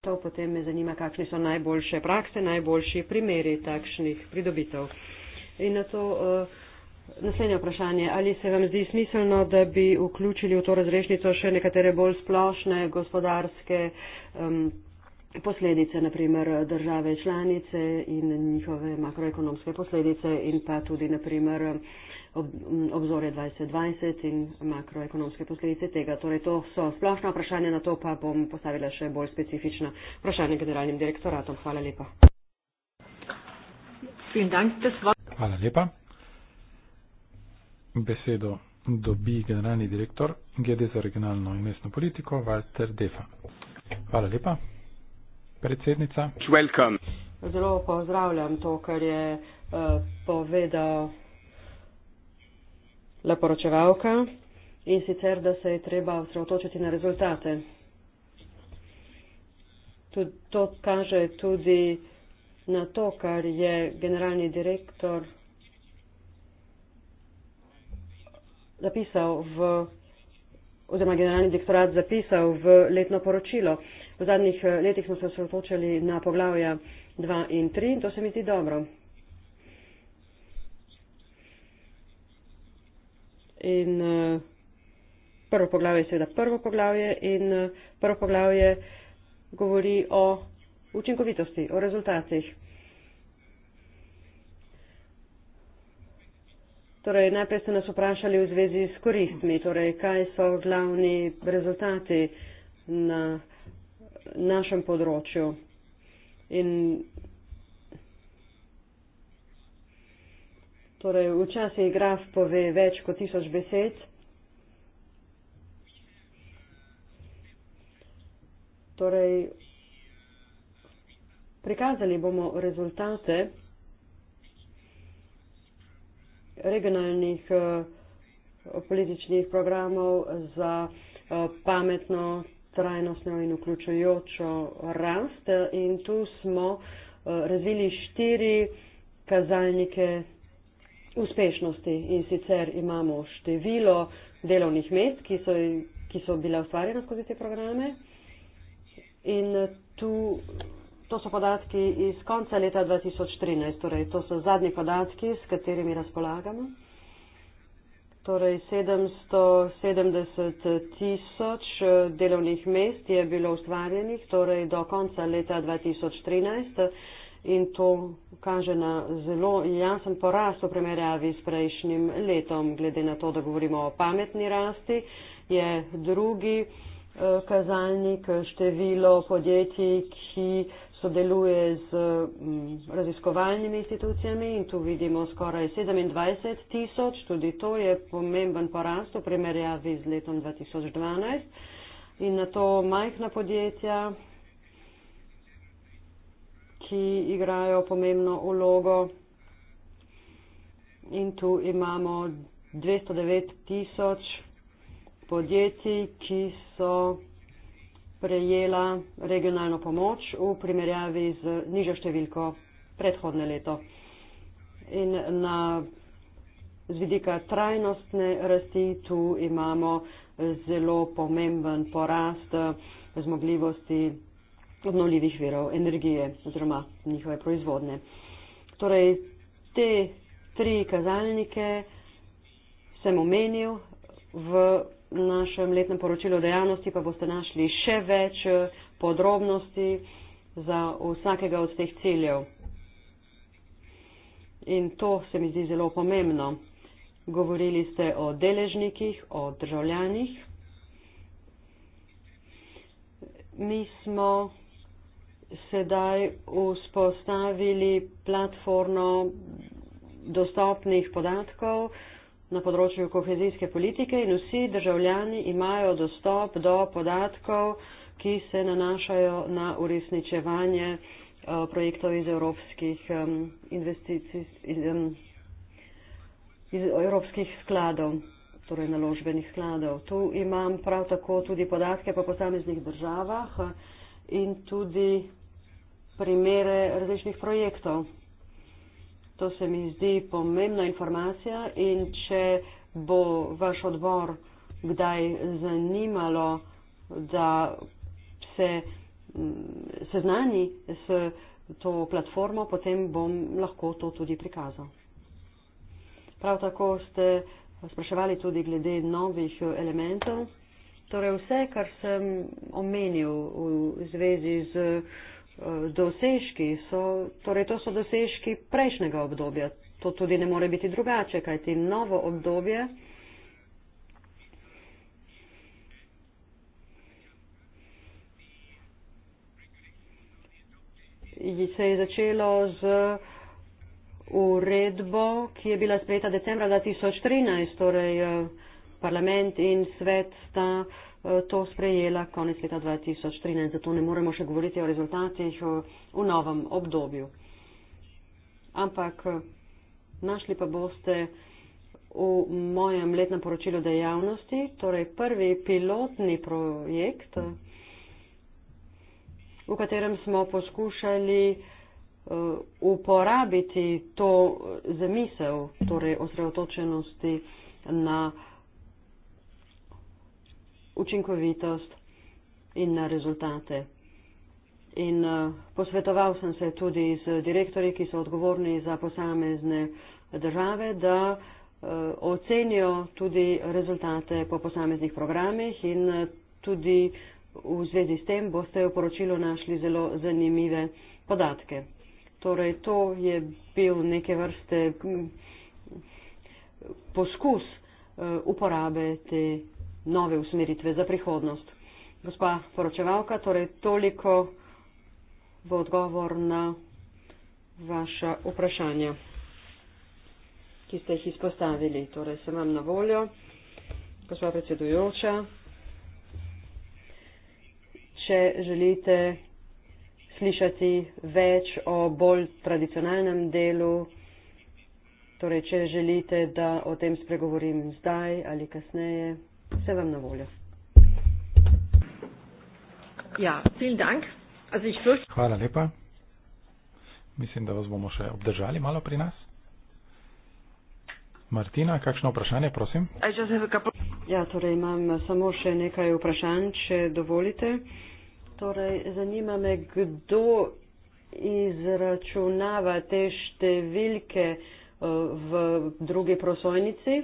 To potem me zanima, kakšne so najboljše prakse, najboljši primeri takšnih pridobitev. In na to eh, naslednje vprašanje, ali se vam zdi smiselno, da bi vključili v to razrešnico še nekatere bolj splošne gospodarske. Um, posledice, naprimer države članice in njihove makroekonomske posledice in pa tudi naprimer ob, obzore 2020 in makroekonomske posledice tega. Torej, to so splošna vprašanja, na to pa bom postavila še bolj specifična vprašanja generalnim direktoratom. Hvala lepa. Hvala lepa. Besedo dobi generalni direktor GDZ za regionalno in mestno politiko Walter Defa. Hvala lepa predsednica. Welcome. Zelo pozdravljam to, kar je uh, povedal leporočevalka in sicer, da se je treba osredotočiti na rezultate. Tud, to kaže tudi na to, kar je generalni direktor zapisal v oziroma generalni direktorat zapisal v letno poročilo. V zadnjih eh, letih smo se osredotočili na poglavja 2 in 3 in to se mi zdi dobro. In uh, prvo poglavje je seveda prvo poglavje in uh, prvo poglavje govori o učinkovitosti, o rezultatih. Torej, najprej ste nas vprašali v zvezi s koristmi, torej, kaj so glavni rezultati na našem področju. In torej, včasih graf pove več kot tisoč besed. Torej, prikazali bomo rezultate regionalnih uh, političnih programov za uh, pametno trajnostno in vključujočo rast. In tu smo eh, razvili štiri kazalnike uspešnosti in sicer imamo število delovnih mest, ki so, ki so bila ustvarjena skozi te programe. In eh, tu, to so podatki iz konca leta 2013, torej to so zadnji podatki, s katerimi razpolagamo. Torej 770 tisoč eh, delovnih mest je bilo ustvarjenih torej do konca leta 2013 eh, in to kaže na zelo jasen porast v primerjavi s prejšnjim letom. Glede na to, da govorimo o pametni rasti, je drugi eh, kazalnik število podjetij, ki sodeluje z mm, raziskovalnimi institucijami in tu vidimo skoraj 27 tisoč, tudi to je pomemben porast v primerjavi z letom 2012 in na to majhna podjetja, ki igrajo pomembno ulogo in tu imamo 209 tisoč podjetij, ki so prejela regionalno pomoč v primerjavi z nižjo številko predhodne leto. In na, z vidika trajnostne rasti tu imamo zelo pomemben porast eh, zmogljivosti obnovljivih virov energije oziroma njihove proizvodne. Torej, te tri kazalnike sem omenil v našem letnem poročilu dejavnosti pa boste našli še več eh, podrobnosti za vsakega od teh ciljev. In to se mi zdi zelo pomembno. Govorili ste o deležnikih, o državljanih. Mi smo sedaj vzpostavili platformo dostopnih podatkov, na področju kohezijske politike in vsi državljani imajo dostop do podatkov, ki se nanašajo na uresničevanje eh, projektov iz evropskih, iz evropskih skladov, torej naložbenih skladov. Tu imam prav tako tudi podatke po posameznih državah eh, in tudi primere različnih projektov. To se mi zdi pomembna informacija in če bo vaš odbor kdaj zanimalo, da se mm, seznani s to platformo, potem bom lahko to tudi prikazal. Prav tako ste spraševali tudi glede novih elementov. Torej vse, kar sem omenil v zvezi z. Eh, dosežki so, torej to so dosežki prejšnjega obdobja. To tudi ne more biti drugače, kajti novo obdobje se je začelo z uredbo, ki je bila sprejeta decembra 2013, torej eh, parlament in svet sta Eh, to sprejela konec leta 2013, zato ne moremo še govoriti o rezultatih eh, v novem obdobju. Ampak eh, našli pa boste v mojem letnem poročilu dejavnosti, torej prvi pilotni projekt, v katerem smo poskušali uporabiti to zamisel, torej osredotočenosti na učinkovitost in na rezultate. In eh, posvetoval sem se tudi z direktori, ki so odgovorni za posamezne države, da eh, ocenijo tudi rezultate po posameznih programih in eh, tudi v zvezi s tem boste v poročilu našli zelo zanimive podatke. Torej, to je bil neke vrste mm, poskus uporabe te nove usmeritve za prihodnost. Gospa poročevalka, torej toliko v odgovor na vaša vprašanja, ki ste jih izpostavili. Torej sem vam na voljo, gospa predsedujoča. Če želite slišati več o bolj tradicionalnem delu, torej če želite, da o tem spregovorim zdaj ali kasneje, Vse vam na voljo. Ja, vielen Dank. Also ich fürcht... Hvala lepa. Mislim, da vas bomo še obdržali malo pri nas. Martina, kakšno vprašanje, prosim? Ja, torej imam samo še nekaj vprašanj, če dovolite. Torej, zanima me, kdo izračunava te številke eh, v drugi prosojnici.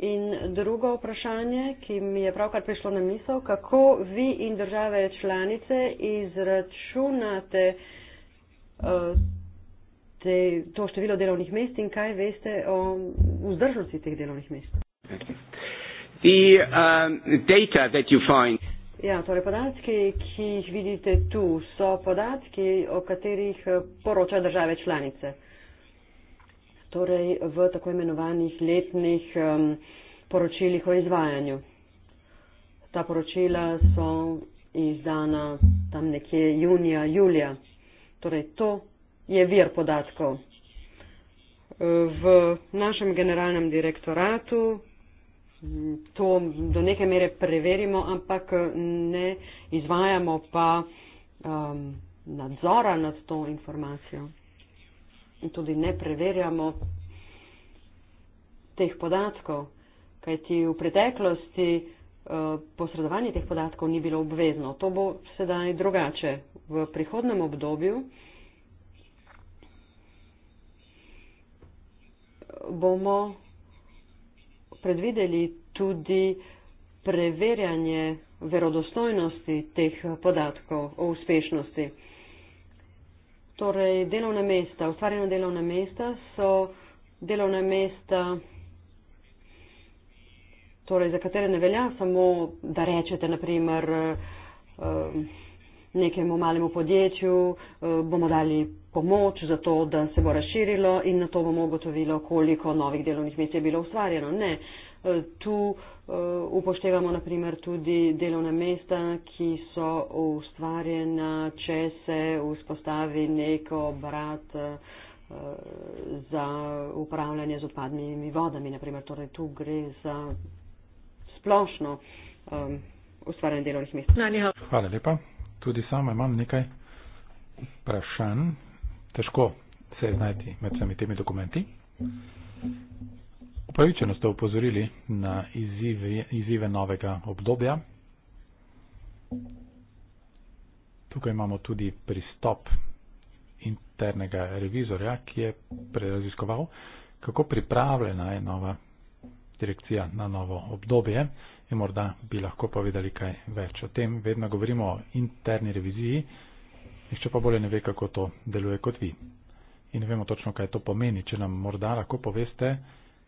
In drugo vprašanje, ki mi je pravkar prišlo na misel, kako vi in države članice izračunate eh, te, to število delovnih mest in kaj veste o vzdržnosti teh delovnih mest? The, um, data that you find. Ja, torej podatki, ki jih vidite tu, so podatki, o katerih eh, poročajo države članice torej v tako imenovanih letnih um, poročilih o izvajanju. Ta poročila so izdana tam nekje junija, julija. Torej, to je vir podatkov. V našem generalnem direktoratu to do neke mere preverimo, ampak ne izvajamo pa um, nadzora nad to informacijo in tudi ne preverjamo teh podatkov, kajti v preteklosti eh, posredovanje teh podatkov ni bilo obvezno. To bo sedaj drugače. V prihodnem obdobju bomo predvideli tudi preverjanje verodostojnosti teh podatkov o uspešnosti. Torej, delovna mesta, ustvarjena delovna mesta so delovna mesta, torej, za katere ne velja samo, da rečete, naprimer, eh, nekemu malemu podjetju eh, bomo dali pomoč za to, da se bo razširilo in na to bomo ugotovilo, koliko novih delovnih mest je bilo ustvarjeno. Ne, Tu eh, upoštevamo naprimer tudi delovna mesta, ki so ustvarjena, če se vzpostavi neko obrat eh, za upravljanje z odpadnimi vodami. Naprimer, torej tu gre za splošno um, ustvarjanje delovnih mest. Hvala lepa. Tudi sama imam nekaj vprašanj. Težko se znajti med vsemi temi dokumenti. Upravičeno ste upozorili na izzive, izzive novega obdobja. Tukaj imamo tudi pristop internega revizorja, ki je preraziskoval, kako pripravljena je nova direkcija na novo obdobje in morda bi lahko povedali kaj več o tem. Vedno govorimo o interni reviziji, nihče pa bolje ne ve, kako to deluje kot vi. In ne vemo točno, kaj to pomeni. Če nam morda lahko poveste,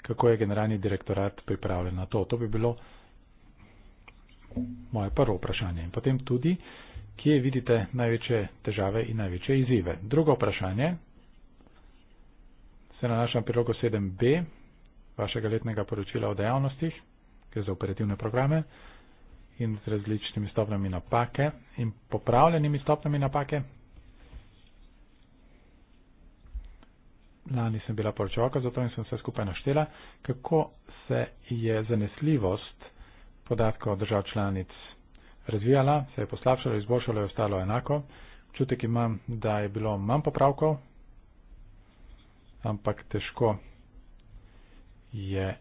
kako je generalni direktorat pripravljen na to. To bi bilo moje prvo vprašanje. In potem tudi, kje vidite največje težave in največje izzive. Drugo vprašanje se nanaša na prilogo 7b vašega letnega poročila o dejavnostih, ki je za operativne programe in z različnimi stopnjami napake in popravljenimi stopnjami napake, lani sem bila poročevalka, zato in sem vse skupaj naštela, kako se je zanesljivost podatkov držav članic razvijala, se je poslabšala, izboljšala, je ostalo enako. Čutek imam, da je bilo manj popravkov, ampak težko je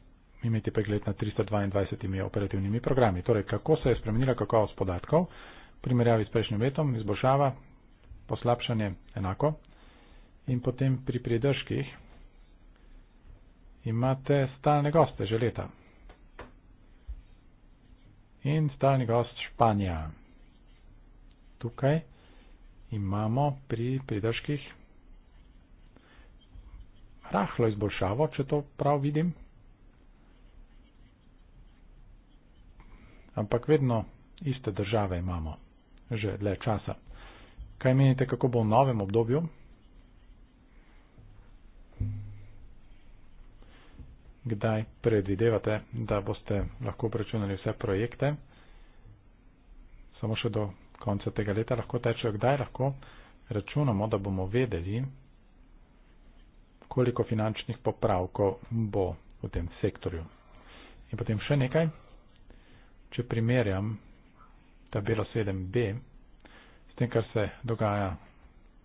imeti pregled nad 322 operativnimi programi. Torej, kako se je spremenila kakovost podatkov, primerjavi s prejšnjim letom, izboljšava, poslabšanje enako in potem pri pridržkih imate stalne goste že leta. In stalni gost Španija. Tukaj imamo pri pridržkih rahlo izboljšavo, če to prav vidim. Ampak vedno iste države imamo, že dlje časa. Kaj menite, kako bo v novem obdobju? kdaj predvidevate, da boste lahko prečunali vse projekte. Samo še do konca tega leta lahko teče, kdaj lahko računamo, da bomo vedeli, koliko finančnih popravkov bo v tem sektorju. In potem še nekaj, če primerjam tabelo 7b s tem, kar se dogaja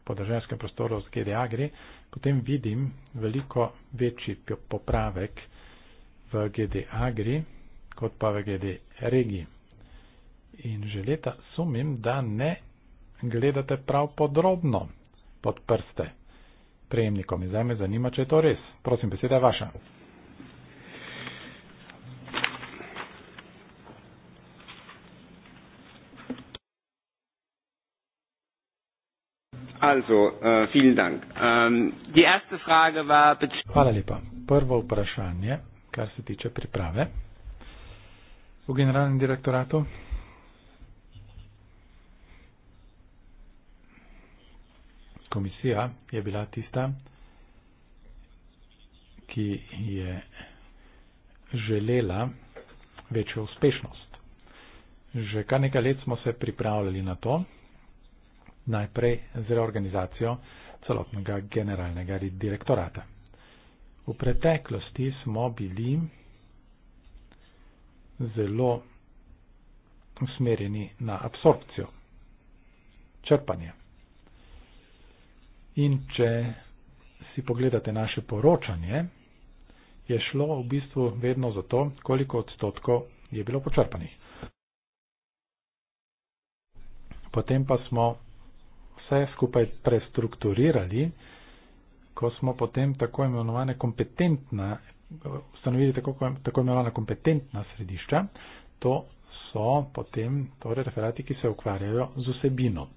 po državskem prostoru z GDA gre, potem vidim veliko večji popravek v GD Agri kot pa v GD Regi. In že leta sumim, da ne gledate prav podrobno pod prste prejemnikom. In zdaj me zanima, če je to res. Prosim, beseda je vaša. Also, uh, vielen Dank. Um, die erste Frage war Hvala lepa. Prvo vprašanje, kar se tiče priprave v generalnem direktoratu. Komisija je bila tista, ki je želela večjo uspešnost. Že kar nekaj let smo se pripravljali na to, najprej z reorganizacijo celotnega generalnega direktorata. V preteklosti smo bili zelo usmerjeni na absorpcijo, črpanje. In če si pogledate naše poročanje, je šlo v bistvu vedno za to, koliko odstotkov je bilo počrpanih. Potem pa smo vse skupaj prestrukturirali, ko smo potem tako imenovane kompetentna, ustanovili tako, tako imenovana kompetentna središča, to so potem torej referati, ki se ukvarjajo z vsebino.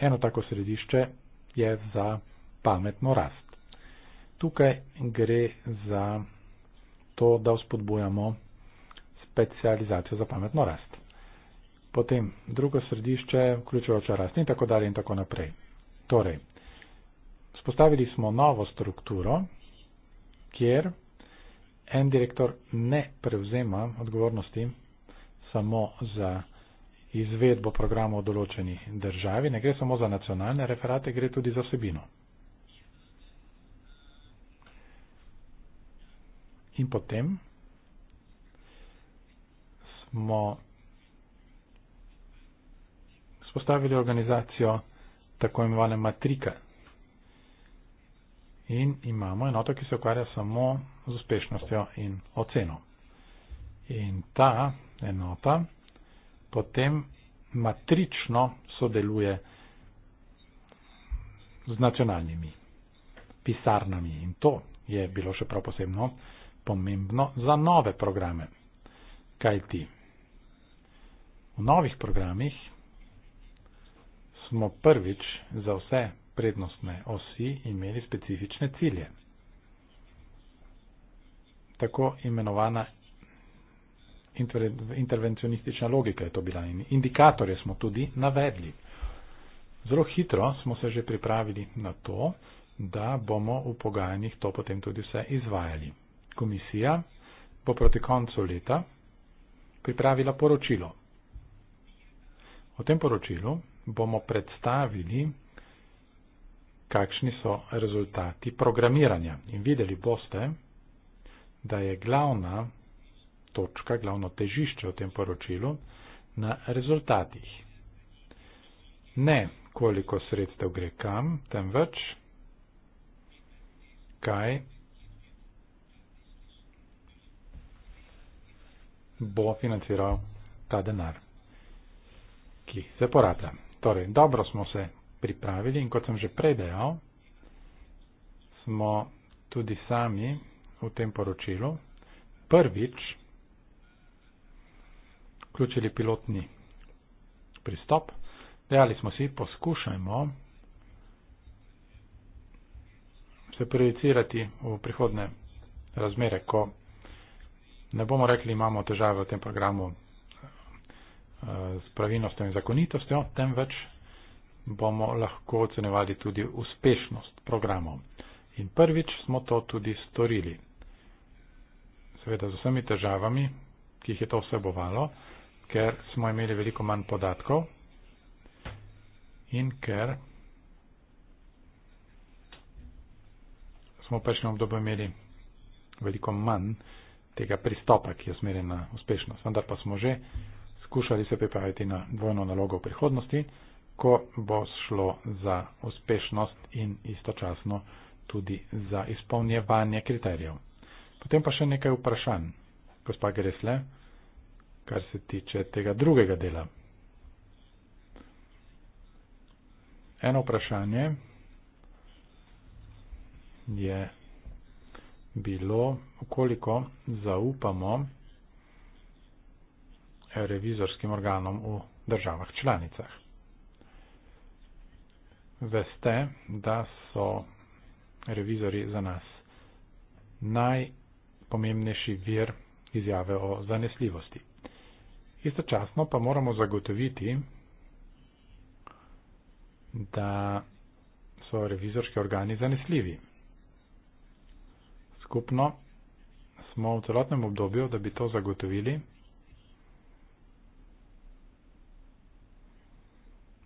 Eno tako središče je za pametno rast. Tukaj gre za to, da vzpodbujamo specializacijo za pametno rast potem drugo središče, vključujoča rast in tako dalje in tako naprej. Torej, spostavili smo novo strukturo, kjer en direktor ne prevzema odgovornosti samo za izvedbo programa v določeni državi, ne gre samo za nacionalne referate, gre tudi za vsebino. In potem smo vzpostavili organizacijo tako imenovane Matrika. In imamo enoto, ki se ukvarja samo z uspešnostjo in oceno. In ta enota potem matrično sodeluje z nacionalnimi pisarnami. In to je bilo še prav posebno pomembno za nove programe. Kaj ti? V novih programih smo prvič za vse prednostne osi imeli specifične cilje. Tako imenovana inter intervencionistična logika je to bila in indikatorje smo tudi navedli. Zelo hitro smo se že pripravili na to, da bomo v pogajanjih to potem tudi vse izvajali. Komisija bo proti koncu leta pripravila poročilo. O tem poročilu bomo predstavili, kakšni so rezultati programiranja. In videli boste, da je glavna točka, glavno težišče v tem poročilu na rezultatih. Ne koliko sredstev gre kam, temveč kaj bo financiral ta denar, ki se porata. Torej, dobro smo se pripravili in kot sem že prej dejal, smo tudi sami v tem poročilu prvič vključili pilotni pristop. Dejali smo si, poskušajmo se projicirati v prihodne razmere, ko ne bomo rekli, imamo težave v tem programu, Eh, s pravilnostjo in zakonitostjo, temveč bomo lahko ocenevali tudi uspešnost programov. In prvič smo to tudi storili. Seveda z vsemi težavami, ki jih je to vsebovalo, ker smo imeli veliko manj podatkov in ker smo v prejšnjem obdobju imeli veliko manj tega pristopa, ki je usmerjen na uspešnost. Vendar pa smo že skušali se pripraviti na dvojno nalogo v prihodnosti, ko bo šlo za uspešnost in istočasno tudi za izpolnjevanje kriterijev. Potem pa še nekaj vprašanj, gospa Gresle, kar se tiče tega drugega dela. Eno vprašanje je bilo, koliko zaupamo revizorskim organom v državah članicah. Veste, da so revizori za nas najpomembnejši vir izjave o zanesljivosti. Istočasno pa moramo zagotoviti, da so revizorski organi zanesljivi. Skupno smo v celotnem obdobju, da bi to zagotovili,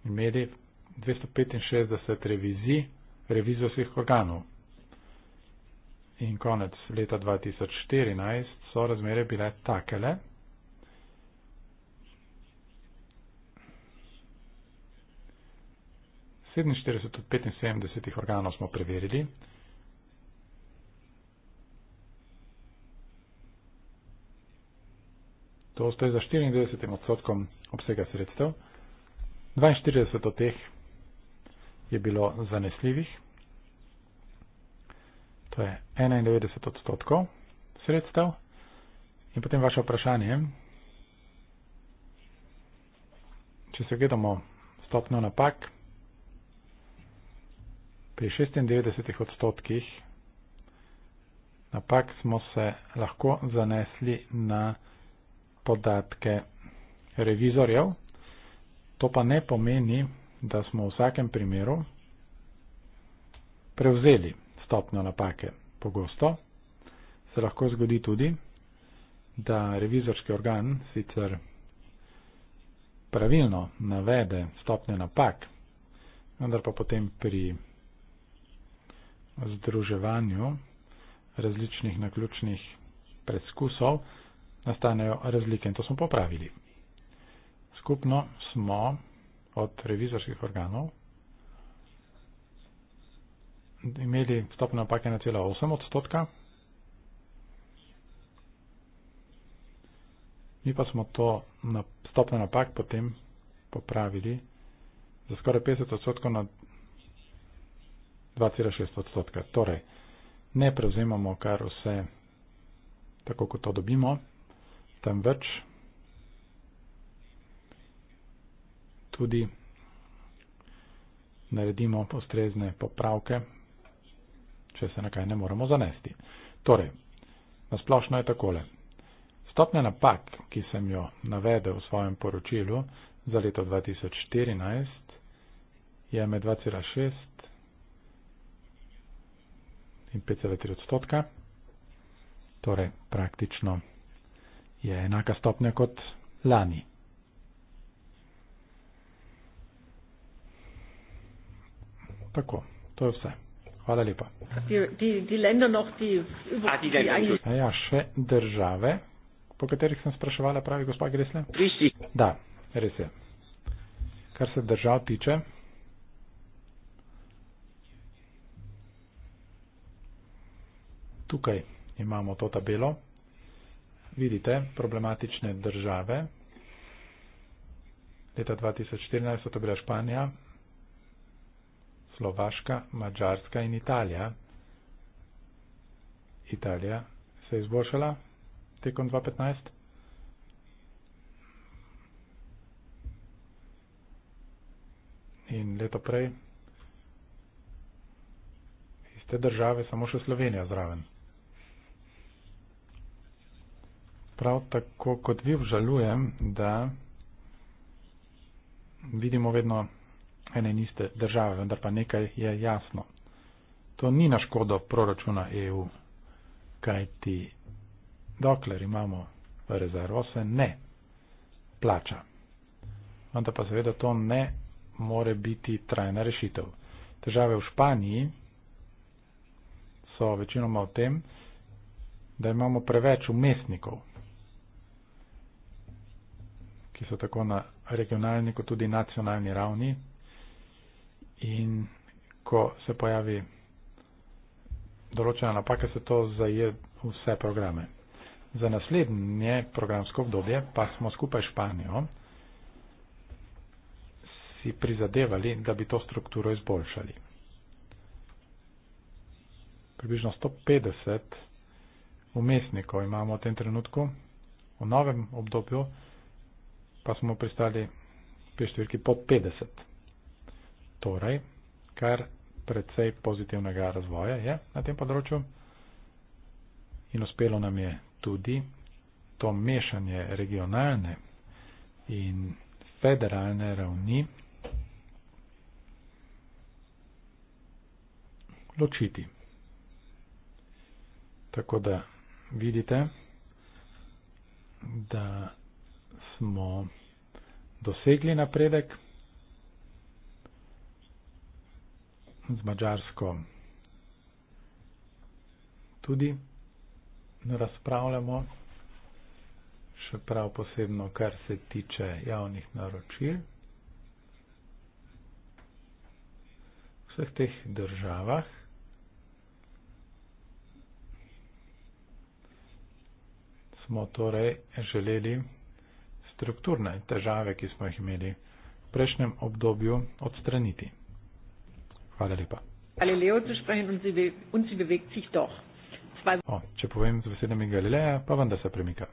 imeli 265 revizij revizorskih organov. In konec leta 2014 so razmere bile takele. od 75 organov smo preverili. To ostaje za 94 odstotkom obsega sredstev. 42 od teh je bilo zanesljivih, to je 91 odstotkov sredstev. In potem vaše vprašanje, če se gledamo stopno napak, pri 96 odstotkih napak smo se lahko zanesli na podatke revizorjev, To pa ne pomeni, da smo v vsakem primeru prevzeli stopnjo napake. Pogosto se lahko zgodi tudi, da revizorski organ sicer pravilno navede stopnje napak, vendar pa potem pri združevanju različnih naključnih preskusov nastanejo razlike in to smo popravili skupno smo od revizorskih organov imeli stopno napake na cela 8 odstotka. Mi pa smo to na stopno napak potem popravili za skoraj 50 odstotkov na 2,6 odstotka. Torej, ne prevzemamo kar vse tako, kot to dobimo, temveč tudi naredimo postrezne popravke, če se na kaj ne moremo zanesti. Torej, nasplošno je takole. Stopnja napak, ki sem jo navedel v svojem poročilu za leto 2014, je med 2,6 in 5,3 odstotka. Torej, praktično je enaka stopnja kot lani. Tako, to je vse. Hvala lepa. Ja, še države, po katerih sem spraševala, pravi gospod Gresle? Da, res je. Kar se držav tiče. Tukaj imamo to tabelo. Vidite, problematične države. Leta 2014 so to bila Španija, Slovaška, Mačarska in Italija. Italija se je izboljšala tekom 2015. In leto prej iz te države samo še Slovenija zraven. Prav tako kot vi obžalujem, da vidimo vedno ene in iste države, vendar pa nekaj je jasno. To ni na škodo proračuna EU, kajti dokler imamo rezervo, se ne plača. Vendar pa seveda to ne more biti trajna rešitev. Težave v Španiji so večinoma v tem, da imamo preveč umestnikov, ki so tako na regionalni kot tudi nacionalni ravni, in ko se pojavi določena napaka, se to zaje vse programe. Za naslednje programsko obdobje pa smo skupaj s Španijo si prizadevali, da bi to strukturo izboljšali. Približno 150 umestnikov imamo v tem trenutku, v novem obdobju pa smo pristali pri številki po 50 torej kar precej pozitivnega razvoja je na tem področju in uspelo nam je tudi to mešanje regionalne in federalne ravni ločiti. Tako da vidite, da smo dosegli napredek, z Mačarsko tudi razpravljamo, še prav posebno, kar se tiče javnih naročil. V vseh teh državah smo torej želeli strukturne težave, ki smo jih imeli v prejšnjem obdobju, odstraniti. Hvala lepa. Galileo zu sprechen und sie, und sie bewegt sich doch. Zwei oh, če povem z besedami Galileja, pa vendar se premika.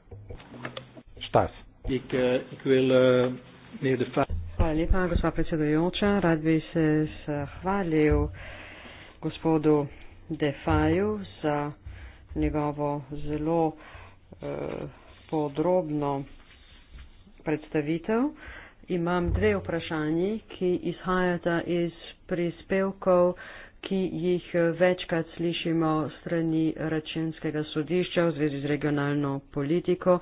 Štas. Ik, uh, ik wil, uh, eh, fa- Hvala lepa, gospod predsedujoča. Rad bi se zahvalil gospodu Defaju za njegovo zelo uh, podrobno predstavitev. Uh, imam dve vprašanji, ki izhajata iz prispevkov, ki jih večkrat slišimo strani računskega sodišča v zvezi z regionalno politiko.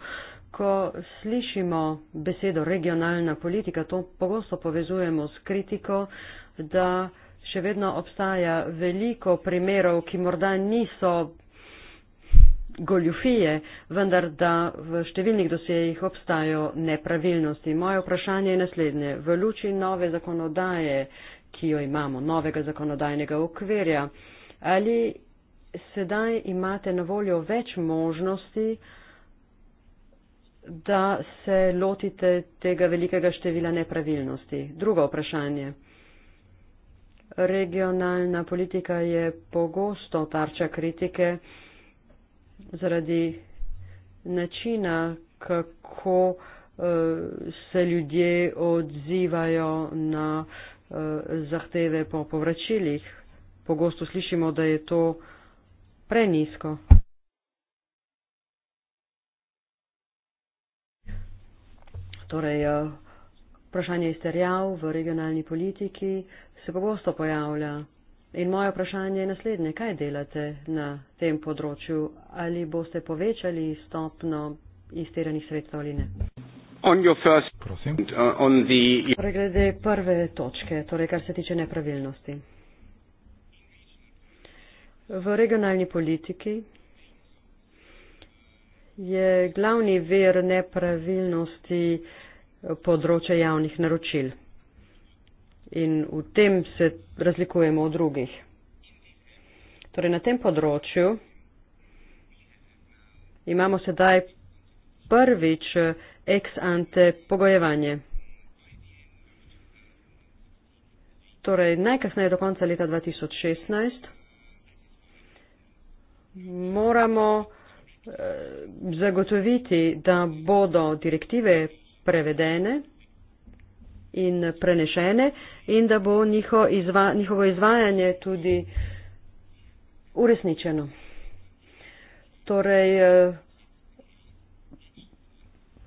Ko slišimo besedo regionalna politika, to pogosto povezujemo s kritiko, da še vedno obstaja veliko primerov, ki morda niso goljufije, vendar da v številnih dosejih obstajajo nepravilnosti. Moje vprašanje je naslednje. V luči nove zakonodaje, ki jo imamo, novega zakonodajnega okvirja, ali sedaj imate na voljo več možnosti, da se lotite tega velikega števila nepravilnosti? Drugo vprašanje. Regionalna politika je pogosto tarča kritike zaradi načina, kako eh, se ljudje odzivajo na eh, zahteve po povračilih. Pogosto slišimo, da je to prenisko. Torej, eh, vprašanje izterjav v regionalni politiki se pogosto pojavlja. In moje vprašanje je naslednje, kaj delate na tem področju? Ali boste povečali stopno izterjenih sredstev ali ne? First... Prosim. Uh, torej, glede prve točke, torej, kar se tiče nepravilnosti. V regionalni politiki je glavni ver nepravilnosti področje javnih naročil in v tem se razlikujemo od drugih. Torej, na tem področju imamo sedaj prvič eh, ex ante pogojevanje. Torej, najkasneje do konca leta 2016 moramo eh, zagotoviti, da bodo direktive prevedene in prenešene in da bo njiho izva, njihovo izvajanje tudi uresničeno. Torej, eh,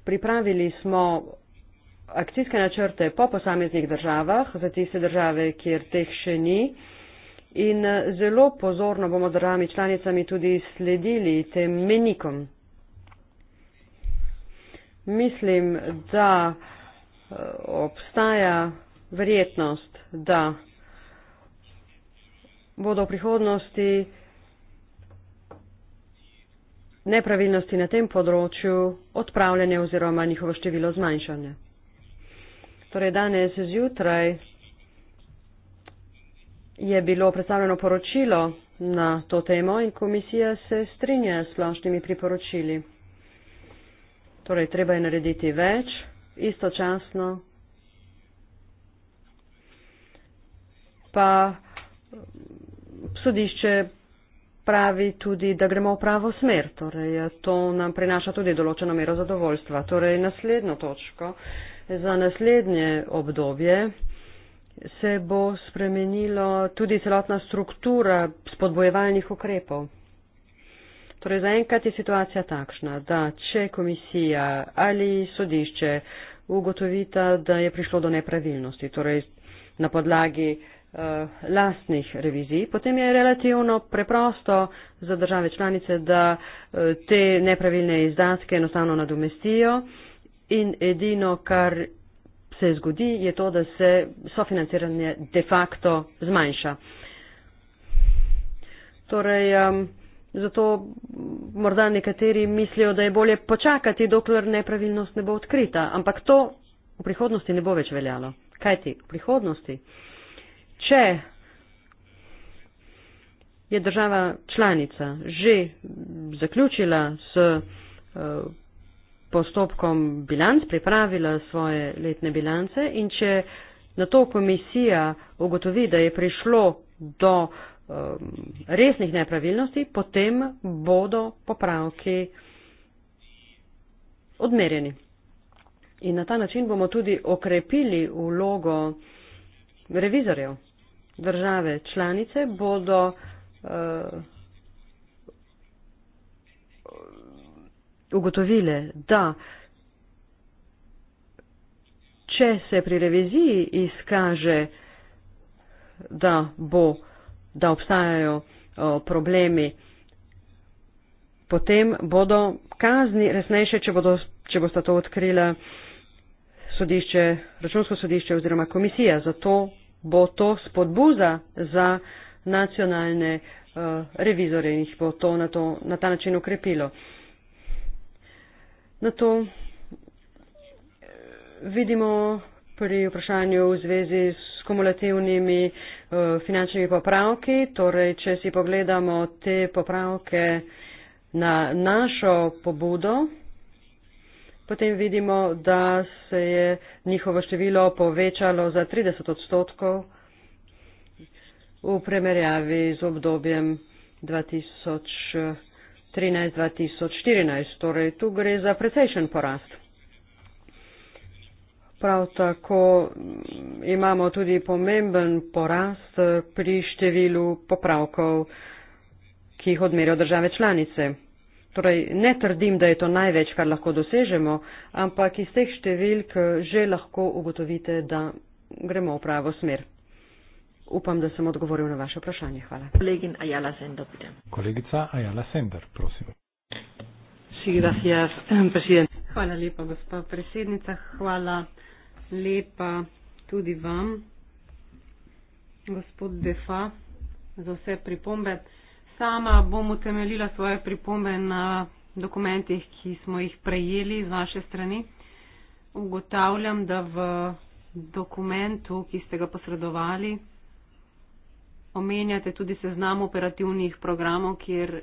pripravili smo akcijske načrte po posameznih državah, za tiste države, kjer teh še ni. In eh, zelo pozorno bomo z državami članicami tudi sledili tem menikom. Mislim, da Eh, obstaja verjetnost, da bodo v prihodnosti nepravilnosti na tem področju odpravljene oziroma njihovo število zmanjšane. Torej, danes zjutraj je bilo predstavljeno poročilo na to temo in komisija se strinja s splošnimi priporočili. Torej, treba je narediti več istočasno pa sodišče pravi tudi, da gremo v pravo smer. Torej, to nam prinaša tudi določeno mero zadovoljstva. Torej, naslednjo točko za naslednje obdobje se bo spremenilo tudi celotna struktura spodbojevalnih ukrepov. Torej, zaenkrat je situacija takšna, da če komisija ali sodišče uh, ugotovita, da je prišlo do nepravilnosti, torej na podlagi uh, lastnih revizij, potem je relativno preprosto za države članice, da uh, te nepravilne izdatke enostavno nadomestijo in edino, kar se zgodi, je to, da se sofinanciranje de facto zmanjša. Torej, um, Zato morda nekateri mislijo, da je bolje počakati, dokler nepravilnost ne bo odkrita. Ampak to v prihodnosti ne bo več veljalo. Kaj ti v prihodnosti? Če je država članica že zaključila s uh, postopkom bilanc, pripravila svoje letne bilance in če na to komisija ugotovi, da je prišlo do uh, Um, resnih nepravilnosti, potem bodo popravki odmerjeni. In na ta način bomo tudi okrepili vlogo revizorjev. Države članice bodo uh, ugotovile, da če se pri reviziji izkaže, da bo da obstajajo o, problemi, potem bodo kazni resnejše, če, bodo, če bosta to odkrila sodišče, računsko sodišče oziroma komisija. Zato bo to spodbuza za nacionalne o, revizore in jih bo to na, to na ta način ukrepilo. Na to vidimo pri vprašanju v zvezi s kumulativnimi uh, Eh, finančnimi popravki. Torej, če si pogledamo te popravke na našo pobudo, potem vidimo, da se je njihovo število povečalo za 30 odstotkov v primerjavi z obdobjem 2013-2014. Torej, tu gre za precejšen porast. Prav tako imamo tudi pomemben porast pri številu popravkov, ki jih odmerijo države članice. Torej, ne trdim, da je to največ, kar lahko dosežemo, ampak iz teh številk že lahko ugotovite, da gremo v pravo smer. Upam, da sem odgovoril na vaše vprašanje. Hvala. Kolegin Ajala Sender, pridem. Kolegica Ajala Sender, prosim. Sí, gracias, presidente. Hvala lepa, gospod predsednica. Hvala lepa tudi vam, gospod Defa, za vse pripombe. Sama bom utemeljila svoje pripombe na dokumentih, ki smo jih prejeli z vaše strani. Ugotavljam, da v dokumentu, ki ste ga posredovali, omenjate tudi seznam operativnih programov, kjer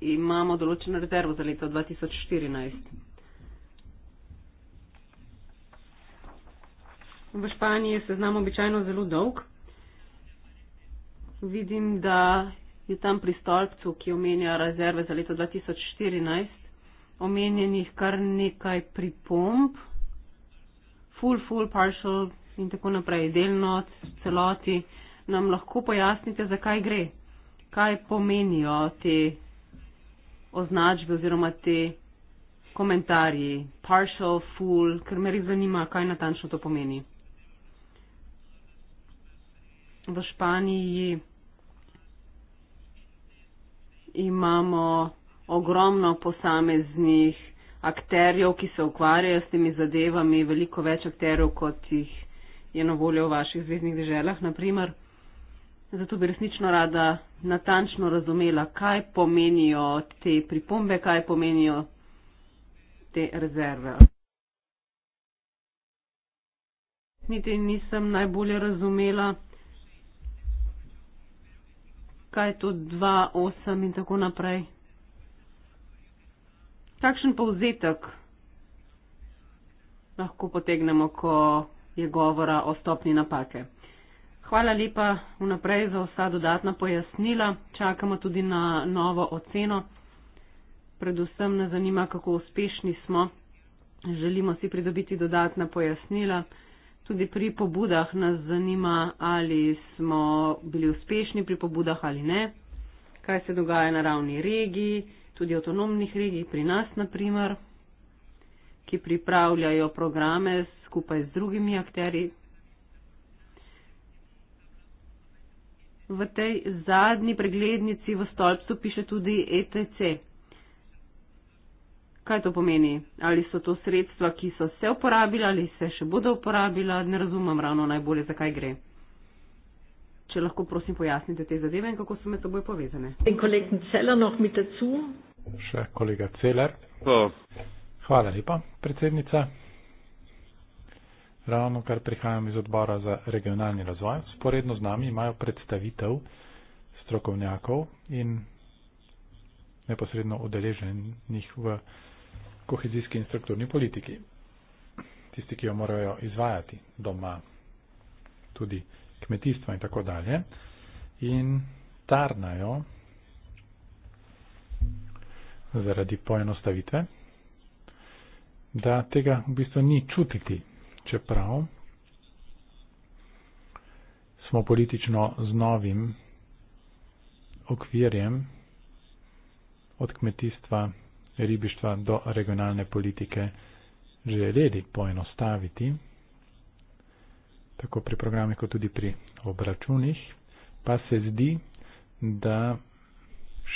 imamo določeno rezervo za leto 2014. V Španiji se znam običajno zelo dolg. Vidim, da je tam pri stolpcu, ki omenja rezerve za leto 2014, omenjenih kar nekaj pripomp, full, full, partial in tako naprej, delno, celoti. Nam lahko pojasnite, zakaj gre, kaj pomenijo te označbe oziroma te komentarji, partial, full, ker me res zanima, kaj natančno to pomeni v Španiji imamo ogromno posameznih akterjev, ki se ukvarjajo s temi zadevami, veliko več akterjev, kot jih je na voljo v vaših zvezdnih deželah, naprimer. Zato bi resnično rada natančno razumela, kaj pomenijo te pripombe, kaj pomenijo te rezerve. Niti nisem najbolje razumela, kaj je to 2.8 in tako naprej. Kakšen povzetek lahko potegnemo, ko je govora o stopni napake? Hvala lepa vnaprej za vsa dodatna pojasnila. Čakamo tudi na novo oceno. Predvsem me zanima, kako uspešni smo. Želimo si pridobiti dodatna pojasnila. Tudi pri pobudah nas zanima, ali smo bili uspešni pri pobudah ali ne, kaj se dogaja na ravni regij, tudi avtonomnih regij pri nas naprimer, ki pripravljajo programe skupaj z drugimi akteri. V tej zadnji preglednici v stolpcu piše tudi ETC, Kaj to pomeni? Ali so to sredstva, ki so se uporabila ali se še bodo uporabila? Ne razumem ravno najbolje, zakaj gre. Če lahko prosim pojasnite te zadeve in kako so med seboj povezane. In kolega Celer, noh mi tecu. Še kolega Celer. Hvala lepa, predsednica. Ravno kar prihajam iz odbora za regionalni razvoj. Sporedno z nami imajo predstavitev strokovnjakov in neposredno udeleženih v kohezijski in strukturni politiki. Tisti, ki jo morajo izvajati doma, tudi kmetijstvo in tako dalje. In tarnajo zaradi poenostavitve, da tega v bistvu ni čutiti, čeprav smo politično z novim okvirjem od kmetijstva ribištva do regionalne politike želeli poenostaviti, tako pri programih, kot tudi pri obračunih, pa se zdi, da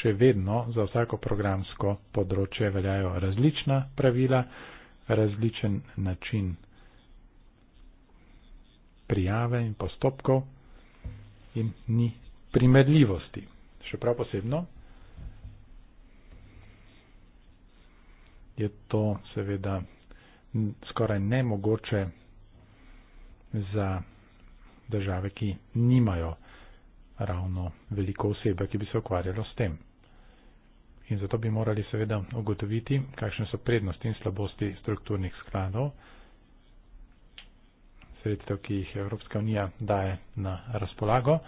še vedno za vsako programsko področje veljajo različna pravila, različen način prijave in postopkov in ni primerljivosti. Še prav posebno je to seveda skoraj nemogoče za države, ki nimajo ravno veliko osebe, ki bi se ukvarjalo s tem. In zato bi morali seveda ugotoviti, kakšne so prednosti in slabosti strukturnih skladov, sredstev, ki jih Evropska unija daje na razpolago.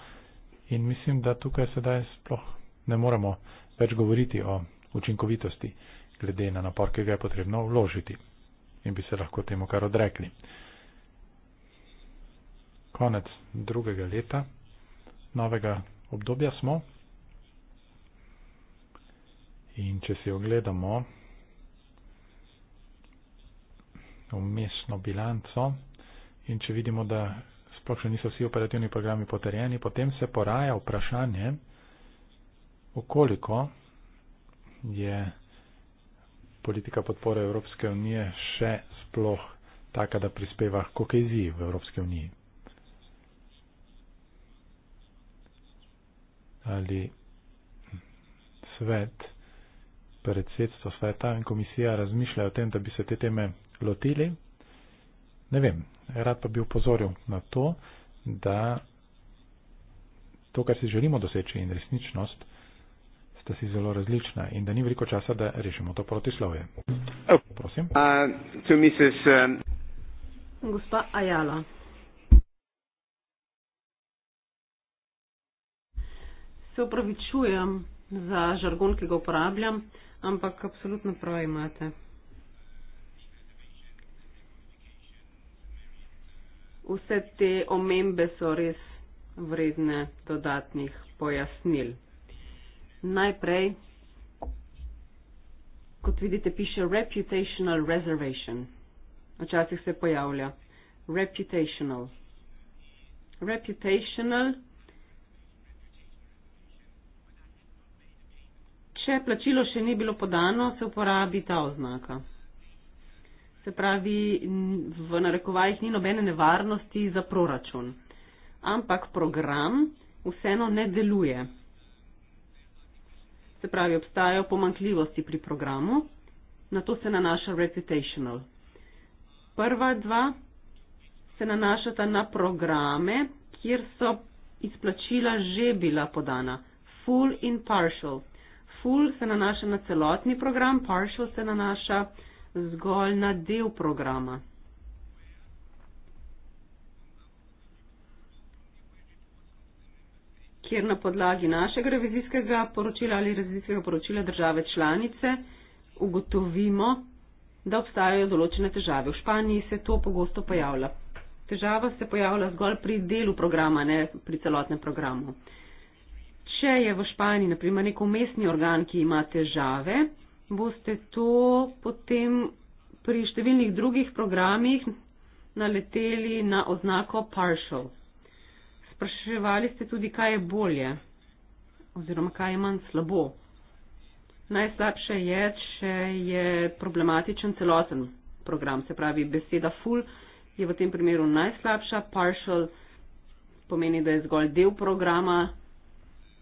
In mislim, da tukaj sedaj sploh ne moremo več govoriti o učinkovitosti glede na napor, ki ga je potrebno vložiti. In bi se lahko temu kar odrekli. Konec drugega leta, novega obdobja smo. In če si ogledamo umestno bilanco in če vidimo, da sploh še niso vsi operativni programi potrjeni, potem se poraja vprašanje, okoliko je politika podpore Evropske unije še sploh taka, da prispeva k koheziji v Evropske uniji? Ali svet, predsedstvo sveta in komisija razmišljajo o tem, da bi se te teme lotili? Ne vem. Rad pa bi upozoril na to, da to, kar si želimo doseči in resničnost, da si zelo različna in da ni veliko časa, da rešimo to protislovje. Oh. Prosim. Uh, Mrs, uh... Um, Gospa Ajala. Se upravičujem za žargon, ki ga uporabljam, ampak absolutno prav imate. Vse te omembe so res vredne dodatnih pojasnil najprej, kot vidite, piše reputational reservation. Včasih se pojavlja reputational. Reputational. Če plačilo še ni bilo podano, se uporabi ta oznaka. Se pravi, v narekovajih ni nobene nevarnosti za proračun. Ampak program vseeno ne deluje se pravi, obstajajo pomankljivosti pri programu, na to se nanaša recitational. Prva dva se nanašata na programe, kjer so izplačila že bila podana, full in partial. Full se nanaša na celotni program, partial se nanaša zgolj na del programa. kjer na podlagi našega revizijskega poročila ali revizijskega poročila države članice ugotovimo, da obstajajo določene težave. V Španiji se to pogosto pojavlja. Težava se pojavlja zgolj pri delu programa, ne pri celotnem programu. Če je v Španiji, naprimer, nek umestni organ, ki ima težave, boste to potem pri številnih drugih programih naleteli na oznako partial spraševali ste tudi, kaj je bolje oziroma kaj je manj slabo. Najslabše je, če je problematičen celoten program, se pravi beseda full je v tem primeru najslabša, partial pomeni, da je zgolj del programa,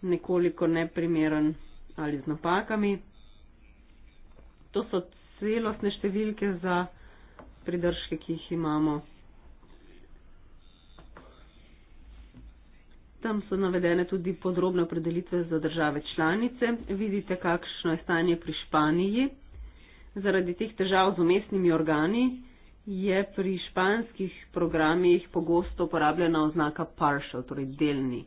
nekoliko neprimeren ali z napakami. To so celostne številke za pridržke, ki jih imamo. Tam so navedene tudi podrobne opredelitve za države članice. Vidite, kakšno je stanje pri Španiji. Zaradi teh težav z umestnimi organi je pri španskih programih pogosto uporabljena oznaka partial, torej delni.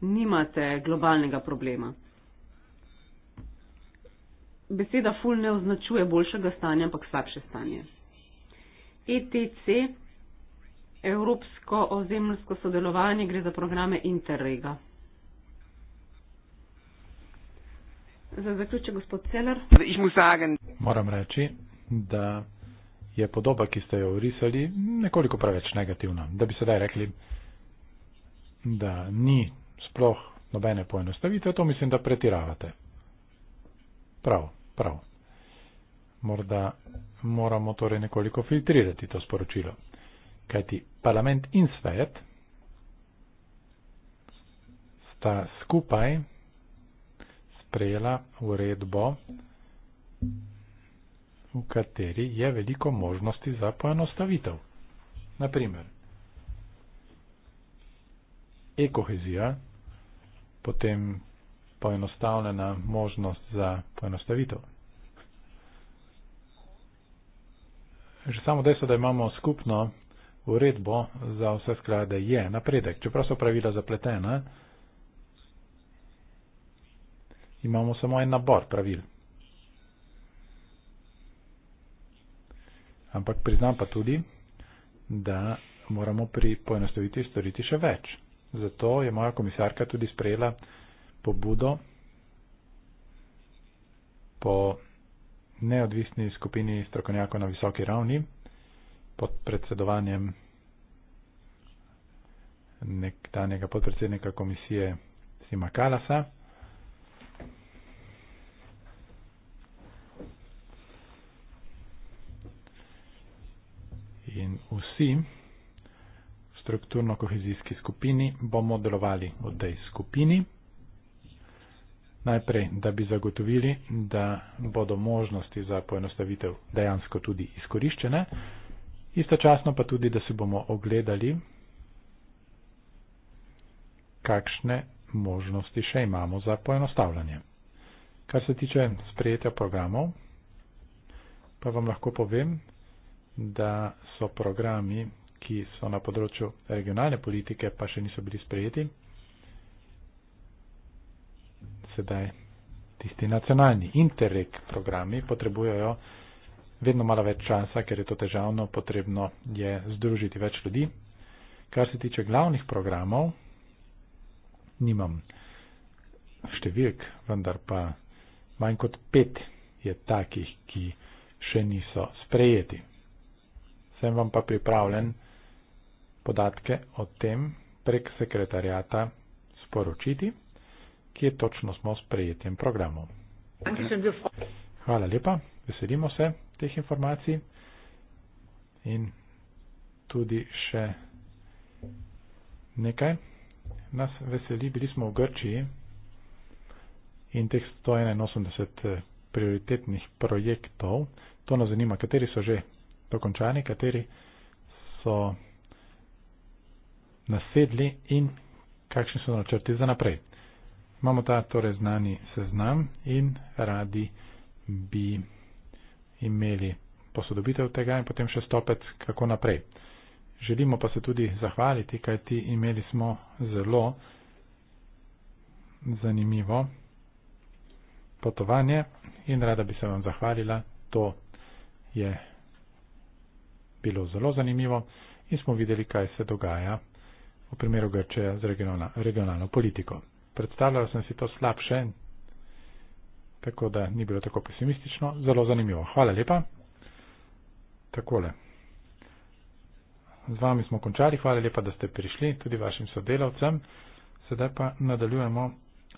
Nimate globalnega problema. Beseda full ne označuje boljšega stanja, ampak slabše stanje. ETC evropsko ozemljsko sodelovanje, gre za programe Interrega. Za zaključek, gospod Celer. Moram reči, da je podoba, ki ste jo risali, nekoliko preveč negativna. Da bi sedaj rekli, da ni sploh nobene poenostavite, to mislim, da pretiravate. Prav, prav. Morda moramo torej nekoliko filtrirati to sporočilo kajti parlament in svet sta skupaj sprejela uredbo, v kateri je veliko možnosti za poenostavitev. Naprimer, ekohezija, potem poenostavljena možnost za poenostavitev. Že samo dejstvo, da imamo skupno uredbo za vse sklade je napredek, čeprav so pravila zapletena. Imamo samo en nabor pravil. Ampak priznam pa tudi, da moramo pri poenostavitvi storiti še več. Zato je moja komisarka tudi sprejela pobudo po neodvisni skupini strokovnjakov na visoki ravni, pod predsedovanjem nekdanjega podpredsednika komisije Sima Kalasa. In vsi v strukturno-kohezijski skupini bomo delovali v tej skupini. Najprej, da bi zagotovili, da bodo možnosti za poenostavitev dejansko tudi izkoriščene istočasno pa tudi, da si bomo ogledali, kakšne možnosti še imamo za poenostavljanje. Kar se tiče sprejetja programov, pa vam lahko povem, da so programi, ki so na področju regionalne politike, pa še niso bili sprejeti, sedaj tisti nacionalni interreg programi potrebujejo vedno malo več časa, ker je to težavno, potrebno je združiti več ljudi. Kar se tiče glavnih programov, nimam številk, vendar pa manj kot pet je takih, ki še niso sprejeti. Sem vam pa pripravljen podatke o tem prek sekretarjata sporočiti, kje točno smo s prejetjem programov. Hvala lepa, veselimo se teh informacij in tudi še nekaj. Nas veseli, bili smo v Grčiji in teh 181 eh, prioritetnih projektov. To nas zanima, kateri so že dokončani, kateri so nasedli in kakšni so načrti za naprej. Imamo ta torej znani seznam in radi bi imeli posodobitev tega in potem še stopet kako naprej. Želimo pa se tudi zahvaliti, kaj ti imeli smo zelo zanimivo potovanje in rada bi se vam zahvalila, to je bilo zelo zanimivo in smo videli, kaj se dogaja v primeru Grčeja z regionalno, regionalno politiko. Predstavljala sem si to slabše, tako da ni bilo tako pesimistično. Zelo zanimivo. Hvala lepa. Takole. Z vami smo končali. Hvala lepa, da ste prišli, tudi vašim sodelavcem. Sedaj pa nadaljujemo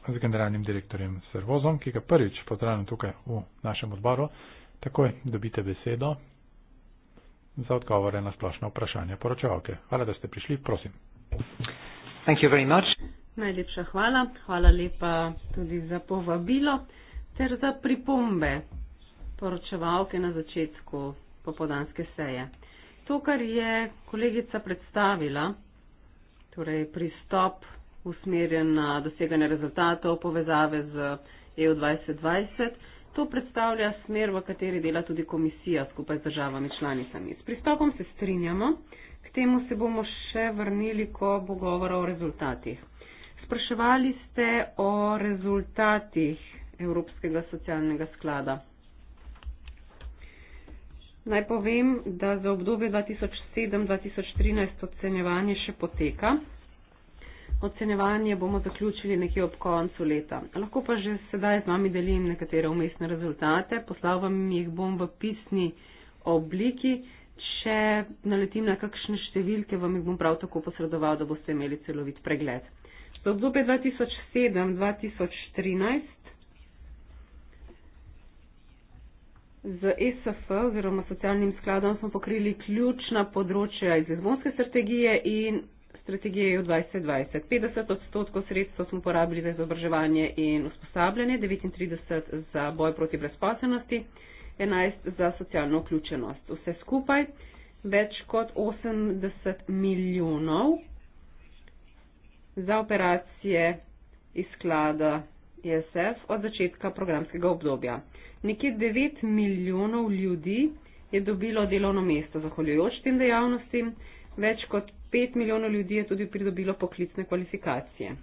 z generalnim direktorjem Servozom, ki ga prvič pozdravljam tukaj v našem odboru. Takoj dobite besedo za odgovore na splošno vprašanje poročevalke. Hvala, da ste prišli. Prosim. Thank you very much. Najlepša hvala. Hvala lepa tudi za povabilo ter za pripombe poročevalke na začetku popodanske seje. To, kar je kolegica predstavila, torej pristop usmerjen na doseganje rezultatov povezave z EU 2020, to predstavlja smer, v kateri dela tudi komisija skupaj z državami članicami. S pristopom se strinjamo, k temu se bomo še vrnili, ko bo govora o rezultatih. Spraševali ste o rezultatih Evropskega socialnega sklada. Naj povem, da za obdobje 2007-2013 ocenjevanje še poteka. Ocenjevanje bomo zaključili nekje ob koncu leta. Lahko pa že sedaj z vami delim nekatere umestne rezultate. Poslal vam jih bom v pisni obliki. Če naletim na kakšne številke, vam jih bom prav tako posredoval, da boste imeli celovit pregled. Za obdobje 2007-2013 Z ESF oziroma socialnim skladom smo pokrili ključna področja iz izbonske strategije in strategije EU 2020. 50 odstotkov sredstva smo porabili za izobraževanje in usposabljanje, 39 za boj proti brezposobnosti, 11 za socialno vključenost. Vse skupaj več kot 80 milijonov za operacije iz sklada ISF od začetka programskega obdobja. Nekje 9 milijonov ljudi je dobilo delovno mesto zahvaljujoč tem dejavnostim, več kot 5 milijonov ljudi je tudi pridobilo poklicne kvalifikacije.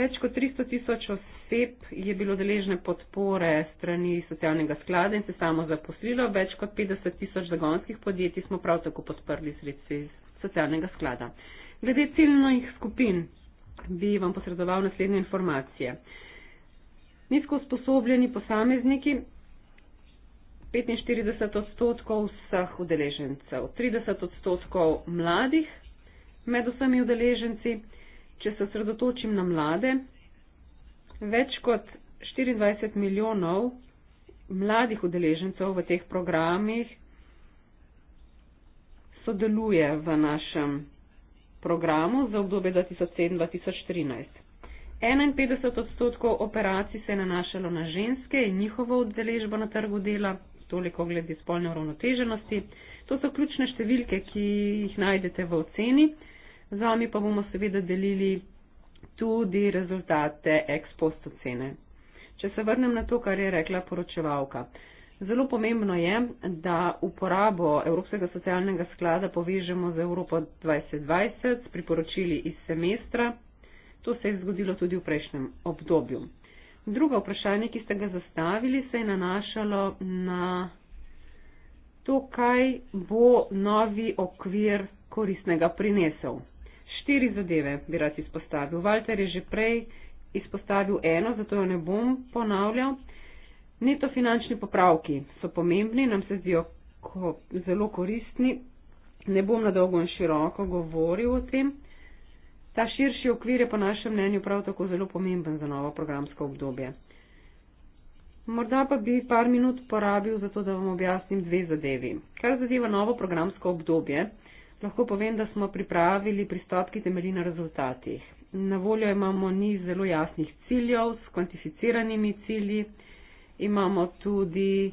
Več kot 300 tisoč oseb je bilo deležne podpore strani socialnega sklada in se samo zaposlilo, več kot 50 tisoč zagonskih podjetij smo prav tako podprli sredstvi socialnega sklada. Glede ciljnih skupin bi vam posredoval naslednje informacije. Nizko usposobljeni posamezniki, 45 odstotkov vseh udeležencev, 30 odstotkov mladih med vsemi udeleženci, če se osredotočim na mlade, več kot 24 milijonov mladih udeležencev v teh programih sodeluje v našem programu za obdobje 2007-2013. 51 odstotkov operacij se je nanašalo na ženske in njihovo udeležbo na trgu dela, toliko glede spolne uravnoteženosti. To so ključne številke, ki jih najdete v oceni. Z vami pa bomo seveda delili tudi rezultate ekspost ocene. Če se vrnem na to, kar je rekla poročevalka. Zelo pomembno je, da uporabo Evropskega socialnega sklada povežemo z Evropo 2020 s priporočili iz semestra To se je zgodilo tudi v prejšnjem obdobju. Drugo vprašanje, ki ste ga zastavili, se je nanašalo na to, kaj bo novi okvir koristnega prinesel. Štiri zadeve bi rad izpostavil. Walter je že prej izpostavil eno, zato jo ne bom ponavljal. Neto finančni popravki so pomembni, nam se zdijo ko, zelo koristni. Ne bom na dolgo in široko govoril o tem. Ta širši okvir je po našem mnenju prav tako zelo pomemben za novo programsko obdobje. Morda pa bi par minut porabil za to, da vam objasnim dve zadevi. Kar zadeva novo programsko obdobje, lahko povem, da smo pripravili pristop, ki temelji na rezultatih. Na voljo imamo niz zelo jasnih ciljev s kvantificiranimi cilji, imamo tudi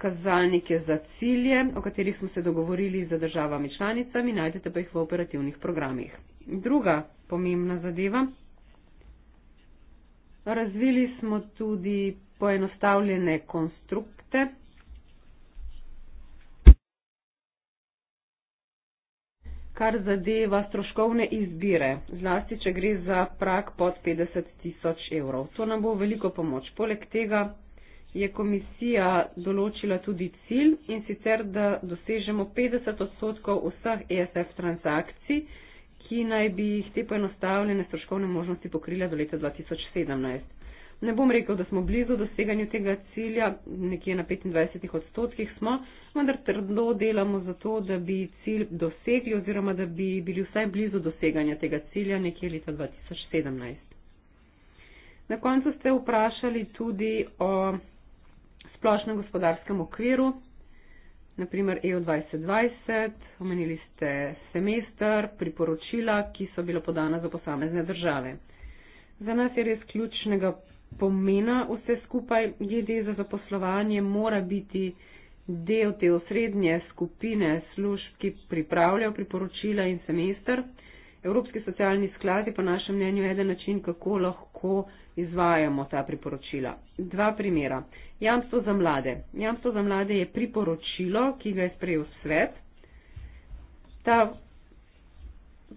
kazalnike za cilje, o katerih smo se dogovorili z državami članicami, najdete pa jih v operativnih programih druga pomembna zadeva. Razvili smo tudi poenostavljene konstrukte. kar zadeva stroškovne izbire, zlasti, če gre za prak pod 50 tisoč evrov. To nam bo veliko pomoč. Poleg tega je komisija določila tudi cilj in sicer, da dosežemo 50 odstotkov vseh ESF transakcij, ki naj bi jih te poenostavljene stroškovne možnosti pokrila do leta 2017. Ne bom rekel, da smo blizu doseganju tega cilja, nekje na 25 odstotkih smo, vendar trdo delamo za to, da bi cilj dosegli oziroma da bi bili vsaj blizu doseganja tega cilja nekje leta 2017. Na koncu ste vprašali tudi o splošnem gospodarskem okviru, naprimer EU 2020, omenili ste semester, priporočila, ki so bila podana za posamezne države. Za nas je res ključnega pomena vse skupaj, GD za zaposlovanje mora biti del te osrednje skupine služb, ki pripravljajo priporočila in semester. Evropski socialni sklad je po našem mnenju eden način, kako lahko izvajamo ta priporočila. Dva primera. Jamstvo za mlade. Jamstvo za mlade je priporočilo, ki ga je sprejel svet. Ta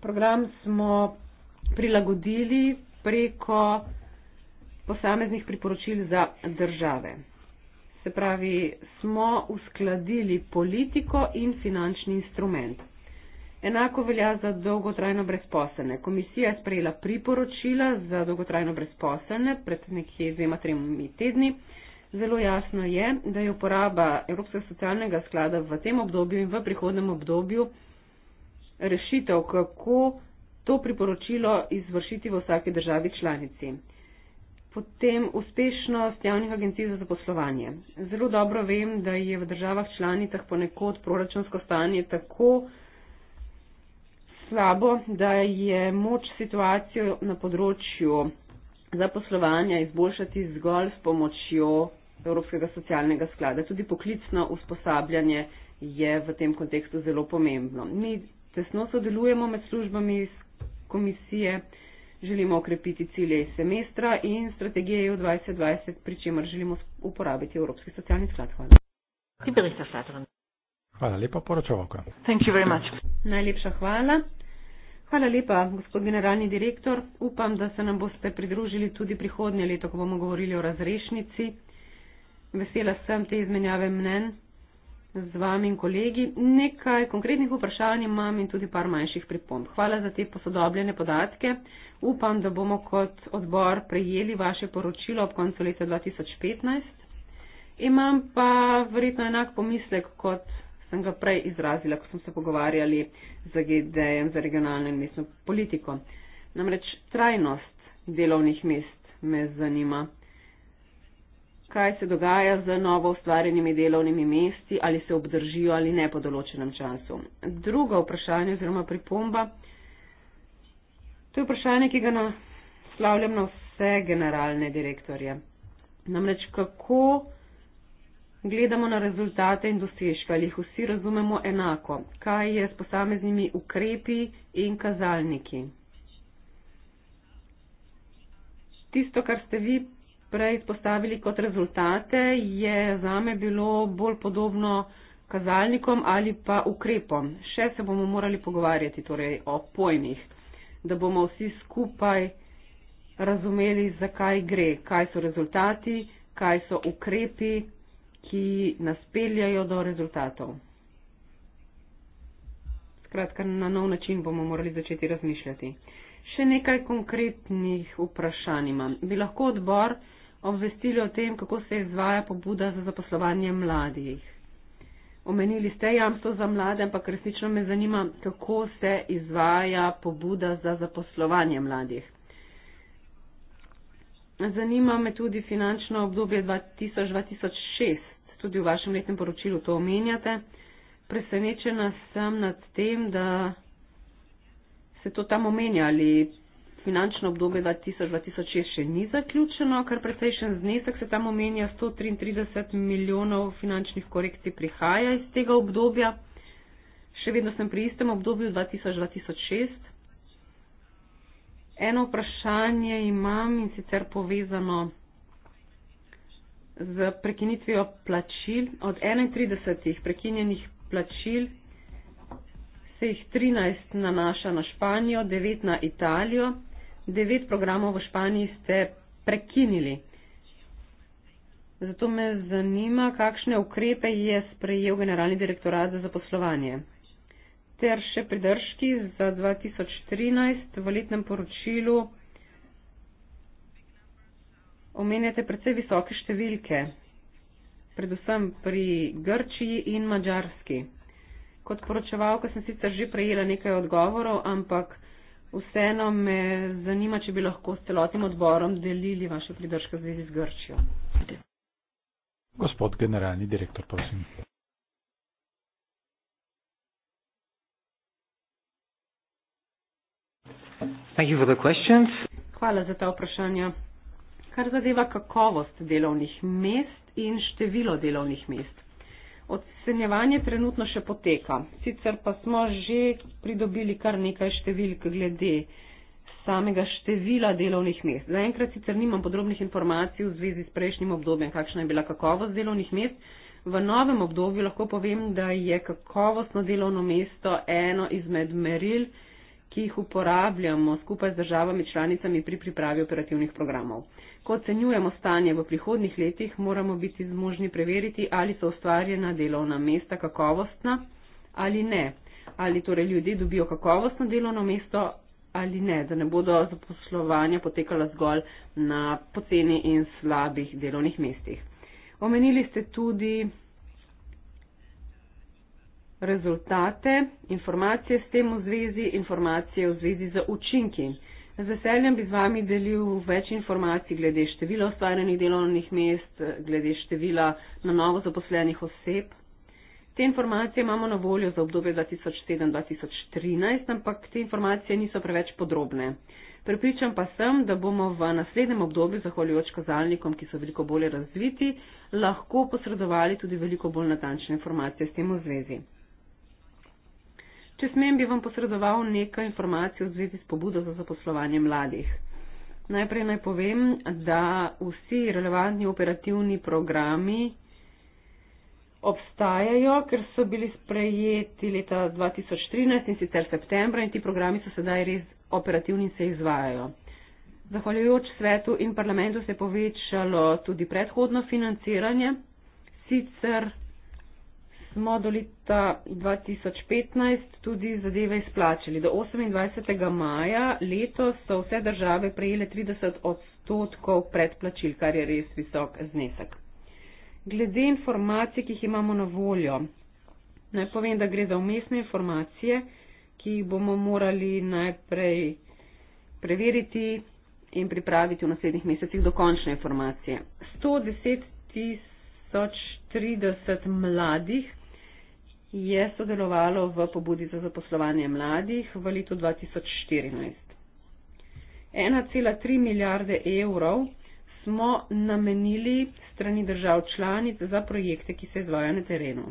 program smo prilagodili preko posameznih priporočil za države. Se pravi, smo uskladili politiko in finančni instrument. Enako velja za dolgotrajno brezposelne. Komisija je sprejela priporočila za dolgotrajno brezposelne pred nekje dvema, tremi tedni. Zelo jasno je, da je uporaba Evropskega socialnega sklada v tem obdobju in v prihodnem obdobju rešitev, kako to priporočilo izvršiti v vsaki državi članici. Potem uspešnost javnih agencij za zaposlovanje. Zelo dobro vem, da je v državah članicah ponekod proračunsko stanje tako, slabo, da je moč situacijo na področju zaposlovanja izboljšati zgolj s pomočjo Evropskega socialnega sklada. Tudi poklicno usposabljanje je v tem kontekstu zelo pomembno. Mi tesno sodelujemo med službami iz komisije, želimo okrepiti cilje iz semestra in strategije EU 2020, pri čemer želimo uporabiti Evropski socialni sklad. Hvala. Hvala lepa, poročovka. Najlepša hvala. Hvala lepa, gospod generalni direktor. Upam, da se nam boste pridružili tudi prihodnje leto, ko bomo govorili o razrešnici. Vesela sem te izmenjave mnen z vami in kolegi. Nekaj konkretnih vprašanj imam in tudi par manjših pripomb. Hvala za te posodobljene podatke. Upam, da bomo kot odbor prejeli vaše poročilo ob koncu leta 2015. Imam pa verjetno enak pomislek kot sem ga prej izrazila, ko smo se pogovarjali z GDM za regionalno in mestno politiko. Namreč trajnost delovnih mest me zanima. Kaj se dogaja z novo ustvarjenimi delovnimi mesti, ali se obdržijo ali ne po določenem času? Drugo vprašanje oziroma pripomba, to je vprašanje, ki ga naslavljam na vse generalne direktorje. Namreč kako Gledamo na rezultate in dosežke, ali jih vsi razumemo enako, kaj je s posameznimi ukrepi in kazalniki. Tisto, kar ste vi prej izpostavili kot rezultate, je za me bilo bolj podobno kazalnikom ali pa ukrepom. Še se bomo morali pogovarjati torej, o pojmih, da bomo vsi skupaj razumeli, zakaj gre, kaj so rezultati, kaj so ukrepi, ki nas peljajo do rezultatov. Skratka, na nov način bomo morali začeti razmišljati. Še nekaj konkretnih vprašanj imam. Bi lahko odbor obvestili o tem, kako se izvaja pobuda za zaposlovanje mladih? Omenili ste jamstvo za mlade, ampak resnično me zanima, kako se izvaja pobuda za zaposlovanje mladih. Zanima me tudi finančno obdobje 2000-2006 tudi v vašem letnem poročilu to omenjate. Presenečena sem nad tem, da se to tam omenja ali finančno obdobje 2000-2006 še ni zaključeno, ker presejšen znesek se tam omenja 133 milijonov finančnih korekcij prihaja iz tega obdobja. Še vedno sem pri istem obdobju 2000-2006. Eno vprašanje imam in sicer povezano z prekinitvijo plačil. Od 31 prekinjenih plačil se jih 13 nanaša na Španijo, 9 na Italijo. 9 programov v Španiji ste prekinili. Zato me zanima, kakšne ukrepe je sprejel generalni direktorat za zaposlovanje. Ter še pridržki za 2013 v letnem poročilu omenjate predvsej visoke številke, predvsem pri Grčiji in Mačarski. Kot poročevalka sem sicer že prejela nekaj odgovorov, ampak vseeno me zanima, če bi lahko s celotnim odborom delili vaše pridržke v zvezi z Grčijo. Gospod generalni direktor, prosim. Hvala za ta vprašanja kar zadeva kakovost delovnih mest in število delovnih mest. Ocenjevanje trenutno še poteka, sicer pa smo že pridobili kar nekaj številk glede samega števila delovnih mest. Zaenkrat sicer nimam podrobnih informacij v zvezi s prejšnjim obdobjem, kakšna je bila kakovost delovnih mest. V novem obdobju lahko povem, da je kakovostno delovno mesto eno izmed meril, ki jih uporabljamo skupaj z državami članicami pri pripravi operativnih programov. Ko ocenjujemo stanje v prihodnih letih, moramo biti zmožni preveriti, ali so ustvarjena delovna mesta kakovostna ali ne. Ali torej ljudje dobijo kakovostno delovno mesto ali ne, da ne bodo zaposlovanja potekala zgolj na poceni in slabih delovnih mestih. Omenili ste tudi rezultate, informacije s tem v zvezi, informacije v zvezi za učinki. Z veseljem bi z vami delil več informacij glede števila ustvarjenih delovnih mest, glede števila na novo zaposlenih oseb. Te informacije imamo na voljo za obdobje 2007-2013, ampak te informacije niso preveč podrobne. Prepričam pa sem, da bomo v naslednjem obdobju, zahvaljujoč kazalnikom, ki so veliko bolje razviti, lahko posredovali tudi veliko bolj natančne informacije s tem v zvezi. Če smem, bi vam posredoval nekaj informacij v zvezi s pobudo za zaposlovanje mladih. Najprej naj povem, da vsi relevantni operativni programi obstajajo, ker so bili sprejeti leta 2013 in sicer septembra in ti programi so sedaj res operativni in se izvajajo. Zahvaljujoč svetu in parlamentu se je povečalo tudi predhodno financiranje, sicer smo do leta 2015 tudi zadeve izplačali. Do 28. maja letos so vse države prejele 30 odstotkov predplačil, kar je res visok znesek. Glede informacij, ki jih imamo na voljo, naj povem, da gre za umestne informacije, ki jih bomo morali najprej preveriti in pripraviti v naslednjih mesecih dokončne informacije. 110 tisoč 30 mladih, je sodelovalo v pobudi za zaposlovanje mladih v letu 2014. 1,3 milijarde evrov smo namenili strani držav članic za projekte, ki se izvajajo na terenu.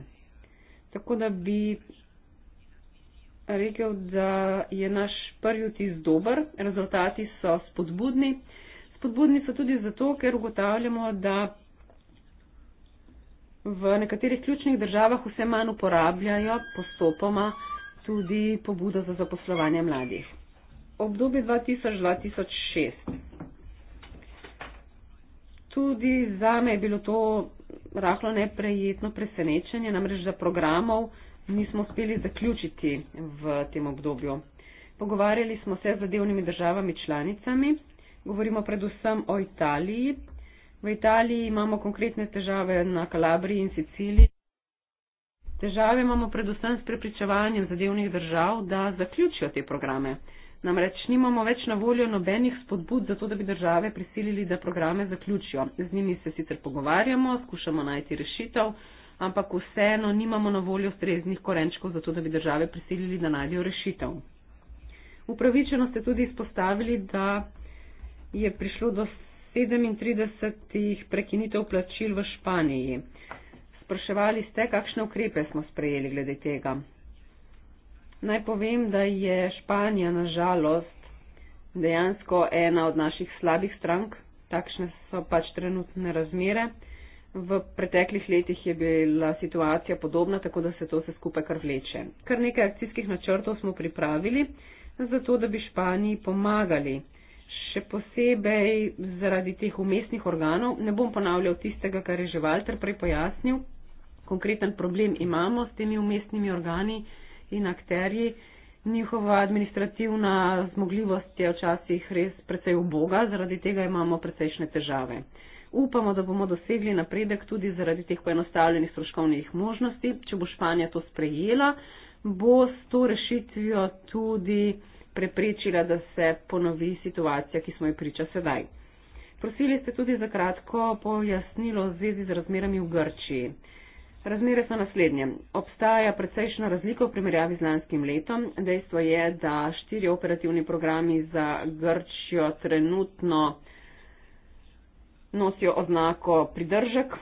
Tako da bi rekel, da je naš prvi vtis dober, rezultati so spodbudni. Spodbudni so tudi zato, ker ugotavljamo, da v nekaterih ključnih državah vse manj uporabljajo postopoma tudi pobudo za zaposlovanje mladih. Obdobje 2000-2006. Tudi za me je bilo to rahlo neprejetno presenečenje, namreč za programov nismo uspeli zaključiti v tem obdobju. Pogovarjali smo se z zadevnimi državami članicami, govorimo predvsem o Italiji, V Italiji imamo konkretne težave na Kalabriji in Siciliji. Težave imamo predvsem s prepričevanjem zadevnih držav, da zaključijo te programe. Namreč nimamo več na voljo nobenih spodbud za to, da bi države prisilili, da programe zaključijo. Z njimi se sicer pogovarjamo, skušamo najti rešitev, ampak vseeno nimamo na voljo ustreznih korenčkov za to, da bi države prisilili, da najdejo rešitev. Upravičeno ste tudi izpostavili, da je prišlo do 37 prekinitev plačil v Španiji. Spraševali ste, kakšne ukrepe smo sprejeli glede tega. Naj povem, da je Španija na žalost dejansko ena od naših slabih strank, takšne so pač trenutne razmere. V preteklih letih je bila situacija podobna, tako da se to vse skupaj kar vleče. Kar nekaj akcijskih načrtov smo pripravili, zato da bi Španiji pomagali še posebej zaradi teh umestnih organov. Ne bom ponavljal tistega, kar je že Walter prej pojasnil. Konkreten problem imamo s temi umestnimi organi in akterji. Njihova administrativna zmogljivost je včasih res precej uboga, zaradi tega imamo precejšne težave. Upamo, da bomo dosegli napredek tudi zaradi teh poenostavljenih stroškovnih možnosti. Če bo Španija to sprejela, bo s to rešitvijo tudi preprečila, da se ponovi situacija, ki smo jo priča sedaj. Prosili ste tudi za kratko pojasnilo v zvezi z razmerami v Grčiji. Razmere so naslednje. Obstaja precejšna razlika v primerjavi z lanskim letom. Dejstvo je, da štiri operativni programi za Grčijo trenutno nosijo oznako pridržek.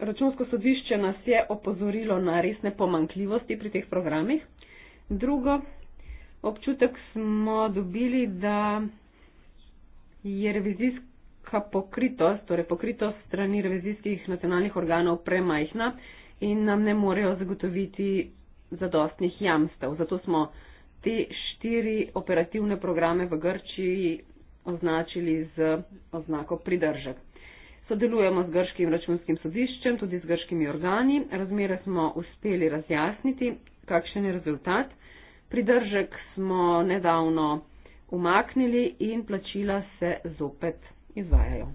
Računsko sodišče nas je opozorilo na resne pomankljivosti pri teh programih. Drugo, občutek smo dobili, da je revizijska pokritost, torej pokritost strani revizijskih nacionalnih organov premajhna in nam ne morejo zagotoviti zadostnih jamstev. Zato smo te štiri operativne programe v Grčiji označili z oznako pridržek. Sodelujemo z grškim računskim sodiščem, tudi z grškimi organi. Razmere smo uspeli razjasniti, kakšen je rezultat. Pridržek smo nedavno umaknili in plačila se zopet izvajajo.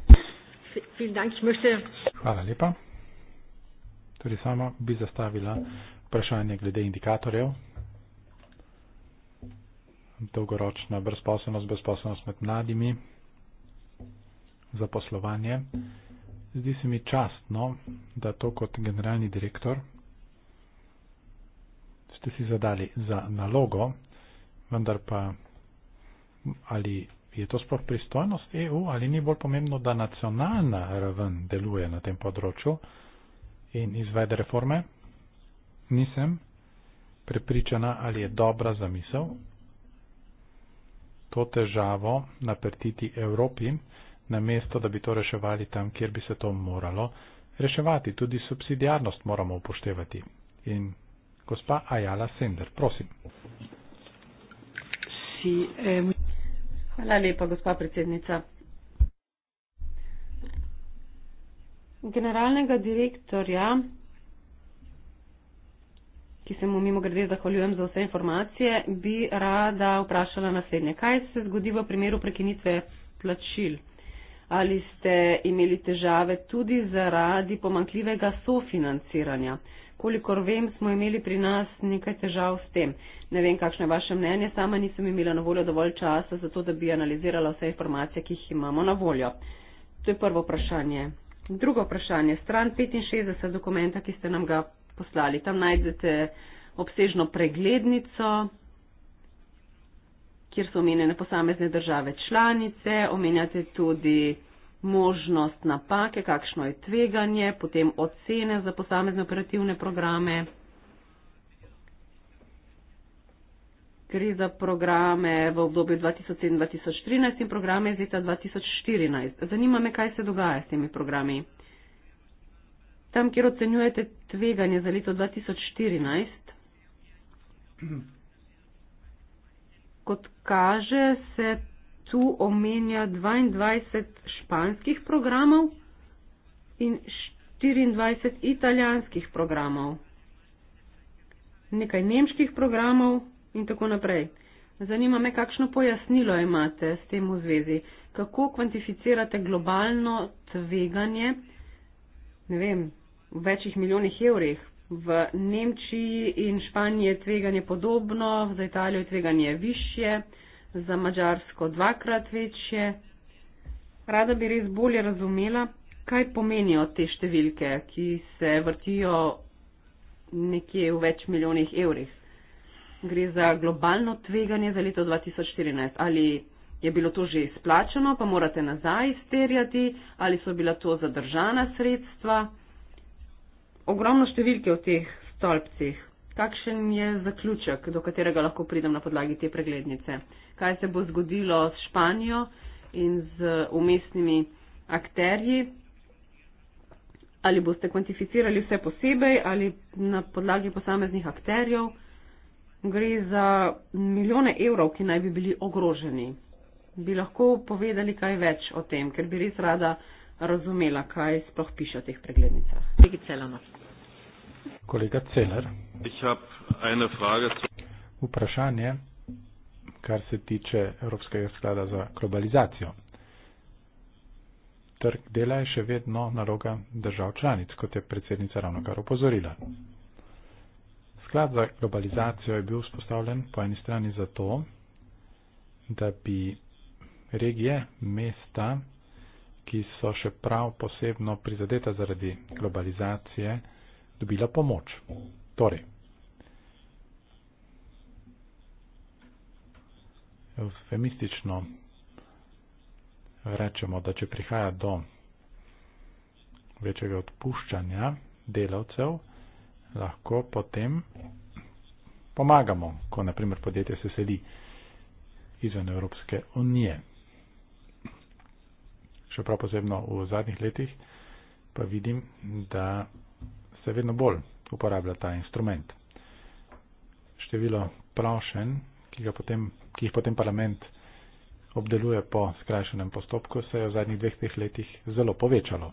Hvala lepa. Tudi sama bi zastavila vprašanje glede indikatorjev. Dolgoročna brezposobnost, brezposobnost med mladimi, zaposlovanje. Zdi se mi častno, da to kot generalni direktor ste si zadali za nalogo, vendar pa ali je to sploh pristojnost EU ali ni bolj pomembno, da nacionalna raven deluje na tem področju in izvede reforme, nisem prepričana, ali je dobra zamisel to težavo napretiti Evropi, namesto da bi to reševali tam, kjer bi se to moralo reševati. Tudi subsidijarnost moramo upoštevati. In Gospa Ajala Sender, prosim. Si, eh, hvala lepa, gospa predsednica. Generalnega direktorja, ki se mu mimo grede zahvaljujem za vse informacije, bi rada vprašala naslednje. Kaj se zgodi v primeru prekinitve plačil? Ali ste imeli težave tudi zaradi pomankljivega sofinanciranja? kolikor vem, smo imeli pri nas nekaj težav s tem. Ne vem, kakšno je vaše mnenje, sama nisem imela na voljo dovolj časa za to, da bi analizirala vse informacije, ki jih imamo na voljo. To je prvo vprašanje. Drugo vprašanje. Stran 65 dokumenta, ki ste nam ga poslali. Tam najdete obsežno preglednico, kjer so omenjene posamezne države članice, omenjate tudi možnost napake, kakšno je tveganje, potem ocene za posamezne operativne programe. Gre za programe v obdobju 2007-2013 in programe iz leta 2014. Zanima me, kaj se dogaja s temi programi. Tam, kjer ocenjujete tveganje za leto 2014, kot kaže, se tu omenja 22 španskih programov in 24 italijanskih programov, nekaj nemških programov in tako naprej. Zanima me, kakšno pojasnilo imate s tem v zvezi, kako kvantificirate globalno tveganje, ne vem, v večjih milijonih evrih. V Nemčiji in Španiji je tveganje podobno, za Italijo je tveganje višje za Mačarsko dvakrat večje. Rada bi res bolje razumela, kaj pomenijo te številke, ki se vrtijo nekje v več milijonih evrih. Gre za globalno tveganje za leto 2014. Ali je bilo to že izplačano, pa morate nazaj izterjati, ali so bila to zadržana sredstva. Ogromno številke v teh stolpcih. Kakšen je zaključek, do katerega lahko pridem na podlagi te preglednice? kaj se bo zgodilo s Španijo in z umestnimi akterji. Ali boste kvantificirali vse posebej ali na podlagi posameznih akterjev. Gre za milijone evrov, ki naj bi bili ogroženi. Bi lahko povedali kaj več o tem, ker bi res rada razumela, kaj sploh piše o teh preglednicah. Peki Celano. Kolega Celer. Vprašanje kar se tiče Evropskega sklada za globalizacijo. Trg dela je še vedno naloga držav članic, kot je predsednica ravno kar opozorila. Sklad za globalizacijo je bil vzpostavljen po eni strani zato, da bi regije, mesta, ki so še prav posebno prizadeta zaradi globalizacije, dobila pomoč. Torej, eufemistično rečemo, da če prihaja do večjega odpuščanja delavcev, lahko potem pomagamo, ko naprimer podjetje se seli izven Evropske unije. Še prav posebno v zadnjih letih pa vidim, da se vedno bolj uporablja ta instrument. Število prošen, ki ga potem ki jih potem parlament obdeluje po skrajšenem postopku, se je v zadnjih dveh teh letih zelo povečalo.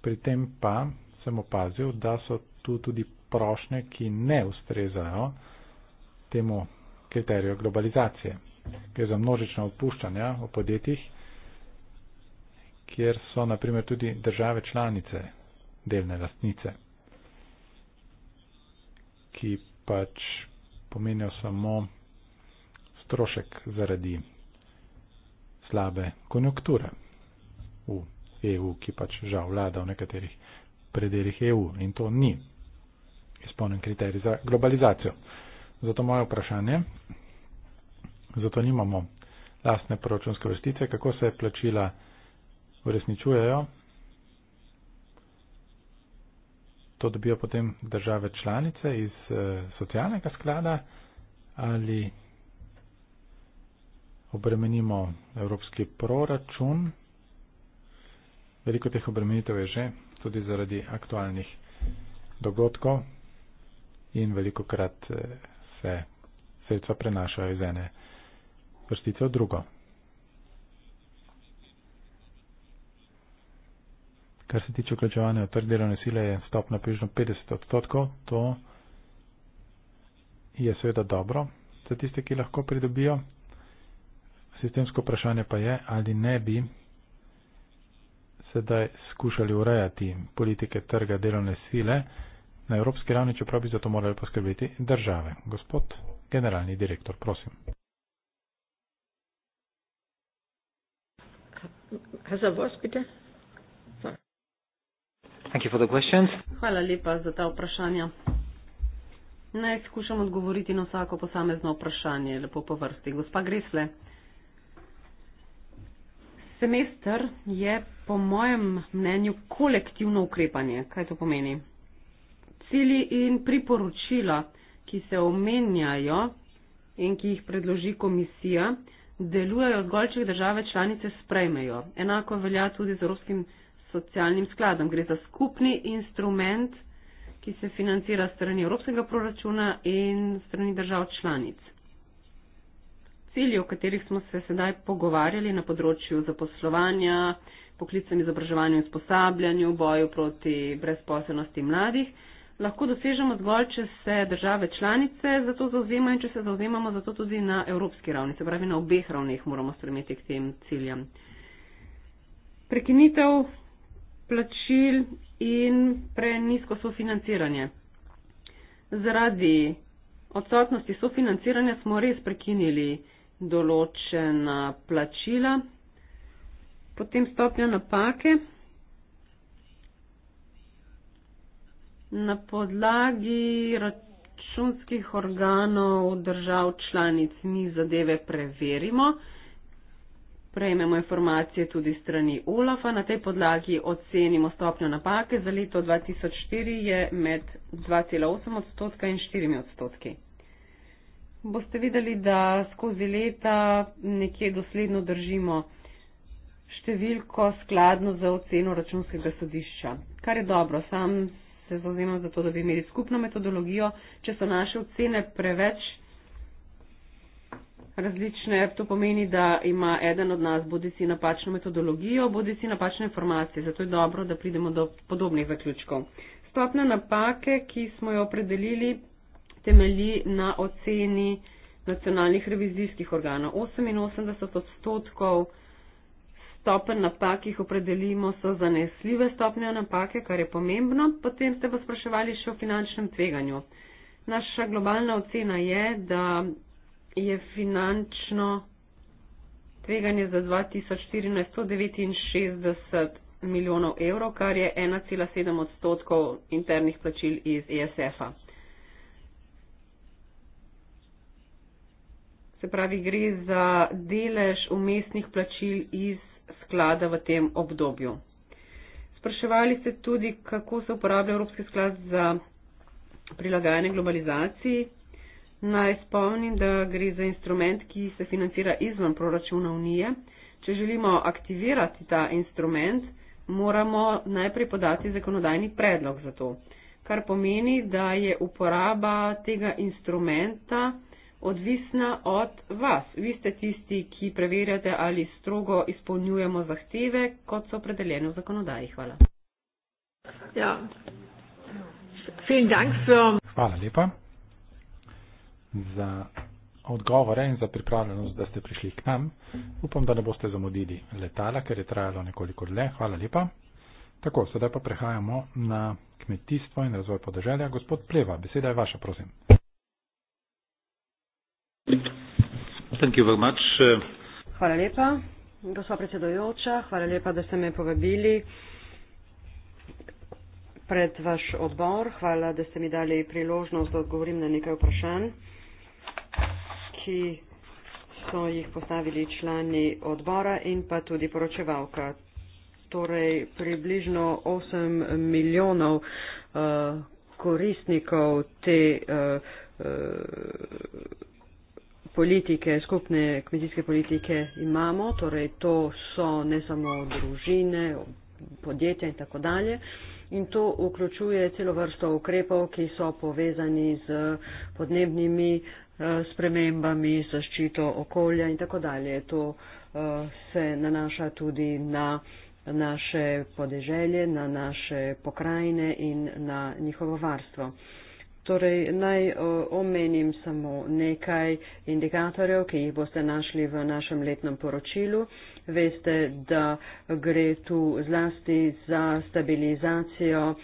Pri tem pa sem opazil, da so tu tudi prošnje, ki ne ustrezajo temu kriteriju globalizacije. Gre za množična odpuščanja v podjetjih, kjer so naprimer tudi države članice delne lastnice, ki pač pomenijo samo strošek zaradi slabe konjunkture v EU, ki pač žal vlada v nekaterih predeljih EU in to ni izpolnen kriterij za globalizacijo. Zato moje vprašanje, zato nimamo lastne proračunske vrstice, kako se plačila uresničujejo, to dobijo potem države članice iz eh, socialnega sklada ali obremenimo evropski proračun. Veliko teh obremenitev je že, tudi zaradi aktualnih dogodkov in veliko krat eh, se sredstva prenašajo iz ene vrstice v drugo. Kar se tiče vključevanja v trg delovne sile, je stopna približno 50 odstotkov. To je seveda dobro za tiste, ki lahko pridobijo sistemsko vprašanje pa je, ali ne bi sedaj skušali urejati politike trga delovne sile na evropski ravni, čeprav bi za to morali poskrbeti države. Gospod generalni direktor, prosim. Hvala lepa za ta vprašanja. Naj skušam odgovoriti na vsako posamezno vprašanje, lepo po vrsti. Gospa Gresle semester je po mojem mnenju kolektivno ukrepanje. Kaj to pomeni? Cili in priporočila, ki se omenjajo in ki jih predloži komisija, delujejo zgolj, če države članice sprejmejo. Enako velja tudi z Evropskim socialnim skladom. Gre za skupni instrument, ki se financira strani Evropskega proračuna in strani držav članic cilji, o katerih smo se sedaj pogovarjali na področju zaposlovanja, poklicem izobraževanju in sposabljanju, boju proti brezposelnosti mladih, lahko dosežemo zgolj, če se države članice za to zauzemajo in če se zauzemamo za to tudi na evropski ravni, se pravi na obeh ravneh moramo stremeti k tem ciljem. Prekinitev plačil in prenisko sofinanciranje. Zaradi odsotnosti sofinanciranja smo res prekinili določena plačila. Potem stopnja napake. Na podlagi računskih organov držav članic mi zadeve preverimo. Prejmemo informacije tudi strani OLAFA. Na tej podlagi ocenimo stopnjo napake. Za leto 2004 je med 2,8 odstotka in 4 odstotki boste videli, da skozi leta nekje dosledno držimo številko skladno za oceno računskega sodišča, kar je dobro. Sam se zauzemam za to, da bi imeli skupno metodologijo. Če so naše ocene preveč različne, to pomeni, da ima eden od nas bodi si napačno metodologijo, bodi si napačne informacije. Zato je dobro, da pridemo do podobnih zaključkov. Stopna napake, ki smo jo opredelili temelji na oceni nacionalnih revizijskih organov. 88 odstotkov stopen napak, ki jih opredelimo, so zanesljive stopnje napake, kar je pomembno. Potem ste pa spraševali še o finančnem tveganju. Naša globalna ocena je, da je finančno tveganje za 2014 169 milijonov evrov, kar je 1,7 odstotkov internih plačil iz ESF-a. se pravi gre za delež umestnih plačil iz sklada v tem obdobju. Spraševali ste tudi, kako se uporablja Evropski sklad za prilagajanje globalizaciji. Naj spomnim, da gre za instrument, ki se financira izvan proračuna Unije. Če želimo aktivirati ta instrument, moramo najprej podati zakonodajni predlog za to, kar pomeni, da je uporaba tega instrumenta odvisna od vas. Vi ste tisti, ki preverjate, ali strogo izpolnjujemo zahteve, kot so predeljene v zakonodaji. Hvala. Ja. Hvala lepa za odgovore in za pripravljenost, da ste prišli k nam. Upam, da ne boste zamudili letala, ker je trajalo nekoliko dlje. Hvala lepa. Tako, sedaj pa prehajamo na kmetijstvo in razvoj podeželja. Gospod Pleva, beseda je vaša, prosim. Uh, hvala lepa, gospod predsedojoča, hvala lepa, da ste me povabili pred vaš odbor. Hvala, da ste mi dali priložnost, da odgovorim na nekaj vprašanj, ki so jih postavili člani odbora in pa tudi poročevalka. Torej, približno 8 milijonov uh, koristnikov te. Uh, uh, politike, skupne kmetijske politike imamo, torej to so ne samo družine, podjetja in tako dalje. In to vključuje celo vrsto ukrepov, ki so povezani z podnebnimi eh, spremembami, zaščito okolja in tako dalje. To eh, se nanaša tudi na naše podeželje, na naše pokrajine in na njihovo varstvo. Torej, naj omenim samo nekaj indikatorjev, ki jih boste našli v našem letnem poročilu. Veste, da gre tu zlasti za stabilizacijo e,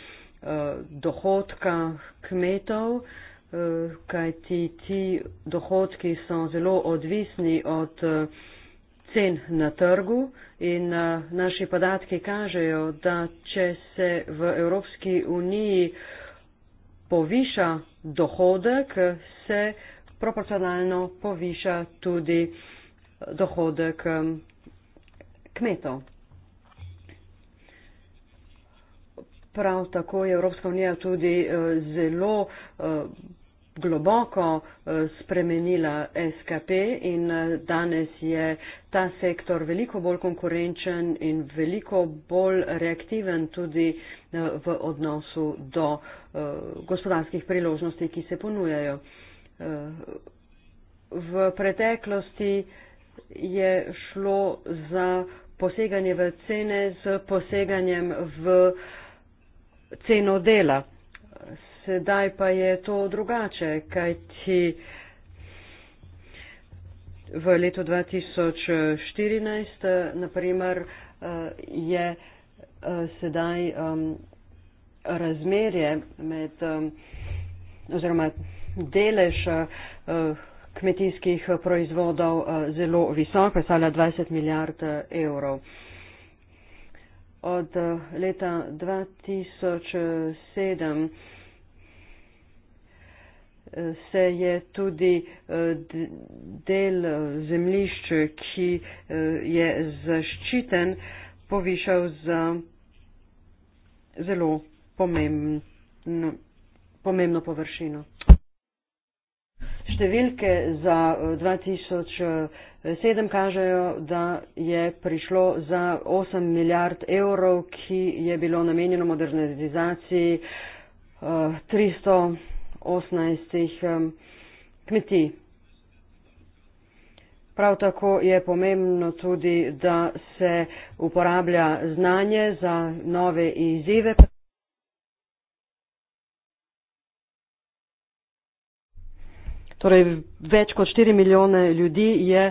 dohodka kmetov, e, kajti ti dohodki so zelo odvisni od e, cen na trgu in naši podatki kažejo, da če se v Evropski uniji poviša dohodek, se proporcionalno poviša tudi eh, dohodek eh, kmetov. Prav tako je Evropska unija tudi eh, zelo globoko spremenila SKP in danes je ta sektor veliko bolj konkurenčen in veliko bolj reaktiven tudi v odnosu do uh, Eh, gospodarskih priložnosti, ki se ponujajo. Eh, v preteklosti je šlo za poseganje v cene z poseganjem v ceno dela. Sedaj pa je to drugače, kajti v letu 2014, eh, naprimer, je sedaj razmerje med um, oziroma delež uh, kmetijskih proizvodov uh, zelo visok, predstavlja 20 milijard uh, evrov. Od leta 2007 se je tudi del zemljišč, ki je zaščiten, povišal za zelo pomembno, pomembno površino. Številke za 2007 eh, kažejo, da je prišlo za 8 milijard evrov, ki je bilo namenjeno modernizaciji 318 eh, kmetij. Prav tako je pomembno tudi, da se uporablja znanje za nove izzive, pa Torej, več kot 4 milijone ljudi je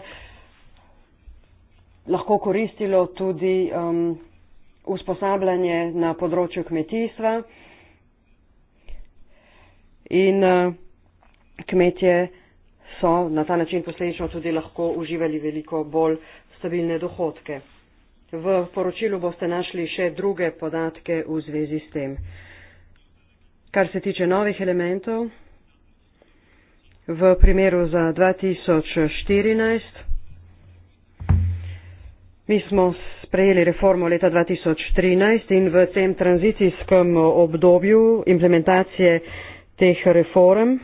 lahko koristilo tudi um, usposabljanje na področju kmetijstva in uh, kmetje so na ta način posledično tudi lahko uživali veliko bolj stabilne dohodke. V poročilu boste našli še druge podatke v zvezi s tem. Kar se tiče novih elementov, v primeru za 2014. Mi smo sprejeli reformo leta 2013 in v tem tranzicijskem obdobju implementacije teh reform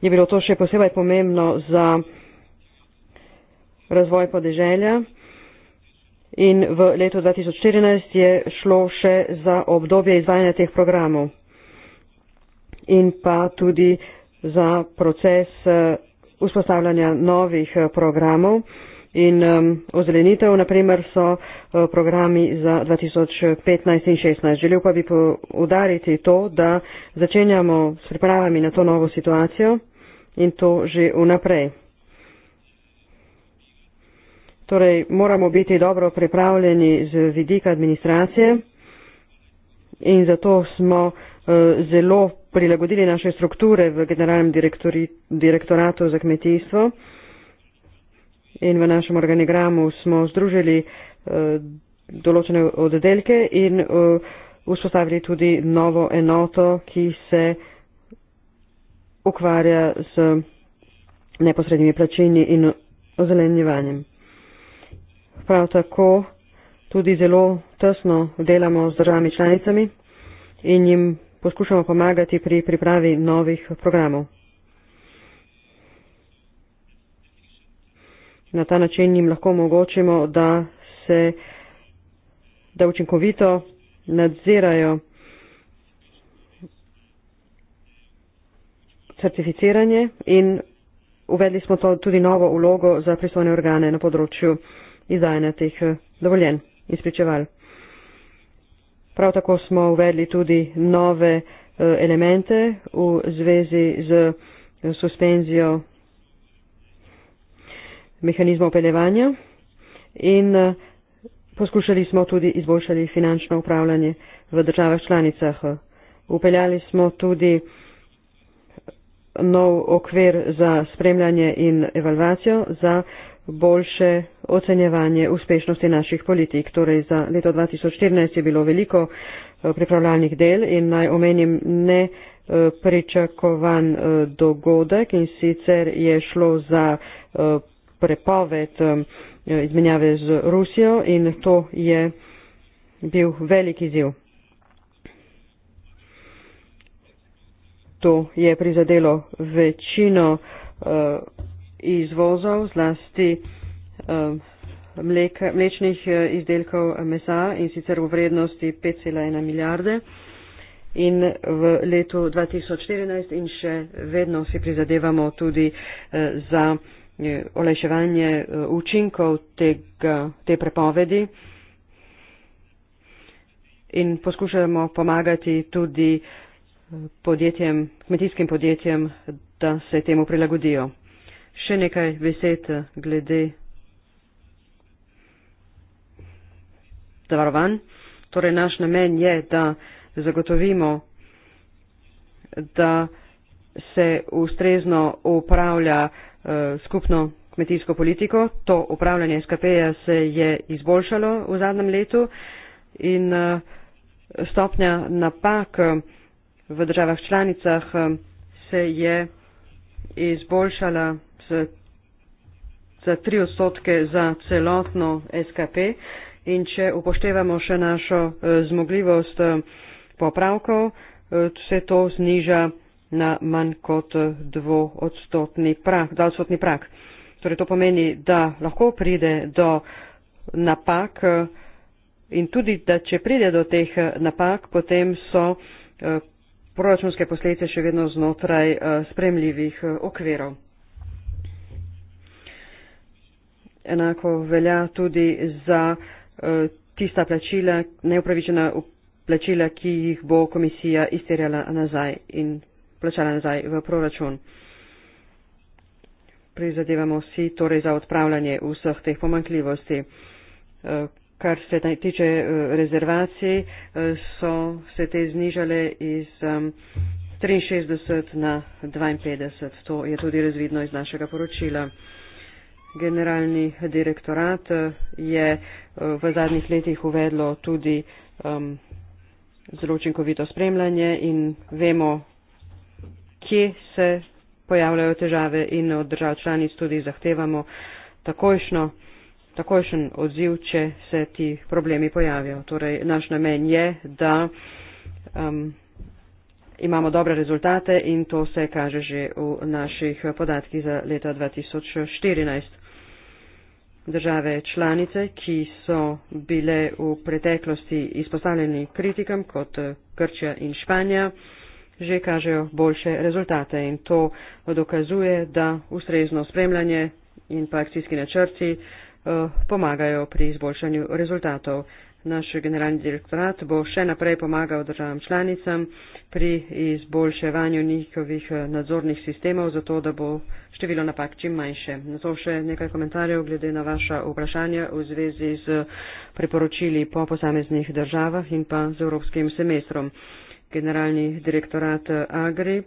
je bilo to še posebej pomembno za razvoj podeželja. In v letu 2014 je šlo še za obdobje izvajanja teh programov in pa tudi za proces eh, vzpostavljanja novih eh, programov in ozelenitev, naprimer, so eh, programi za 2015 in 2016. Želel pa bi udariti to, da začenjamo s pripravami na to novo situacijo in to že vnaprej. Torej, moramo biti dobro pripravljeni z vidika administracije in zato smo zelo prilagodili naše strukture v generalnem direktoratu za kmetijstvo in v našem organigramu smo združili eh, določene oddelke in eh, vzpostavili tudi novo enoto, ki se ukvarja s neposrednimi plačini in ozelenjevanjem. Prav tako tudi zelo tesno delamo z državami članicami in jim poskušamo pomagati pri pripravi novih programov. Na ta način jim lahko omogočimo, da se da učinkovito nadzirajo certificiranje in uvedli smo to tudi novo ulogo za pristojne organe na področju izdajanja teh eh, dovoljen in spričeval. Prav tako smo uvedli tudi nove eh, elemente v zvezi z eh, suspenzijo mehanizmov opeljevanja in eh, poskušali smo tudi izboljšati finančno upravljanje v državah članicah. Upeljali smo tudi nov okvir za spremljanje in evalvacijo za boljše ocenjevanje uspešnosti naših politik. Torej za leto 2014 je bilo veliko eh, pripravljalnih del in naj omenim ne eh, pričakovan eh, dogodek in sicer je šlo za prepoved izmenjave z Rusijo in to je bil velik izziv. To je prizadelo večino uh, izvozov, zlasti eh, mleka, mlečnih eh, izdelkov mesa in sicer v vrednosti 5,1 milijarde. In v letu 2014 in še vedno si prizadevamo tudi eh, za olajševanje učinkov tega, te prepovedi in poskušamo pomagati tudi podjetjem, kmetijskim podjetjem, da se temu prilagodijo še nekaj besed eh, glede zavarovanj. Torej, naš namen je, da zagotovimo, da se ustrezno upravlja uh, skupno kmetijsko politiko. To upravljanje SKP-ja se je izboljšalo v zadnjem letu in uh, stopnja napak v državah članicah uh, se je izboljšala za tri odstotke za celotno SKP in če upoštevamo še našo e, zmogljivost e, popravkov, vse e, to zniža na manj kot dvoodstotni prak. Torej to pomeni, da lahko pride do napak in tudi, da če pride do teh napak, potem so proračunske posledice še vedno znotraj spremljivih okverov. enako velja tudi za eh, tista plačila, neupravičena plačila, ki jih bo komisija izterjala nazaj in plačala nazaj v proračun. Prizadevamo si torej za odpravljanje vseh teh pomankljivosti. Eh, kar se tiče eh, rezervacij, so se te znižale iz 63 na 52. To je tudi razvidno iz našega poročila generalni direktorat eh, je eh, v zadnjih letih uvedlo tudi um, zelo učinkovito spremljanje in vemo, kje se pojavljajo težave in od držav članic tudi zahtevamo takojšno, takojšen odziv, če se ti problemi pojavijo. Torej, naš namen je, da um, imamo dobre rezultate in to se kaže že v naših podatkih za leta 2014 države članice, ki so bile v preteklosti izpostavljeni kritikam kot eh, Grčija in Španija, že kažejo boljše rezultate in to dokazuje, da ustrezno spremljanje in pa akcijski načrci eh, pomagajo pri izboljšanju rezultatov naš generalni direktorat bo še naprej pomagal državam članicam pri izboljševanju njihovih eh, nadzornih sistemov, zato da bo število napak čim manjše. Na to še nekaj komentarjev glede na vaša vprašanja v zvezi z priporočili po posameznih državah in pa z evropskim semestrom. Generalni direktorat eh, Agri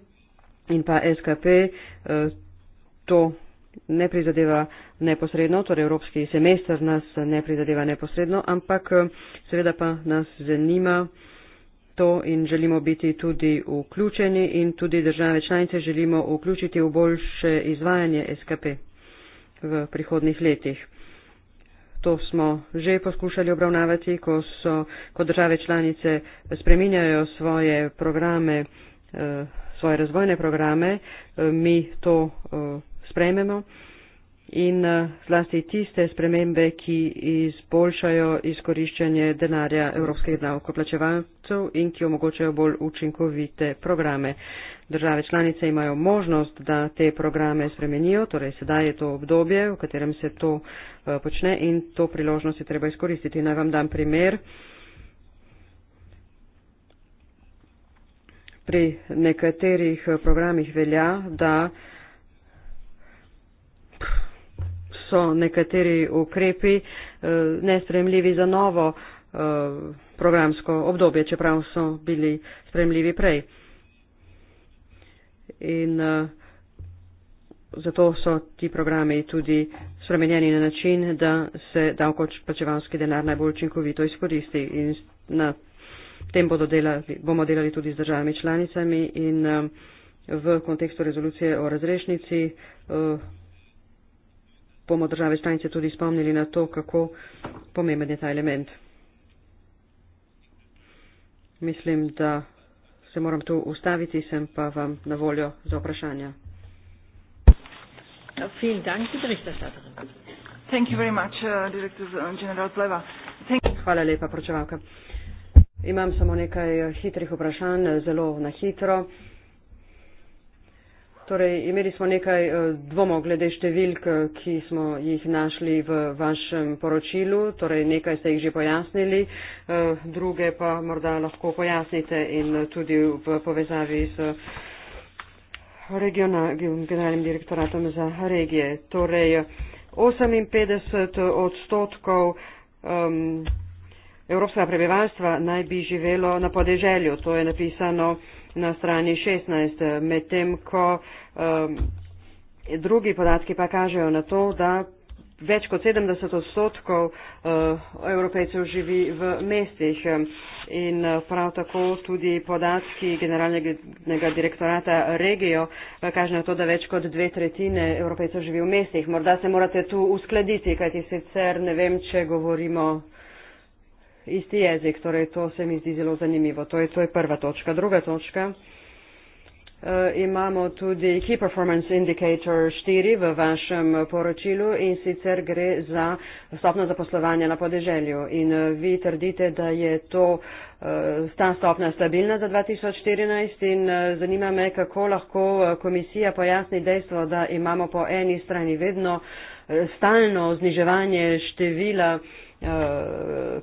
in pa SKP eh, to ne prizadeva neposredno, torej evropski semester nas ne prizadeva neposredno, ampak eh, seveda pa nas zanima to in želimo biti tudi vključeni in tudi države članice želimo vključiti v boljše izvajanje SKP v prihodnih letih. To smo že poskušali obravnavati, ko so ko države članice spreminjajo svoje programe, eh, svoje razvojne programe, eh, mi to sprememo in eh, zlasti tiste spremembe, ki izboljšajo izkoriščanje denarja evropskih davkoplačevalcev in ki omogočajo bolj učinkovite programe. Države članice imajo možnost, da te programe spremenijo, torej sedaj je to obdobje, v katerem se to eh, počne in to priložnost je treba izkoristiti. Naj vam dam primer. Pri nekaterih eh, programih velja, da so nekateri ukrepi eh, nespremljivi za novo eh, programsko obdobje, čeprav so bili spremljivi prej. In eh, zato so ti programi tudi spremenjeni na način, da se davkočpačevalski denar najbolj učinkovito izkoristi. In na tem bodo delali, bomo delali tudi z državami članicami in v kontekstu rezolucije o razrešnici bomo države članice tudi spomnili na to, kako pomemben je ta element. Mislim, da se moram tu ustaviti, sem pa vam na voljo za vprašanja. Ja, uh, uh, Hvala lepa, pročevalka. Imam samo nekaj uh, hitrih vprašanj, zelo na hitro. Torej, imeli smo nekaj eh, dvomov glede številk, eh, ki smo jih našli v vašem poročilu, torej nekaj ste jih že pojasnili, eh, druge pa morda lahko pojasnite in tudi v povezavi z generalnim direktoratom za regije. Torej, 58 odstotkov um, evropskega prebivalstva naj bi živelo na podeželju, to je napisano na strani 16, medtem ko um, drugi podatki pa kažejo na to, da več kot 70 odstotkov uh, evropejcev živi v mestih in uh, prav tako tudi podatki generalnega direktorata regijo uh, kaže na to, da več kot dve tretjine evropejcev živi v mestih. Morda se morate tu uskladiti, kajti sicer ne vem, če govorimo isti jezik, torej to se mi zdi zelo zanimivo. To je, to je prva točka. Druga točka. Uh, imamo tudi Key Performance Indicator 4 v vašem poročilu in sicer gre za stopno zaposlovanje na podeželju. In uh, vi trdite, da je to, uh, ta stopna stabilna za 2014 in uh, zanima me, kako lahko komisija pojasni dejstvo, da imamo po eni strani vedno uh, stalno zniževanje števila uh, Eh,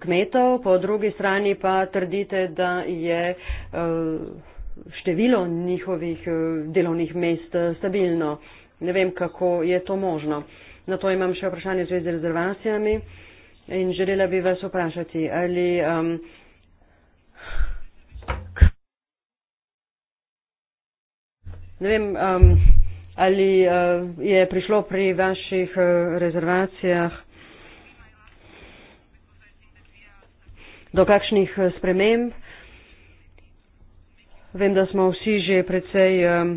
kmetov, po drugi strani pa trdite, da je eh, število njihovih eh, delovnih mest stabilno. Ne vem, kako je to možno. Na to imam še vprašanje v zvezi z rezervacijami in želela bi vas vprašati, ali. Um, ne vem, um, ali uh, je prišlo pri vaših uh, rezervacijah do kakšnih eh, sprememb. Vem, da smo vsi že precej um,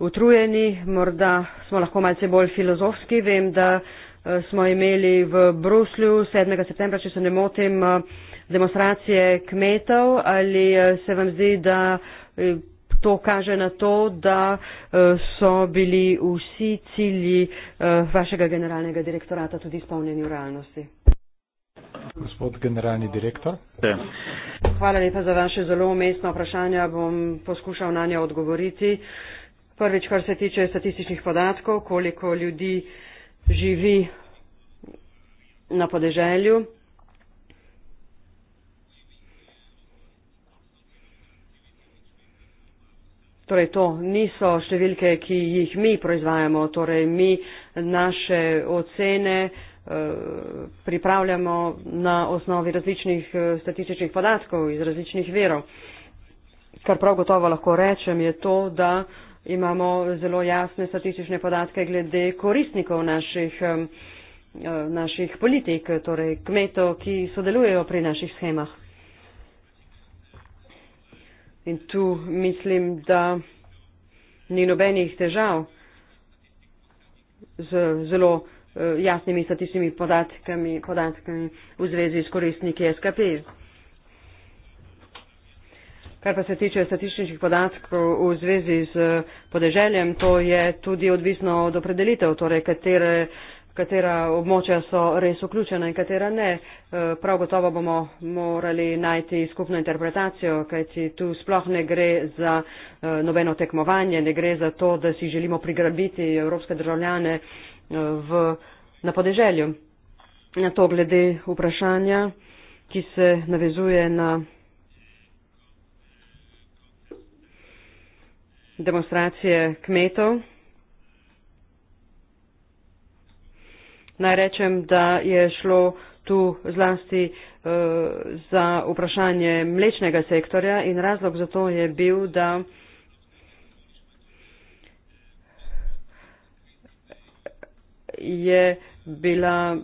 utrujeni, morda smo lahko malce bolj filozofski. Vem, da uh, smo imeli v Bruslju 7. septembra, če se ne motim, uh, demonstracije kmetov. Ali uh, se vam zdi, da uh, to kaže na to, da uh, so bili vsi cilji uh, vašega generalnega direktorata tudi izpolnjeni v realnosti? gospod generalni direktor. Hvala lepa za vaše zelo umestno vprašanje. Bom poskušal na njo odgovoriti. Prvič, kar se tiče statističnih podatkov, koliko ljudi živi na podeželju. Torej, to niso številke, ki jih mi proizvajamo, torej mi naše ocene uh, Eh, pripravljamo na osnovi različnih eh, statističnih podatkov iz različnih verov. Kar prav gotovo lahko rečem je to, da imamo zelo jasne statistične podatke glede koristnikov naših, eh, naših politik, torej kmetov, ki sodelujejo pri naših schemah. In tu mislim, da ni nobenih težav z zelo Eh, jasnimi statičnimi podatkami, podatkami v zvezi s koristniki SKP. Kar pa se tiče statističnih podatkov v zvezi z eh, podeželjem, to je tudi odvisno od opredelitev, torej katere, katera območja so res vključena in katera ne. Eh, prav gotovo bomo morali najti skupno interpretacijo, kajti tu sploh ne gre za nobeno tekmovanje, ne gre za to, da si želimo prigrabiti evropske državljane Eh, v, na podeželju. Na to glede vprašanja, ki se navezuje na demonstracije kmetov. Naj rečem, da je šlo tu zlasti uh, za vprašanje mlečnega sektorja in razlog za to je bil, da uh, je bila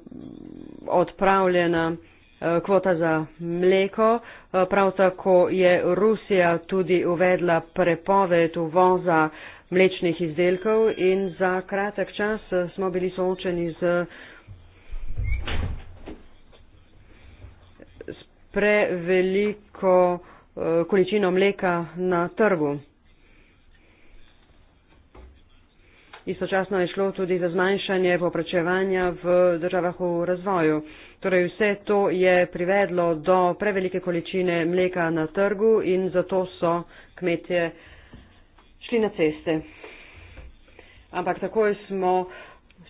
odpravljena eh, kvota za mleko. Eh, prav tako je Rusija tudi uvedla prepoved uvoza mlečnih izdelkov in za kratek čas eh, smo bili soočeni z preveliko količino mleka na trgu. istočasno je šlo tudi za zmanjšanje poprečevanja v državah v razvoju. Torej vse to je privedlo do prevelike količine mleka na trgu in zato so kmetje šli na ceste. Ampak takoj smo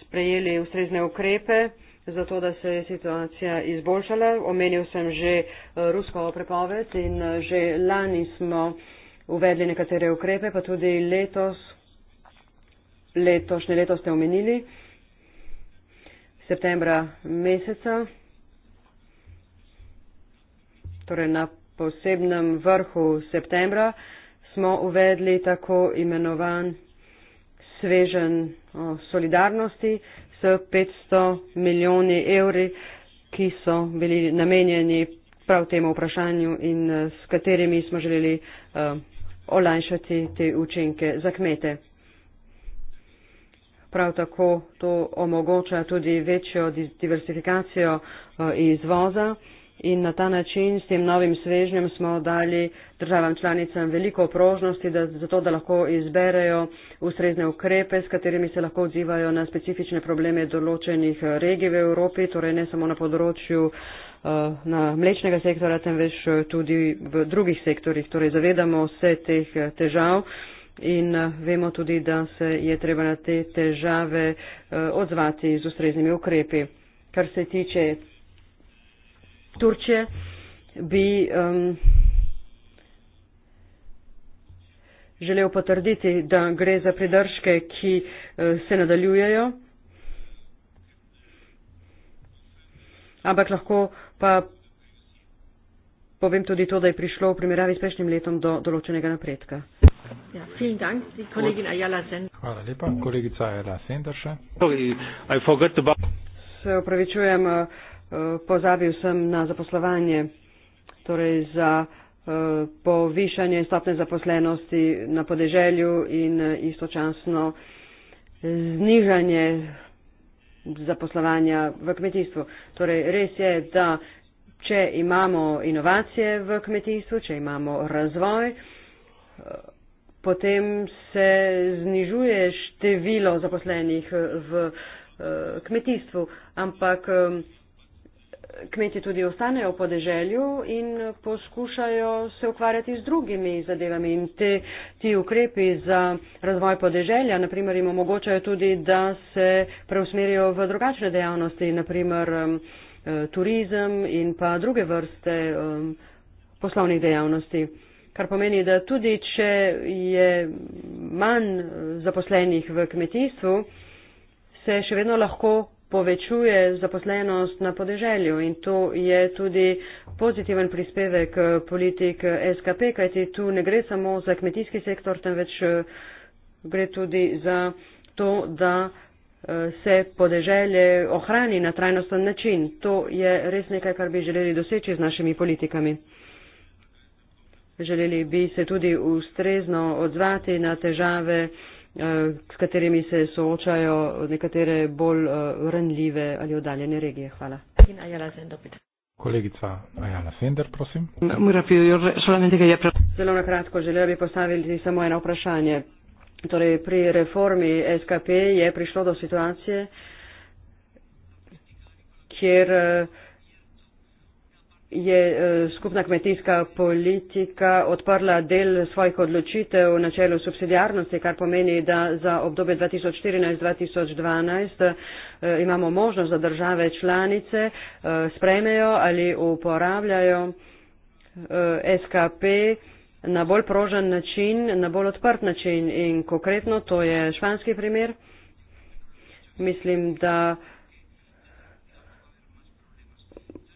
sprejeli ustrezne ukrepe, zato da se je situacija izboljšala. Omenil sem že eh, rusko prepoved in eh, že lani smo uvedli nekatere ukrepe, pa tudi letos letošnje leto ste omenili, septembra meseca, torej na posebnem vrhu septembra, smo uvedli tako imenovan svežen solidarnosti s 500 milijoni evri, ki so bili namenjeni prav temu vprašanju in eh, s katerimi smo želeli uh, olajšati te učinke za kmete prav tako to omogoča tudi večjo diversifikacijo eh, izvoza in na ta način s tem novim svežnjem smo dali državam članicam veliko prožnosti, da, zato da lahko izberejo ustrezne ukrepe, s katerimi se lahko odzivajo na specifične probleme določenih eh, regij v Evropi, torej ne samo na področju eh, na mlečnega sektora, temveč tudi v drugih sektorjih. Torej zavedamo se teh težav in eh, vemo tudi, da se je treba na te težave eh, odzvati z ustreznimi ukrepi. Kar se tiče Turčje, bi um, želel potrditi, da gre za pridržke, ki eh, se nadaljujejo. Ampak lahko pa povem tudi to, da je prišlo v primerjavi s prejšnjim letom do določenega napredka. Ja, Dank, Hvala lepa, kolegica Ajala Se upravičujem, eh, eh, pozabil sem na zaposlovanje, torej za eh, povišanje stopne zaposlenosti na podeželju in istočasno znižanje zaposlovanja v kmetijstvu. Torej, res je, da če imamo inovacije v kmetijstvu, če imamo razvoj, potem se znižuje število zaposlenih eh, v eh, kmetijstvu, ampak eh, kmetje tudi ostanejo v podeželju in poskušajo se ukvarjati z drugimi zadevami in te, ti ukrepi za razvoj podeželja, naprimer, jim omogočajo tudi, da se preusmerijo v drugačne dejavnosti, naprimer turizem in pa druge vrste poslovnih dejavnosti kar pomeni, da tudi če je manj zaposlenih v kmetijstvu, se še vedno lahko povečuje zaposlenost na podeželju in to je tudi pozitiven prispevek eh, politik eh, SKP, kajti tu ne gre samo za kmetijski sektor, temveč eh, gre tudi za to, da se podeželje ohrani na trajnosten način. To je res nekaj, kar bi želeli doseči z našimi politikami. Želeli bi se tudi ustrezno odzvati na težave, eh, s katerimi se soočajo nekatere bolj eh, ranljive ali oddaljene regije. Hvala. Kolegica Ajana Sender, prosim. Zelo na kratko želel bi postaviti samo eno vprašanje. Torej, pri reformi SKP je prišlo do situacije, kjer uh, je e, skupna kmetijska politika odprla del svojih odločitev v načelu subsidijarnosti, kar pomeni, da za obdobje 2014-2012 e, imamo možnost, da države članice e, sprejmejo ali uporabljajo SKP na bolj prožen način, na bolj odprt način. In konkretno to je španski primer. Mislim, da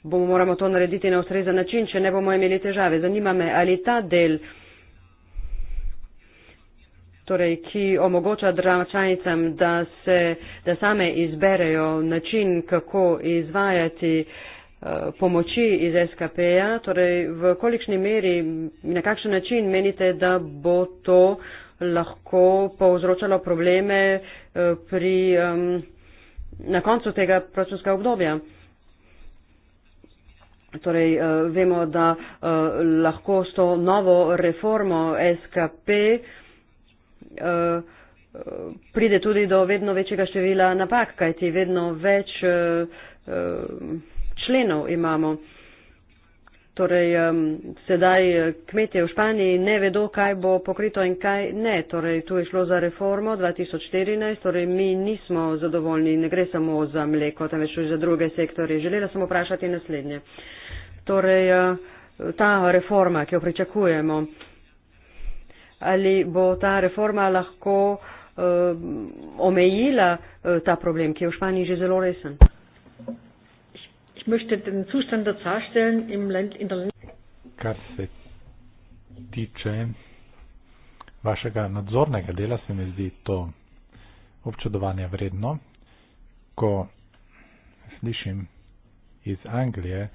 bomo moramo to narediti na ustrezan način, če ne bomo imeli težave. Zanima me, ali ta del, torej, ki omogoča državam članicam, da, se, da same izberejo način, kako izvajati eh, pomoči iz SKP-ja, torej v kolikšni meri, na kakšen način menite, da bo to lahko povzročalo probleme eh, pri, na koncu tega procesnega obdobja. Torej, eh, vemo, da eh, lahko s to novo reformo SKP eh, pride tudi do vedno večjega števila napak, kajti vedno več členov imamo. Torej, um, sedaj eh, kmetje v Španiji ne vedo, kaj bo pokrito in kaj ne. Torej, tu je šlo za reformo 2014, torej mi nismo zadovoljni, ne gre samo za mleko, temveč tudi za druge sektore. Želela sem vprašati naslednje. Torej, uh, ta reforma, ki jo pričakujemo, ali bo ta reforma lahko uh, omejila uh, ta problem, ki je v Španiji že zelo resen? Ich möchte den Zustand der Zahl stellen im Land, in der Länge. tiče vašega nadzornega dela, se mi zdi to občudovanja vredno. Ko slišim iz Anglije,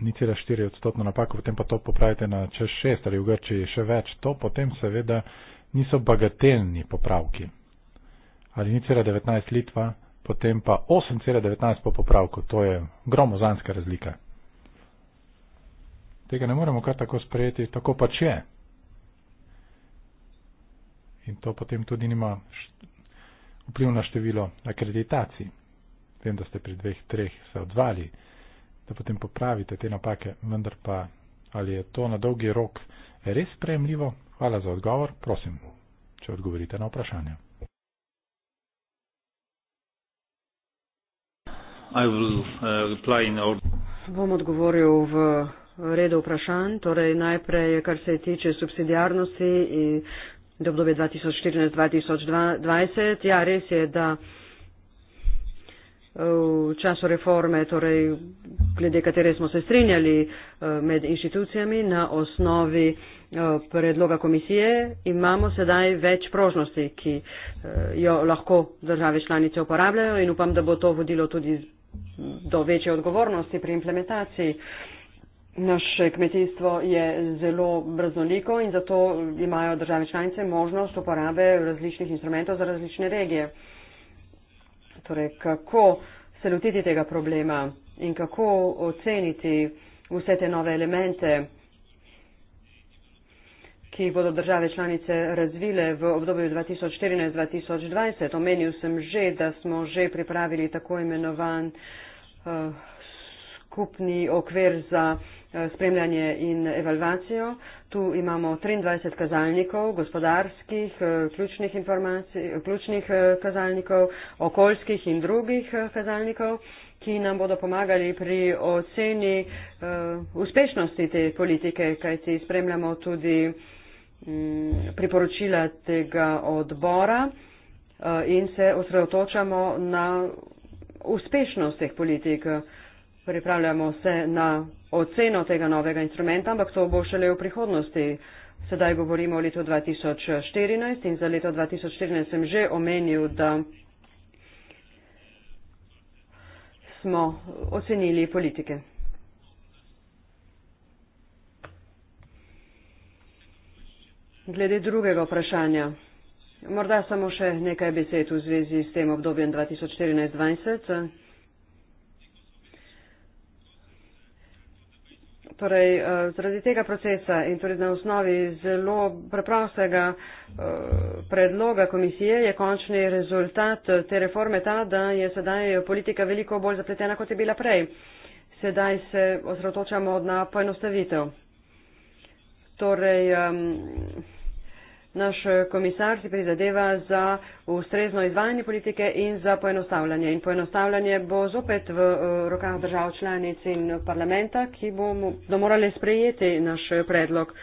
ni cela štiri odstotno napako, potem pa to popravite na čez šest ali v Grčiji še več, to potem seveda niso bagatelni popravki. Ali ni cela 19 Litva, potem pa 8,19 po popravku. To je gromozanska razlika. Tega ne moremo kar tako sprejeti, tako pač je. In to potem tudi nima vpliv na število akreditacij. Vem, da ste pri dveh, treh se odvali, da potem popravite te napake, vendar pa ali je to na dolgi rok res sprejemljivo? Hvala za odgovor, prosim, če odgovorite na vprašanje. will, uh, bom odgovoril v redu vprašanj. Torej, najprej, kar se tiče subsidijarnosti in obdobje 2014-2020. Ja, res je, da eh, v času reforme, torej, glede katere smo se strinjali eh, med inštitucijami na osnovi eh, predloga komisije, imamo sedaj več prožnosti, ki jo lahko države članice uporabljajo in upam, da bo to vodilo tudi do večje odgovornosti pri implementaciji. Naše kmetijstvo je zelo raznoliko in zato imajo države članice možnost uporabe različnih instrumentov za različne regije. Torej, kako se lotiti tega problema in kako oceniti vse te nove elemente ki jih bodo države članice razvile v obdobju 2014-2020. Omenil sem že, da smo že pripravili tako imenovan uh, skupni okvir za eh, spremljanje in evalvacijo. Tu imamo 23 kazalnikov, gospodarskih, eh, ključnih, ključnih kazalnikov, okoljskih in drugih kazalnikov, ki nam bodo pomagali pri oceni uh, uspešnosti te politike, kajti spremljamo tudi uh, Mm, priporočila tega odbora eh, in se osredotočamo na uspešnost teh politik. Pripravljamo se na oceno tega novega instrumenta, ampak to bo šele v prihodnosti. Sedaj govorimo o letu 2014 in za leto 2014 sem že omenil, da smo ocenili politike. Glede drugega vprašanja. Morda samo še nekaj besed v zvezi s tem obdobjem 2014-2020. Torej, eh, zaradi tega procesa in torej na osnovi zelo preprostega eh, predloga komisije je končni rezultat te reforme ta, da je sedaj politika veliko bolj zapletena, kot je bila prej. Sedaj se osredotočamo na poenostavitev. Torej, um, Naš eh, komisar si prizadeva za ustrezno izvajanje politike in za poenostavljanje. In poenostavljanje bo zopet v eh, rokah držav članic in parlamenta, ki bomo morali sprejeti naš eh, predlog.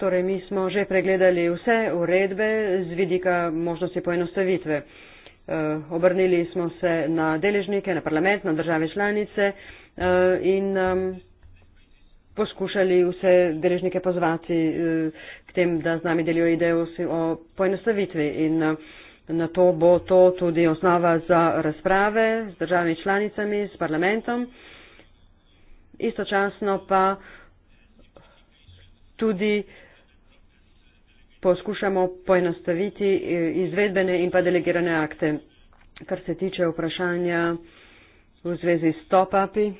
Torej, mi smo že pregledali vse uredbe z vidika možnosti poenostavitve. Obrnili smo se na deležnike, na parlament, na države članice in poskušali vse deležnike pozvati eh, k tem, da z nami delijo idejo o poenostavitvi in eh, na to bo to tudi osnova za razprave z državnimi članicami, s parlamentom. Istočasno pa tudi poskušamo poenostaviti eh, izvedbene in pa delegirane akte, kar se tiče vprašanja v zvezi s top-upi.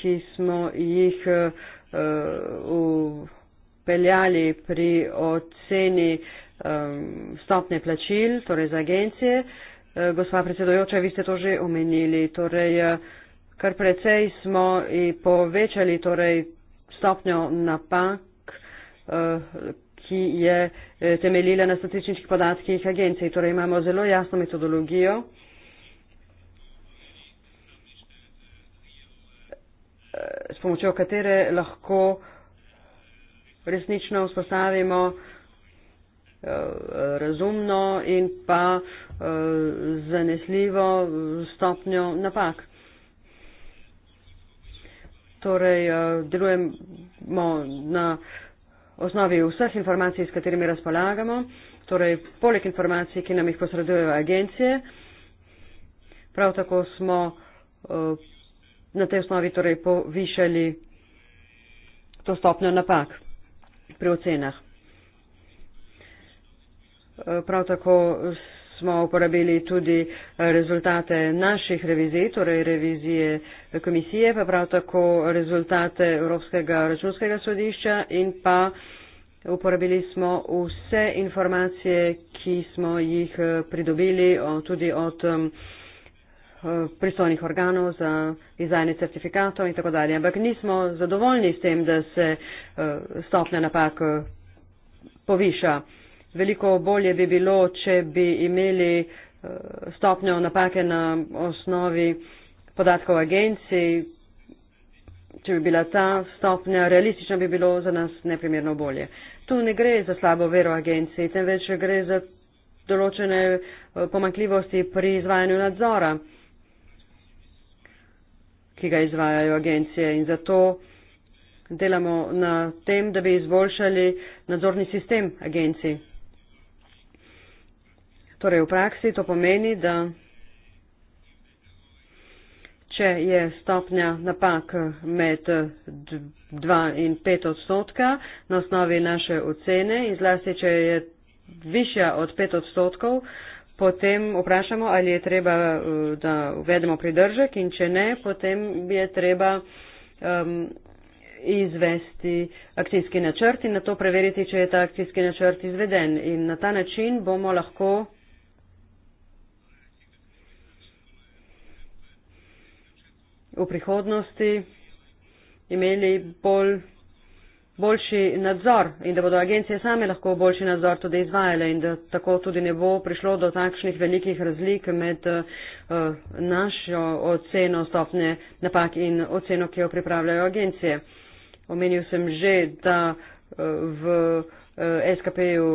ki smo jih eh, eh, upeljali uh, pri oceni um, eh, stopne plačil, torej za agencije. Uh, gospa predsedojoča, vi ste to že omenili. Torej, kar precej smo povečali torej, stopnjo napak. Uh, ki je temeljila na statističnih podatkih agencij. Torej imamo zelo jasno metodologijo, s pomočjo katere lahko resnično vzpostavimo eh, razumno in pa eh, zanesljivo stopnjo napak. Torej, eh, delujemo na osnovi vseh informacij, s katerimi razpolagamo, torej poleg informacij, ki nam jih posredujejo agencije. Prav tako smo na tej osnovi torej povišali to stopnjo napak pri ocenah. Eh, prav tako smo uporabili tudi eh, rezultate naših revizij, torej revizije eh, komisije, pa prav tako rezultate Evropskega računskega sodišča in pa uporabili smo vse informacije, ki smo jih pridobili tudi od Eh, pristojnih organov za izdajanje certifikatov in tako dalje. Ampak nismo zadovoljni s tem, da se eh, stopne napak eh, poviša. Veliko bolje bi bilo, če bi imeli stopnjo napake na osnovi podatkov agencij. Če bi bila ta stopnja realistična, bi bilo za nas neprimerno bolje. Tu ne gre za slabo vero agencij, temveč gre za določene pomankljivosti pri izvajanju nadzora ki ga izvajajo agencije. In zato delamo na tem, da bi izboljšali nadzorni sistem agencij. Torej, v praksi to pomeni, da če je stopnja napak med 2 in 5 odstotka na osnovi naše ocene in zlasti, če je višja od 5 odstotkov, potem vprašamo, ali je treba, eh, da uvedemo pridržek in če ne, potem bi je treba um, izvesti akcijski načrt in na to preveriti, če je ta akcijski načrt izveden. In na ta način bomo lahko. v prihodnosti imeli bolj boljši nadzor in da bodo agencije same lahko boljši nadzor tudi izvajale in da tako tudi ne bo prišlo do takšnih velikih razlik med uh, našo oceno stopne napak in oceno, ki jo pripravljajo agencije. Omenil sem že, da uh, v uh, eh, SKP-ju,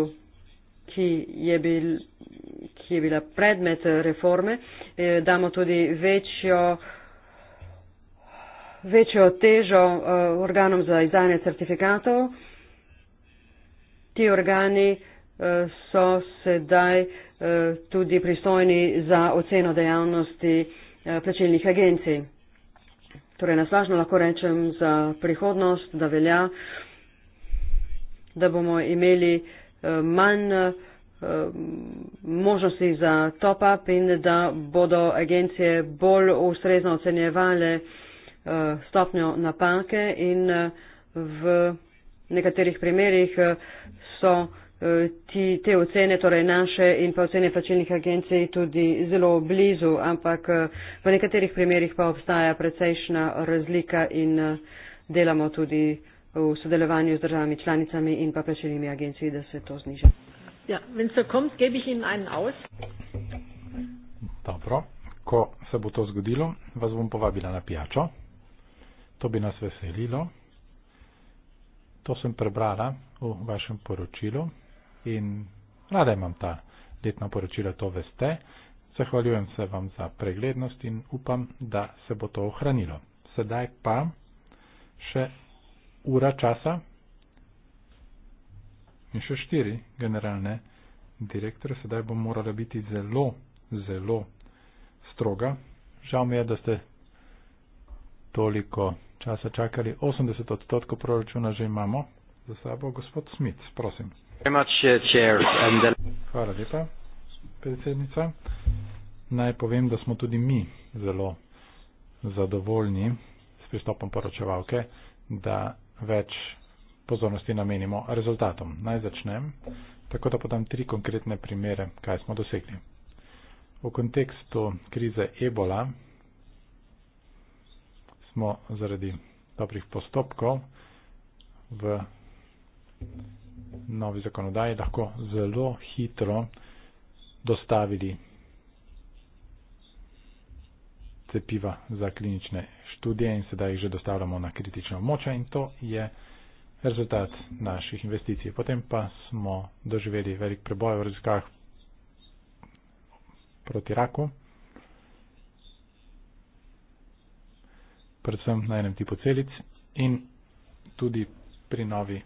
ki je bil ki je bila predmet reforme, damo tudi večjo uh, večjo težo uh, organom za izdanje certifikatov. Ti organi uh, so sedaj uh, tudi pristojni za oceno dejavnosti uh, plačilnih agencij. Torej, naslažno lahko rečem za prihodnost, da velja, da bomo imeli uh, manj možnosti za top-up in da bodo agencije bolj ustrezno ocenjevale uh, uh, stopnjo napake in uh, v nekaterih primerjih uh, so uh, ti, te ocene, torej naše in pa ocene plačilnih agencij tudi zelo blizu, ampak uh, v nekaterih primerjih pa obstaja precejšna razlika in uh, delamo tudi v sodelovanju z državami članicami in pa plačilnimi agencij, da se to zniža. Ja, wenn es so kommt, gebe ich Ihnen einen aus. Dobro. Ko se bo to zgodilo, vas bom povabila na pijačo to bi nas veselilo. To sem prebrala v vašem poročilu in rada imam ta letna poročila, to veste. Zahvaljujem se vam za preglednost in upam, da se bo to ohranilo. Sedaj pa še ura časa in še štiri generalne direktore. Sedaj bo morala biti zelo, zelo stroga. Žal mi je, da ste toliko časa čakali. 80 odstotkov proračuna že imamo za sabo. Gospod Smith, prosim. Uh, uh, Hvala lepa, predsednica. Naj povem, da smo tudi mi zelo zadovoljni s pristopom poročevalke, da več pozornosti namenimo rezultatom. Naj začnem, tako da podam tri konkretne primere, kaj smo dosegli. V kontekstu krize ebola smo zaradi dobrih postopkov v novi zakonodaji lahko zelo hitro dostavili cepiva za klinične študije in sedaj jih že dostavljamo na kritično moča in to je rezultat naših investicij. Potem pa smo doživeli velik preboj v raziskavah proti raku. predvsem na enem tipu celic in tudi pri novi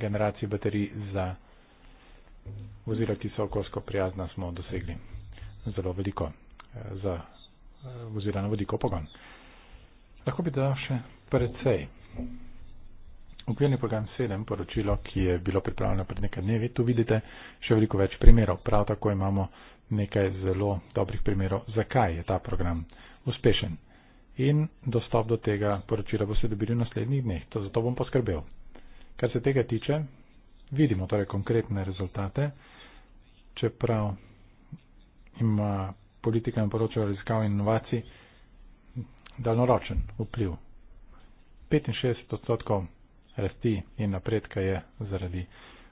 generaciji baterij za vozila, ki so okoljsko prijazna, smo dosegli zelo veliko eh, za eh, vozila na vodiko pogon. Lahko bi dal še predvsej. Ukvirni program 7, poročilo, ki je bilo pripravljeno pred nekaj dnevi, tu vidite še veliko več primerov. Prav tako imamo nekaj zelo dobrih primerov, zakaj je ta program uspešen in dostop do tega poročila boste dobili v naslednjih dneh. To zato bom poskrbel. Kar se tega tiče, vidimo torej konkretne rezultate, čeprav ima politika na področju raziskav in inovacij daljnoročen vpliv. 65 odstotkov rasti in napredka je zaradi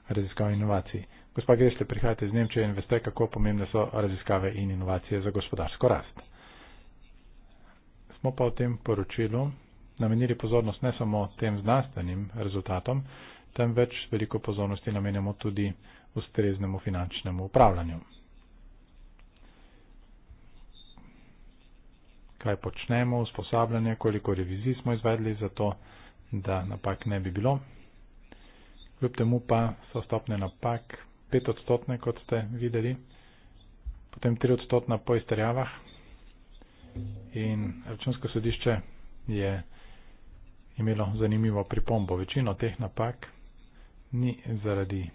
raziskav in inovacij. Gospa Gresle, prihajate iz Nemčije in veste, kako pomembne so raziskave in inovacije za gospodarsko rast smo pa v tem poročilu namenili pozornost ne samo tem znanstvenim rezultatom, temveč veliko pozornosti namenjamo tudi ustreznemu finančnemu upravljanju. Kaj počnemo, usposabljanje, koliko revizij smo izvedli za to, da napak ne bi bilo. Kljub temu pa so stopne napak 5 odstotne, kot ste videli, potem 3 odstotna po izterjavah, in računsko sodišče je imelo zanimivo pripombo. Večino teh napak ni zaradi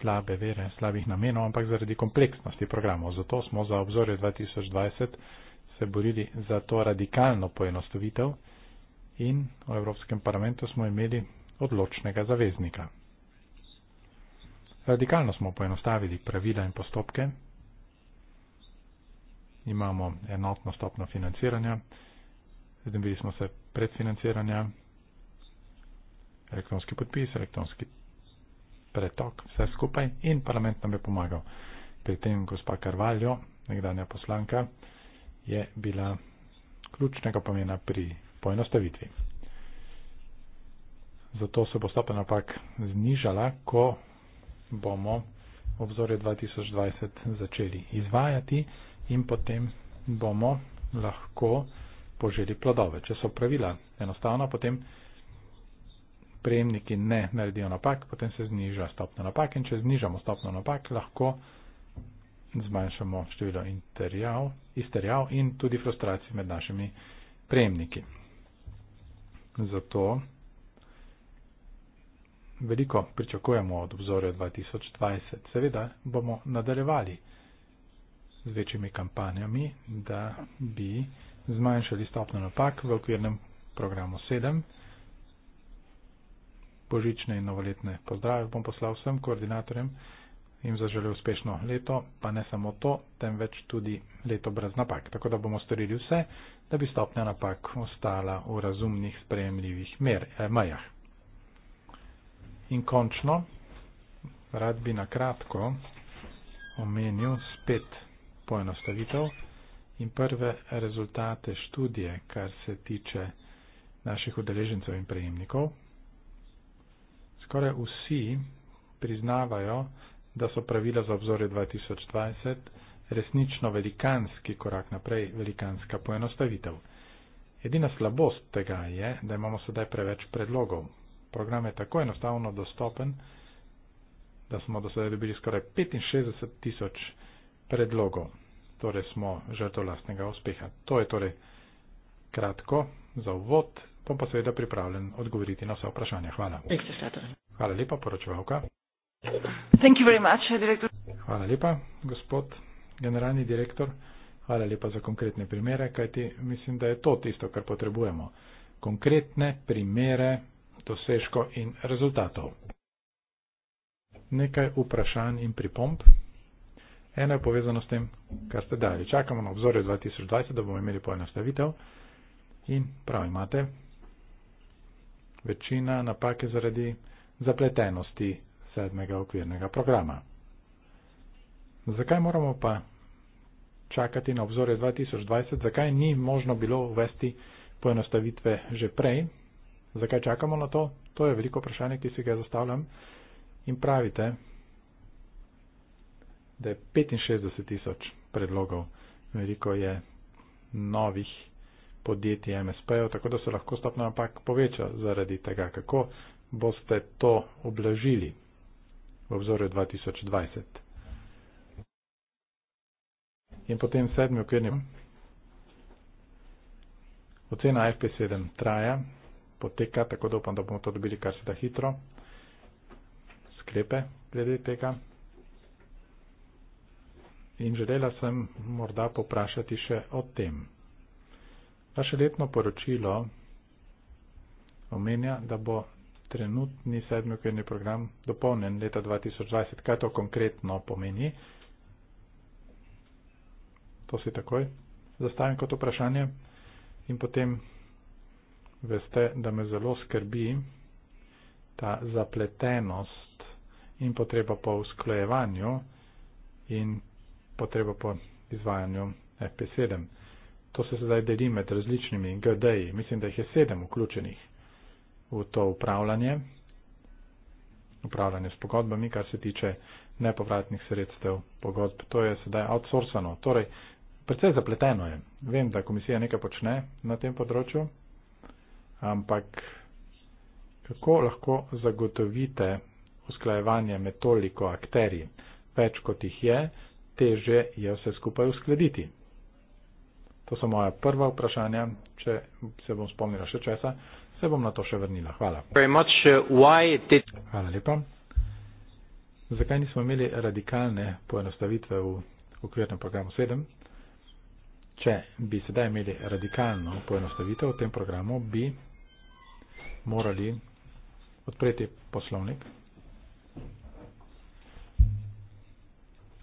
slabe vere, slabih namenov, ampak zaradi kompleksnosti programov. Zato smo za obzorje 2020 se borili za to radikalno poenostavitev in v Evropskem parlamentu smo imeli odločnega zaveznika. Radikalno smo poenostavili pravila in postopke, imamo enotno stopno financiranja, zdemili smo se predfinanciranja, elektronski podpis, elektronski pretok, vse skupaj in parlament nam je pomagal. Pri tem gospa Karvaljo, nekdanja poslanka, je bila ključnega pomena pri poenostavitvi. Zato se bo stopena pak znižala, ko bomo obzorje 2020 začeli izvajati in potem bomo lahko poželi plodove. Če so pravila enostavna, potem prejemniki ne naredijo napak, potem se zniža stopna napak in če znižamo stopno napak, lahko zmanjšamo število izterjav in tudi frustracij med našimi prejemniki. Zato veliko pričakujemo od obzorja 2020. Seveda bomo nadaljevali z večjimi kampanjami, da bi zmanjšali stopno napak v okvirnem programu 7. Božične in novoletne pozdrave bom poslal vsem koordinatorjem in zaželel uspešno leto, pa ne samo to, temveč tudi leto brez napak. Tako da bomo storili vse, da bi stopnja napak ostala v razumnih, sprejemljivih mer, eh, majah. In končno, rad bi na kratko omenil spet poenostavitev in prve rezultate študije, kar se tiče naših udeležencev in prejemnikov. Skoraj vsi priznavajo, da so pravila za obzore 2020 resnično velikanski korak naprej, velikanska poenostavitev. Edina slabost tega je, da imamo sedaj preveč predlogov. Program je tako enostavno dostopen, da smo do sedaj dobili skoraj 65 tisoč predlogov. Torej smo žrtev lastnega uspeha. To je torej kratko za uvod. Bom pa seveda pripravljen odgovoriti na vse vprašanja. Hvala. Hvala lepa, poročevalka. Thank you very much, direktor. Hvala lepa, gospod generalni direktor. Hvala lepa za konkretne primere, kajti mislim, da je to tisto, kar potrebujemo. Konkretne primere dosežko in rezultatov. Nekaj vprašanj in pripomp. Ena je povezana s tem, kar ste dali. Čakamo na obzorje 2020, da bomo imeli poenostavitev. In prav imate, večina napake zaradi zapletenosti sedmega okvirnega programa. Zakaj moramo pa čakati na obzorje 2020? Zakaj ni možno bilo uvesti poenostavitve že prej? Zakaj čakamo na to? To je veliko vprašanje, ki si ga zastavljam. In pravite, da je 65 tisoč predlogov, veliko je novih podjetij MSP-jev, tako da se lahko stopna napak poveča zaradi tega, kako boste to oblažili v obzorju 2020. In potem sedmi okvirni. Ocena FP7 traja, poteka, tako da upam, da bomo to dobili kar se da hitro. Sklepe glede tega in želela sem morda poprašati še o tem. Vaše letno poročilo omenja, da bo trenutni sedmokrni program dopolnen leta 2020. Kaj to konkretno pomeni? To si takoj zastavim kot vprašanje in potem veste, da me zelo skrbi ta zapletenost in potreba po usklajevanju in potrebo po izvajanju FP7. To se zdaj deli med različnimi GD-ji. Mislim, da jih je sedem vključenih v to upravljanje, upravljanje s pogodbami, kar se tiče nepovratnih sredstev pogodb. To je sedaj outsourcano. Torej, predvsej zapleteno je. Vem, da komisija nekaj počne na tem področju, ampak kako lahko zagotovite usklajevanje med toliko akterji, več kot jih je, teže je vse skupaj uskladiti. To so moja prva vprašanja. Če se bom spomnila še česa, se bom na to še vrnila. Hvala. Uh, Hvala lepa. Zakaj nismo imeli radikalne poenostavitve v okvirnem programu 7? Če bi sedaj imeli radikalno poenostavitev v tem programu, bi morali odpreti poslovnik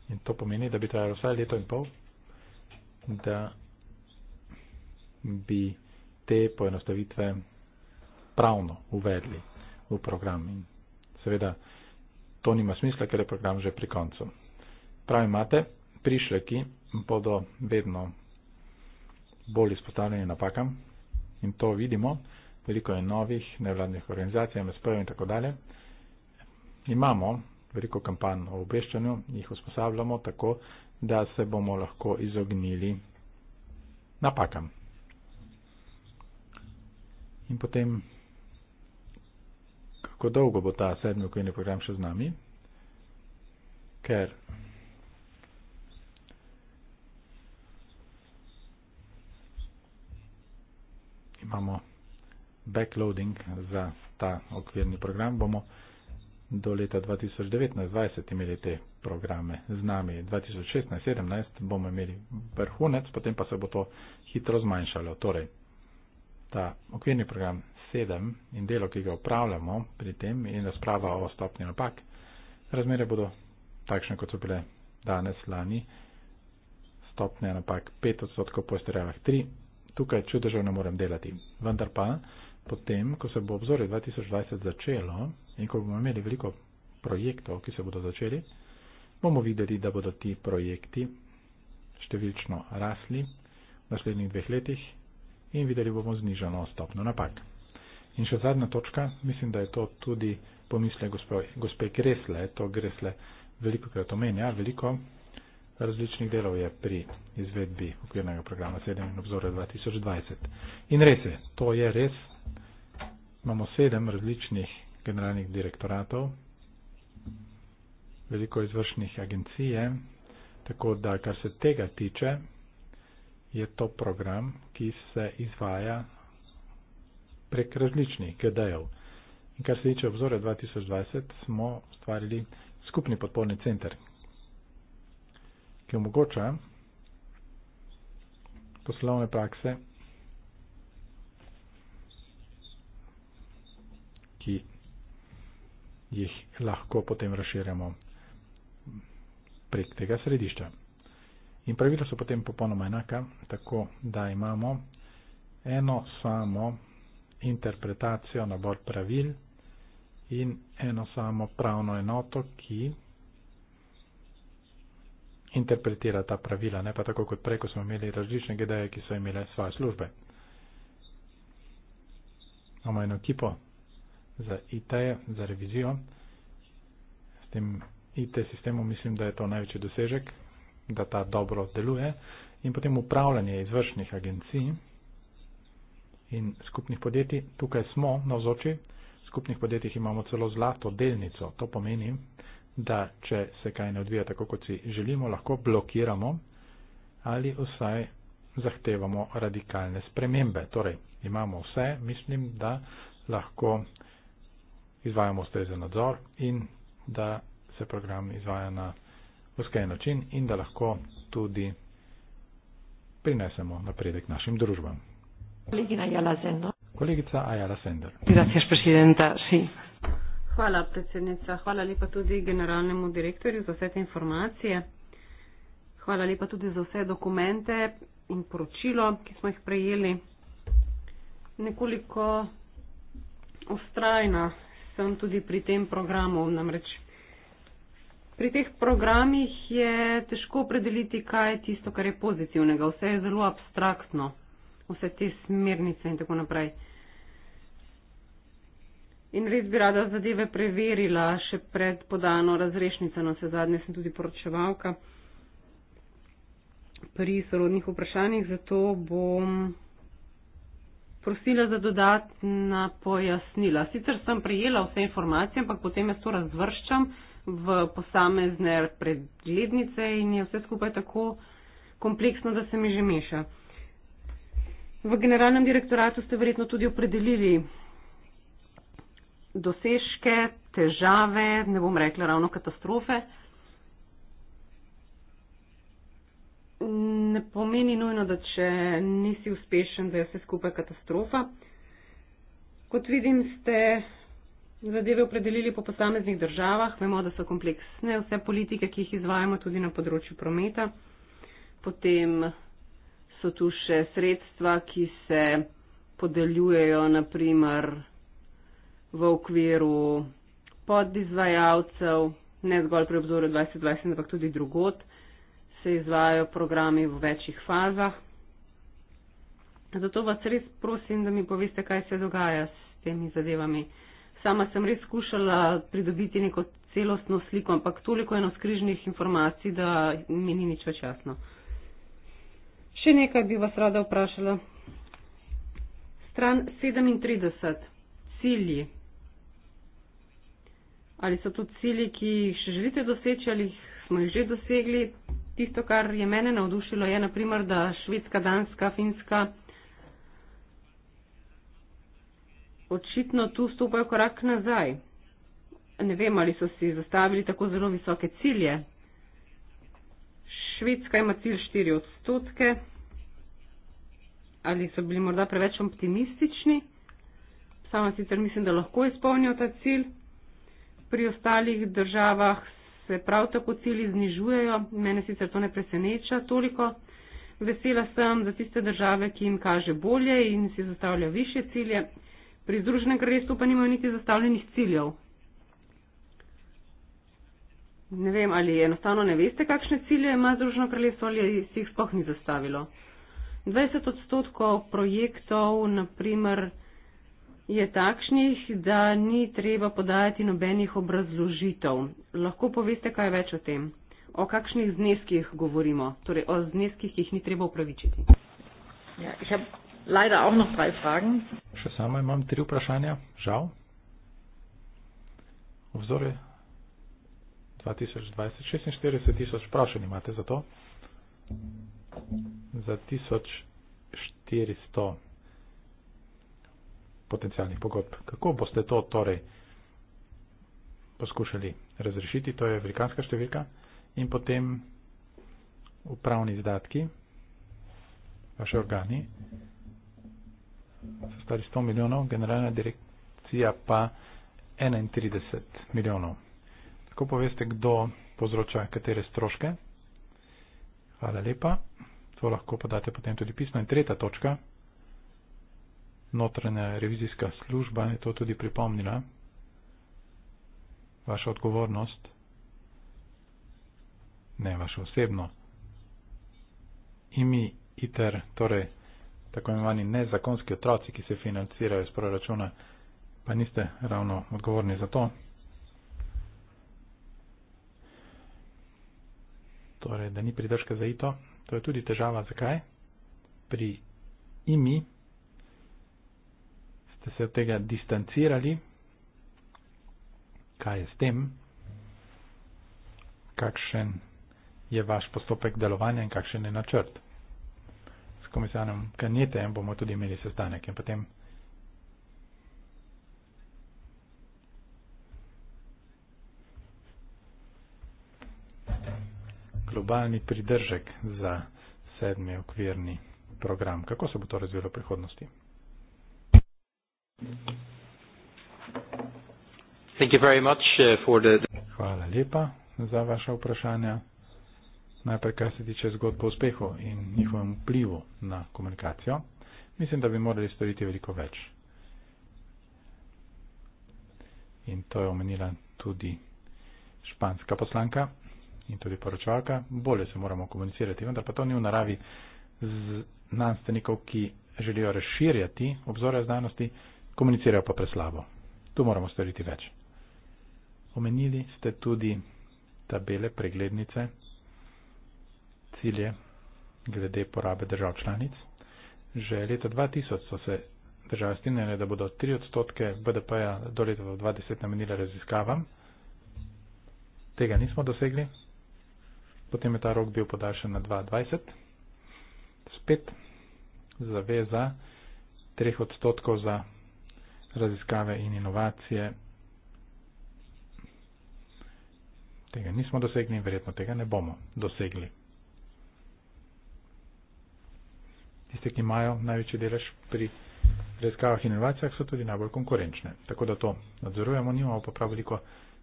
In to pomeni, da bi trajalo vsaj leto in pol, da bi te poenostavitve pravno uvedli v program. In seveda, to nima smisla, ker je program že pri koncu. Pravi imate, prišleki bodo vedno bolj izpostavljeni napakam in to vidimo, veliko je novih nevladnih organizacij, MSP in tako dalje. Imamo veliko kampanj o obveščanju, jih usposabljamo tako, da se bomo lahko izognili napakam. In potem, kako dolgo bo ta sedmi okvirni program še z nami, ker imamo backloading za ta okvirni program, bomo do leta 2019-2020 imeli te programe z nami, 2016-2017 bomo imeli vrhunec, potem pa se bo to hitro zmanjšalo. Torej, ta okvirni program 7 in delo, ki ga upravljamo pri tem in razprava o stopni napak, razmere bodo takšne, kot so bile danes, lani, stopne napak 5 odstotkov po esterjavah 3, tukaj čudežev ne morem delati. Vendar pa potem, ko se bo obzorje 2020 začelo in ko bomo imeli veliko projektov, ki se bodo začeli, bomo videli, da bodo ti projekti številčno rasli v naslednjih dveh letih in videli bomo znižano stopno napak. In še zadnja točka, mislim, da je to tudi pomisle gospe, gospe Gresle, to Gresle veliko krat omenja, veliko različnih delov je pri izvedbi okvirnega programa 7 in obzore 2020. In res je, to je res imamo sedem različnih generalnih direktoratov, veliko izvršnih agencije, tako da, kar se tega tiče, je to program, ki se izvaja prek različnih GD-ev. In kar se tiče obzore 2020, smo ustvarili skupni podporni center, ki omogoča poslovne prakse ki jih lahko potem razširjamo prek tega središča. In pravila so potem popolnoma enaka, tako da imamo eno samo interpretacijo, nabor pravil in eno samo pravno enoto, ki interpretira ta pravila, ne pa tako kot prej, ko smo imeli različne GD-je, ki so imele svoje službe. Imamo eno ekipo, za IT, za revizijo. S tem IT sistemom mislim, da je to največji dosežek, da ta dobro deluje. In potem upravljanje izvršnih agencij in skupnih podjetij. Tukaj smo na vzoči, v skupnih podjetjih imamo celo zlato delnico. To pomeni, da če se kaj ne odvija tako, kot si želimo, lahko blokiramo ali vsaj zahtevamo radikalne spremembe. Torej, imamo vse, mislim, da lahko izvajamo ustrezen nadzor in da se program izvaja na usklajen način in da lahko tudi prinesemo napredek našim družbam. Kolegica Ajala Sender. Hvala, predsednica. Hvala lepa tudi generalnemu direktorju za vse te informacije. Hvala lepa tudi za vse dokumente in poročilo, ki smo jih prejeli. Nekoliko ustrajna predvsem tudi pri tem programu. Namreč pri teh programih je težko predeliti, kaj je tisto, kar je pozitivnega. Vse je zelo abstraktno, vse te smernice in tako naprej. In res bi rada zadeve preverila še pred podano razrešnico, na no, vse zadnje sem tudi poročevalka pri sorodnih vprašanjih, zato bom prosila za dodatna pojasnila. Sicer sem prijela vse informacije, ampak potem jaz to razvrščam v posamezne preglednice in je vse skupaj tako kompleksno, da se mi že meša. V generalnem direktoratu ste verjetno tudi opredelili dosežke, težave, ne bom rekla ravno katastrofe, ne pomeni nujno, da če nisi uspešen, da je vse skupaj katastrofa. Kot vidim, ste zadeve opredelili po posameznih državah. Vemo, da so kompleksne vse politike, ki jih izvajamo tudi na področju prometa. Potem so tu še sredstva, ki se podeljujejo naprimer v okviru podizvajalcev, ne zgolj pri obzoru 2020, ampak tudi drugot se izvajajo programi v večjih fazah. Zato vas res prosim, da mi poveste, kaj se dogaja s temi zadevami. Sama sem res skušala pridobiti neko celostno sliko, ampak toliko eno skrižnih informacij, da mi ni nič več jasno. Še nekaj bi vas rada vprašala. Stran 37. Cilji. Ali so to cilji, ki jih še želite doseči ali smo jih že dosegli, Tisto, kar je mene navdušilo, je naprimer, da švedska, danska, finska očitno tu stopajo korak nazaj. Ne vem, ali so si zastavili tako zelo visoke cilje. Švedska ima cilj 4 odstotke. Ali so bili morda preveč optimistični? Sama sicer mislim, da lahko izpolnijo ta cilj. Pri ostalih državah se prav tako cilji znižujejo, mene sicer to ne preseneča toliko. Vesela sem za tiste države, ki jim kaže bolje in si zastavlja više cilje, pri Združenem kraljestvu pa nimajo niti zastavljenih ciljev. Ne vem, ali enostavno ne veste, kakšne cilje ima Združeno kraljestvo ali si jih sploh ni zastavilo. 20 odstotkov projektov, naprimer, je takšnih, da ni treba podajati nobenih obrazložitev. Lahko poveste kaj več o tem? O kakšnih zneskih govorimo? Torej o zneskih, ki jih ni treba upravičiti. Ja, ich hab leider auch noch drei Fragen. Še sama imam tri vprašanja, žal. Vzore 2020, 46 tisoč vprašanj imate za to. Za 1400 potencijalnih pogodb. Kako boste to torej poskušali razrešiti? To je velikanska številka in potem upravni izdatki, vaše organi, so stari 100 milijonov, generalna direkcija pa 31 milijonov. Tako poveste, kdo povzroča katere stroške. Hvala lepa. To lahko podate potem tudi pisno. In tretja točka notranja revizijska služba je to tudi pripomnila, vaša odgovornost, ne vaša osebno. Imi ITER, torej tako imenovani nezakonski otroci, ki se financirajo iz proračuna, pa niste ravno odgovorni za to. Torej, da ni pridržka za ITO, to je tudi težava, zakaj? Pri IMI ste se od tega distancirali, kaj je s tem, kakšen je vaš postopek delovanja in kakšen je načrt. S komisarjem Kanjetem bomo tudi imeli sestanek in potem globalni pridržek za sedmi okvirni program. Kako se bo to razvilo v prihodnosti? Thank you very much uh, for the... Hvala lepa za vaše vprašanja. Najprej, kar se tiče zgodb o uspehu in njihovem vplivu na komunikacijo, mislim, da bi morali storiti veliko več. In to je omenila tudi španska poslanka in tudi poročevalka. Bolje se moramo komunicirati, vendar pa to ni v naravi znanstvenikov, ki želijo razširjati obzore znanosti, komunicirajo pa preslabo. Tu moramo storiti več. Omenili ste tudi tabele preglednice, cilje glede porabe držav članic. Že leta 2000 so se države strinjale, da bodo 3 odstotke BDP-ja do leta 2020 namenile raziskavam. Tega nismo dosegli. Potem je ta rok bil podaljšan na 2020. Spet zaveza 3 odstotkov za raziskave in inovacije. Tega nismo dosegli in verjetno tega ne bomo dosegli. Tiste, ki imajo največji delež pri raziskavah in inovacijah, so tudi najbolj konkurenčne. Tako da to nadzorujemo, nimamo pa prav veliko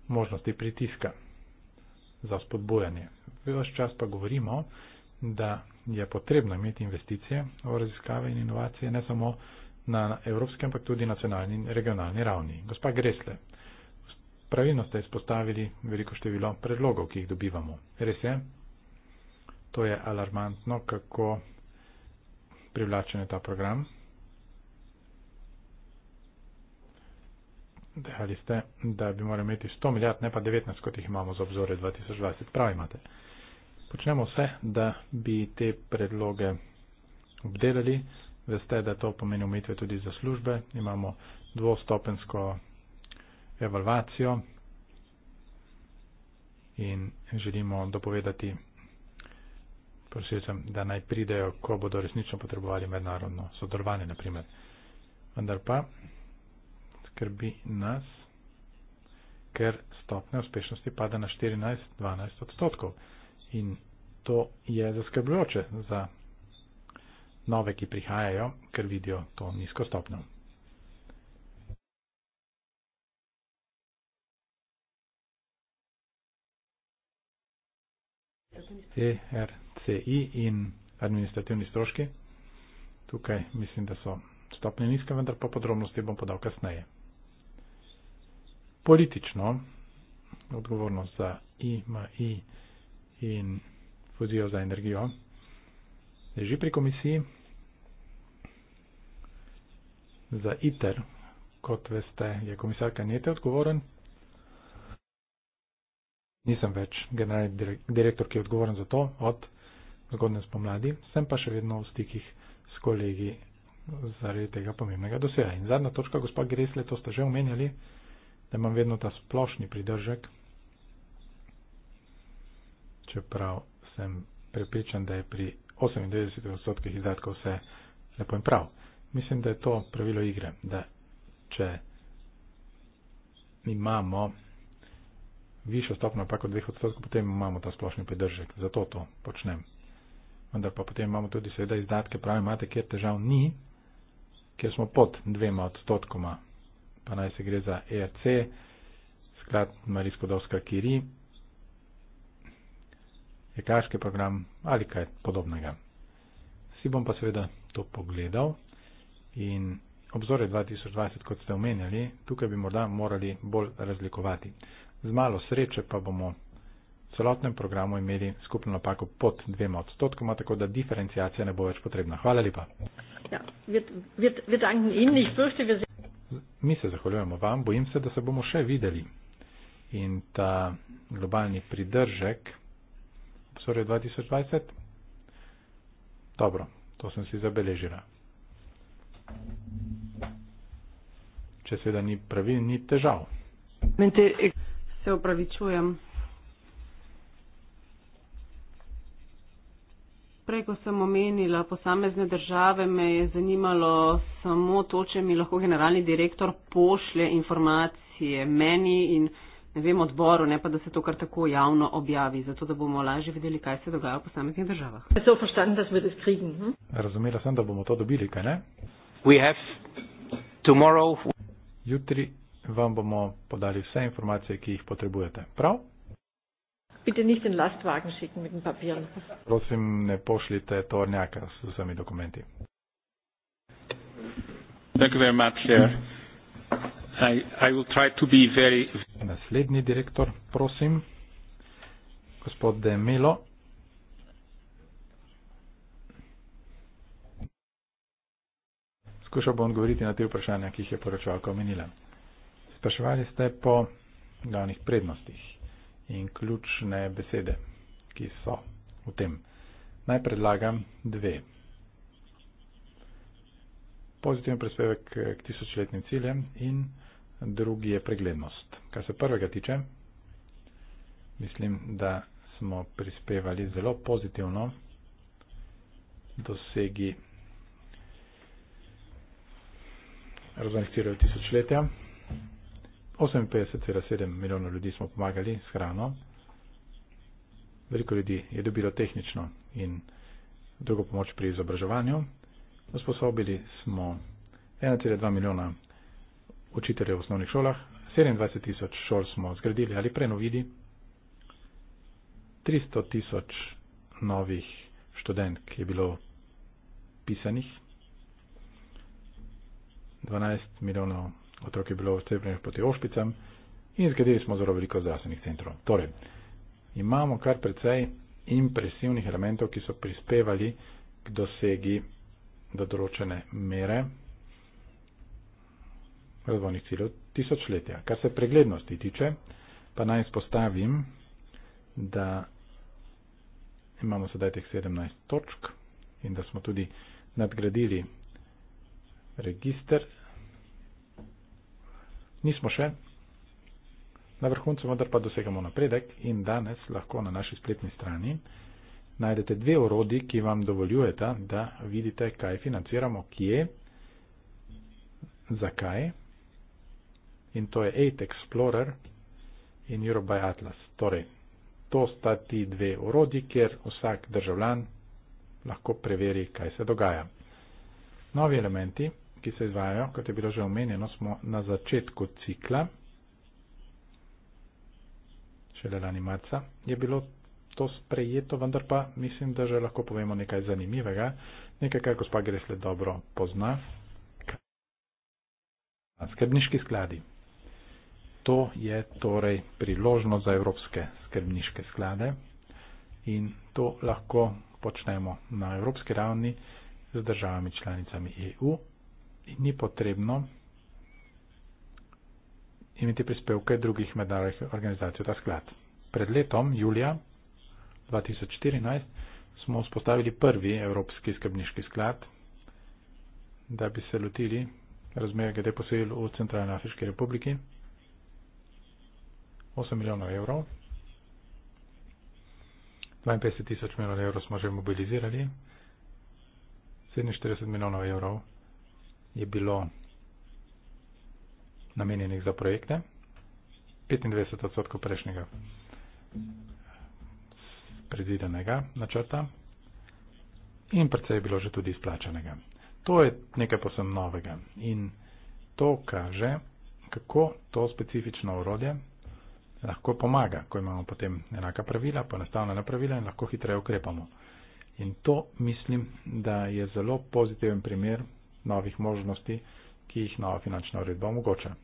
možnosti pritiska za spodbujanje. Ves čas pa govorimo, da je potrebno imeti investicije v raziskave in inovacije, ne samo v na evropski, ampak tudi nacionalni in regionalni ravni. Gospa Gresle, pravilno ste izpostavili veliko število predlogov, ki jih dobivamo. Res je, to je alarmantno, kako privlačen je ta program. Dejali ste, da bi morali imeti 100 milijard, ne pa 19, kot jih imamo za obzore 2020. Prav imate. Počnemo vse, da bi te predloge obdelali, veste, da to pomeni umitve tudi za službe. Imamo dvostopensko evalvacijo in želimo dopovedati prosilcem, da naj pridejo, ko bodo resnično potrebovali mednarodno sodelovanje, naprimer. Vendar pa skrbi nas, ker stopne uspešnosti pada na 14-12 odstotkov. In to je zaskrbljujoče za nove, ki prihajajo, ker vidijo to nizko stopno. ERCI in administrativni stroški. Tukaj mislim, da so stopne nizke, vendar pa podrobnosti bom podal kasneje. Politično odgovornost za IMI in fuzijo za energijo leži pri komisiji. Za ITER, kot veste, je komisarka Nete odgovoren. Nisem več generalni direktor, ki je odgovoren za to od zgodne spomladi, sem pa še vedno v stikih s kolegi zaradi tega pomembnega dosega. In zadnja točka, gospod Gresle, to ste že omenjali, da imam vedno ta splošni pridržek, čeprav sem prepričan, da je pri 98 odstotkih izdatkov vse lepo in prav. Mislim, da je to pravilo igre, da če imamo višjo stopno napako 2 odstotkov, potem imamo ta splošni pridržek. Zato to počnem. Vendar pa potem imamo tudi seveda izdatke, pravi imate, kjer težav ni, kjer smo pod dvema odstotkoma, pa naj se gre za ERC, sklad Marijsko-Dovska Kiri, jekarski program ali kaj podobnega. Si bom pa seveda to pogledal in obzore 2020, kot ste omenjali, tukaj bi morda morali bolj razlikovati. Z malo sreče pa bomo v celotnem programu imeli skupno napako pod dvema odstotkoma, tako da diferencijacija ne bo več potrebna. Hvala lepa. Ja, wir, wir, wir Mi se zahvaljujemo vam, bojim se, da se bomo še videli. In ta globalni pridržek torej 2020. Dobro, to sem si zabeležila. Če seveda ni pravi, ni težav. Mente, se upravičujem. Prej, ko sem omenila posamezne države, me je zanimalo samo to, če mi lahko generalni direktor pošlje informacije meni in ne vem, odboru, ne pa da se to kar tako javno objavi, zato da bomo lažje videli, kaj se dogaja v posameznih državah. Hm? Razumela sem, da bomo to dobili, kaj ne? Tomorrow... Jutri vam bomo podali vse informacije, ki jih potrebujete. Prav? Bitte nicht den Lastwagen schicken mit den Papieren. Prosim, ne pošljite tornjaka s vsemi dokumenti. Thank you very much, sir. Mm -hmm. I, I will try to be very... Naslednji direktor, prosim. Gospod De Milo. Skušal bom odgovoriti na te vprašanja, ki jih je poročevalka omenila. Spraševali ste po glavnih prednostih in ključne besede, ki so v tem. Naj predlagam dve. Pozitiven prispevek k tisočletnim ciljem in drugi je preglednost. Kar se prvega tiče, mislim, da smo prispevali zelo pozitivno dosegi razvojnih cirov tisočletja. 58,7 milijonov ljudi smo pomagali s hrano. Veliko ljudi je dobilo tehnično in drugo pomoč pri izobraževanju. Osposobili smo 1,2 milijona učitelje v osnovnih šolah, 27 tisoč šol smo zgradili ali prenovili, 300 tisoč novih študentk je bilo pisanih, 12 milijonov otrok je bilo vstrepljenih proti ošpicam in zgradili smo zelo veliko zdravstvenih centrov. Torej, imamo kar precej impresivnih elementov, ki so prispevali k dosegi do določene mere razvojnih ciljev tisočletja. Kar se preglednosti tiče, pa naj spostavim, da imamo sedaj teh 17 točk in da smo tudi nadgradili register. Nismo še na vrhuncu, vendar pa dosegamo napredek in danes lahko na naši spletni strani najdete dve orodi, ki vam dovoljujeta, da vidite, kaj financiramo, kje, zakaj in to je 8 Explorer in Eurobuy Atlas. Torej, to sta ti dve orodji, kjer vsak državljan lahko preveri, kaj se dogaja. Novi elementi, ki se izvajajo, kot je bilo že omenjeno, smo na začetku cikla, šele lani marca, je bilo to sprejeto, vendar pa mislim, da že lahko povemo nekaj zanimivega, nekaj, kar gospa Gresle dobro pozna. Skrbniški skladi. To je torej priložnost za evropske skrbniške sklade in to lahko počnemo na evropski ravni z državami članicami EU in ni potrebno imeti prispevke drugih mednarodnih organizacij v ta sklad. Pred letom, julija 2014, smo vzpostavili prvi evropski skrbniški sklad, da bi se lotili razmer glede posojil v Centralno-Afriški republiki. 8 milijonov evrov. 52 tisoč milijonov evrov smo že mobilizirali. 47 milijonov evrov je bilo namenjenih za projekte. 25 odstotkov prejšnjega predvidenega načrta in predvsej je bilo že tudi izplačanega. To je nekaj posebno novega in to kaže, kako to specifično urodje lahko pomaga, ko imamo potem enaka pravila, poenostavljena pravila in lahko hitreje ukrepamo. In to mislim, da je zelo pozitiven primer novih možnosti, ki jih nova finančna uredba omogoča.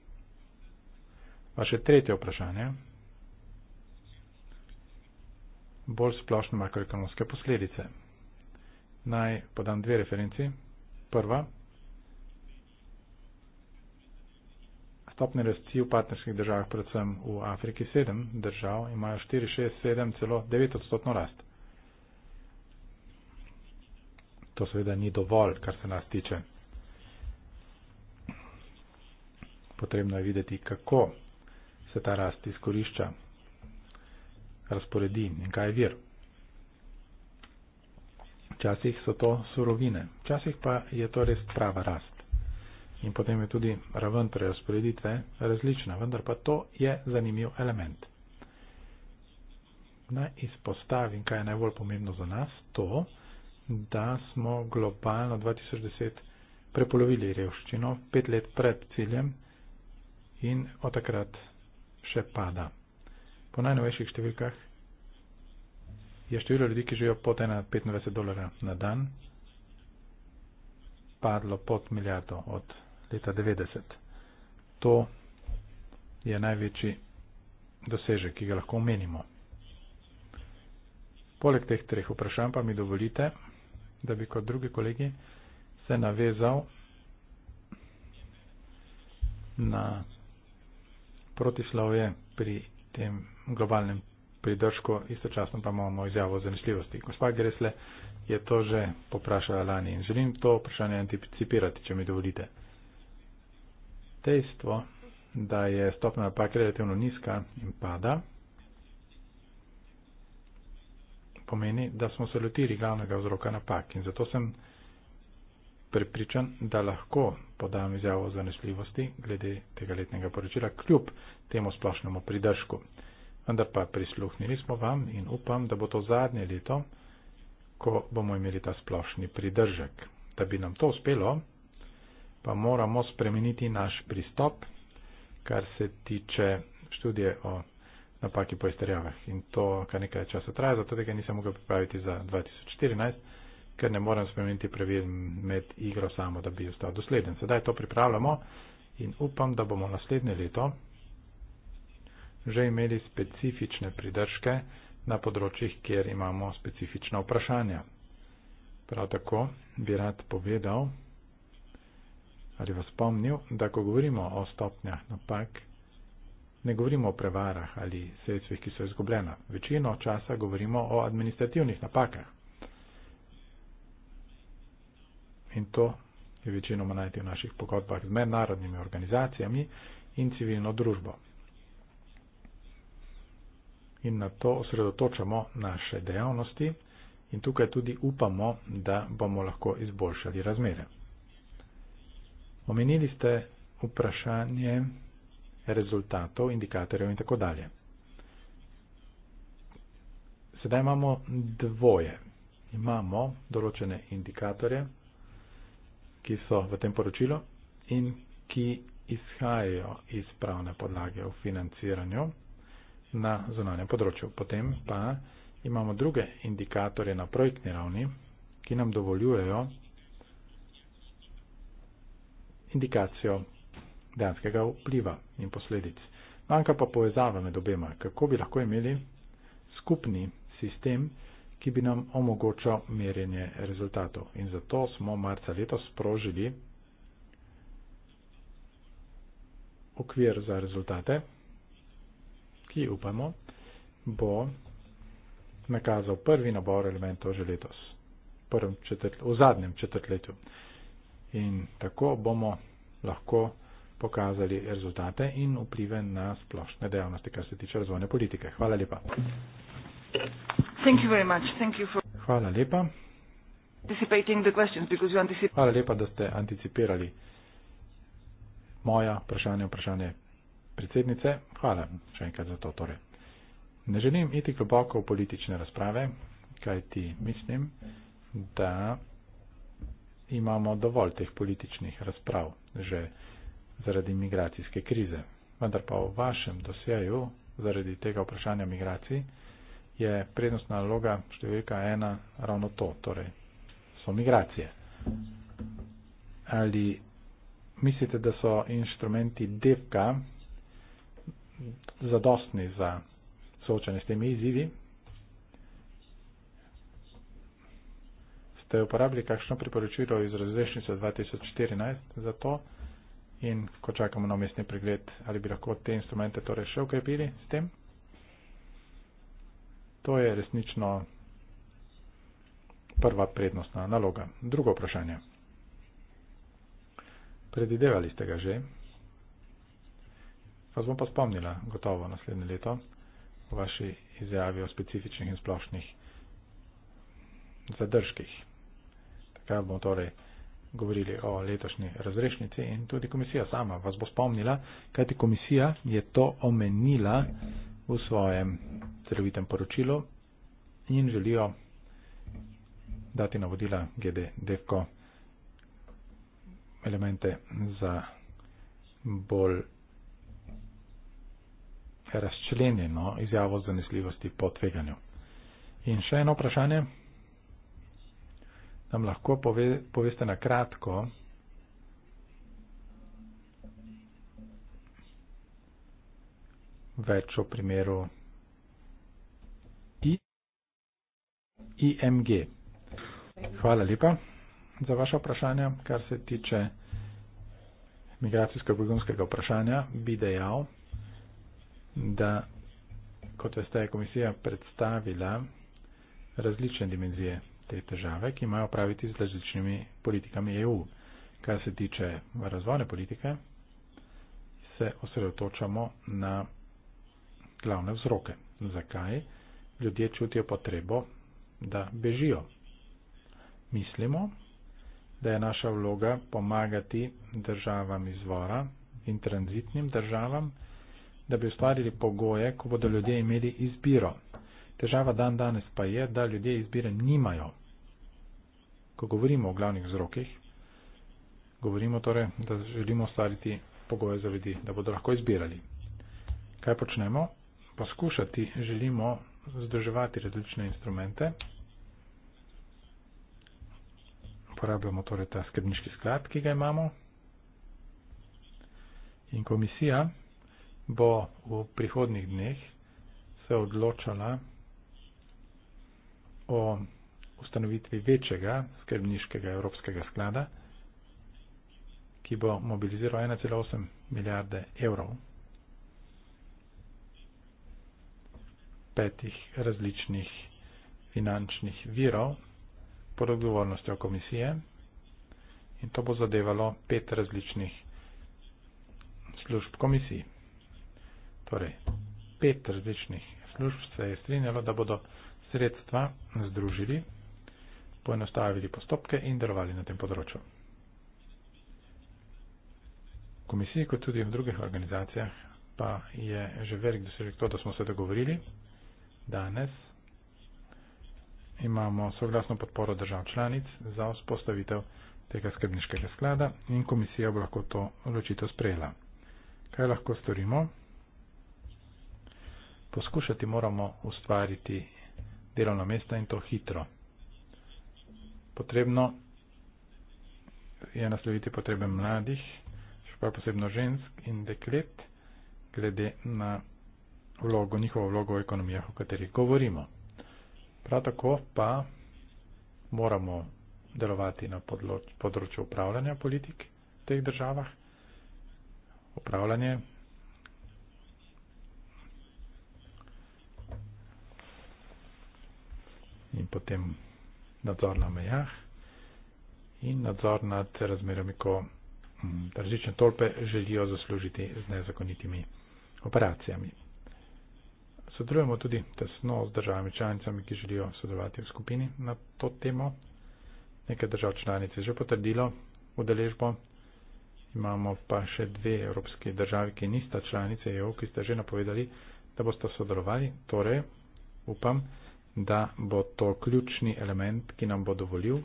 Vaše tretje vprašanje. Bolj splošne makroekonomske posledice. Naj podam dve referenci. Prva, stopni rasti v partnerskih državah, predvsem v Afriki 7 držav, imajo 4, 6, 7, celo 9 odstotno rast. To seveda ni dovolj, kar se nas tiče. Potrebno je videti, kako se ta rast izkorišča, razporedi in kaj je vir. Včasih so to surovine, včasih pa je to res prava rast in potem je tudi raven prerasporeditve različna, vendar pa to je zanimiv element. Naj izpostavim, kaj je najbolj pomembno za nas, to, da smo globalno 2010 prepolovili revščino pet let pred ciljem in od takrat še pada. Po najnovejših številkah je število ljudi, ki živijo pod 1,25 dolarja na dan, padlo pod milijardo od leta 90. To je največji dosežek, ki ga lahko omenimo. Poleg teh treh vprašanj pa mi dovolite, da bi kot drugi kolegi se navezal na protislavje pri tem globalnem pridržku, istočasno pa imamo izjavo o zanesljivosti. Gospa Gresle je to že poprašala lani in želim to vprašanje anticipirati, če mi dovolite dejstvo, da je stopna napake relativno nizka in pada, pomeni, da smo se lotili glavnega vzroka napak in zato sem prepričan, da lahko podam izjavo o zanesljivosti glede tega letnega poročila kljub temu splošnemu pridržku. Vendar pa prisluhnili smo vam in upam, da bo to zadnje leto, ko bomo imeli ta splošni pridržek. Da bi nam to uspelo, pa moramo spremeniti naš pristop, kar se tiče študije o napaki po izterjavah. In to kar nekaj časa traja, zato tega nisem mogel pripraviti za 2014, ker ne morem spremeniti pravil med igro samo, da bi ostal dosleden. Sedaj to pripravljamo in upam, da bomo naslednje leto že imeli specifične pridržke na področjih, kjer imamo specifična vprašanja. Prav tako bi rad povedal, ali vas spomnil, da ko govorimo o stopnjah napak, ne govorimo o prevarah ali sredstvih, ki so izgubljena. Večino časa govorimo o administrativnih napakah. In to je večino najti v naših pogodbah z mednarodnimi organizacijami in civilno družbo. In na to osredotočamo naše dejavnosti in tukaj tudi upamo, da bomo lahko izboljšali razmere. Omenili ste vprašanje rezultatov, indikatorjev in tako dalje. Sedaj imamo dvoje. Imamo določene indikatorje, ki so v tem poročilu in ki izhajajo iz pravne podlage v financiranju na zunanjem področju. Potem pa imamo druge indikatorje na projektni ravni, ki nam dovoljujejo indikacijo dejanskega vpliva in posledic. Manjka pa povezava med obema, kako bi lahko imeli skupni sistem, ki bi nam omogočal merjenje rezultatov. In zato smo marca letos sprožili okvir za rezultate, ki upamo, bo nakazal prvi nabor elementov že letos, v, četrt, v zadnjem četrtletju in tako bomo lahko pokazali rezultate in vplive na splošne dejavnosti, kar se tiče razvojne politike. Hvala lepa. Hvala lepa. Hvala lepa, da ste anticipirali moja vprašanja, vprašanje predsednice. Hvala še enkrat za to. Torej. Ne želim iti globoko v politične razprave, kaj ti mislim, da imamo dovolj teh političnih razprav že zaradi migracijske krize. Vendar pa v vašem dosjeju zaradi tega vprašanja migracij je prednostna naloga številka ena ravno to, torej so migracije. Ali mislite, da so inštrumenti DEPK zadostni za soočanje s temi izzivi, ste uporabili kakšno priporočilo iz razrešnice 2014 za to in ko čakamo na umestni pregled, ali bi lahko te instrumente torej še ukrepili s tem? To je resnično prva prednostna naloga. Drugo vprašanje. Predidevali ste ga že. Vas bom pa spomnila gotovo naslednje leto v vaši izjavi o specifičnih in splošnih zadržkih takrat bomo torej govorili o letošnji razrešnici in tudi komisija sama vas bo spomnila, kajti komisija je to omenila v svojem celovitem poročilu in želijo dati navodila GD Devko elemente za bolj razčlenjeno izjavo zanesljivosti po tveganju. In še eno vprašanje nam lahko pove, poveste na kratko, več o primeru I, IMG. Hvala lepa za vaše vprašanje. Kar se tiče migracijsko-begunskega vprašanja, bi dejal, da kot veste, je komisija predstavila različne dimenzije te težave, ki imajo praviti z različnimi politikami EU. Kar se tiče razvojne politike, se osredotočamo na glavne vzroke, zakaj ljudje čutijo potrebo, da bežijo. Mislimo, da je naša vloga pomagati državam izvora in tranzitnim državam, da bi ustvarili pogoje, ko bodo ljudje imeli izbiro Težava dan danes pa je, da ljudje izbire nimajo. Ko govorimo o glavnih vzrokih, govorimo torej, da želimo ustvariti pogoje za ljudi, da bodo lahko izbirali. Kaj počnemo? Poskušati želimo združevati različne instrumente. Uporabljamo torej ta skrbniški sklad, ki ga imamo. In komisija bo v prihodnih dneh se odločala, o ustanovitvi večjega skrbniškega evropskega sklada, ki bo mobiliziral 1,8 milijarde evrov petih različnih finančnih virov pod odgovornostjo komisije in to bo zadevalo pet različnih služb komisij. Torej, pet različnih služb se je strinjalo, da bodo sredstva združili, poenostavili postopke in delovali na tem področju. V komisiji, kot tudi v drugih organizacijah, pa je že velik dosežek to, da smo se dogovorili danes. Imamo soglasno podporo držav članic za vzpostavitev tega skrbniškega sklada in komisija bo lahko to odločitev sprejela. Kaj lahko storimo? Poskušati moramo ustvariti delovna mesta in to hitro. Potrebno je nasloviti potrebe mladih, še pa posebno žensk in deklet, glede na vlogo, njihovo vlogo v ekonomijah, o katerih govorimo. Prav tako pa moramo delovati na področju upravljanja politik v teh državah. Upravljanje in potem nadzor na mejah in nadzor nad razmerami, ko mm, različne tolpe želijo zaslužiti z nezakonitimi operacijami. Sodelujemo tudi tesno z državami članicami, ki želijo sodelovati v skupini na to temo. Nekaj držav članic je že potrdilo udeležbo. Imamo pa še dve evropske države, ki nista članice EU, ki ste že napovedali, da boste sodelovali. Torej, upam, da bo to ključni element, ki nam bo dovolil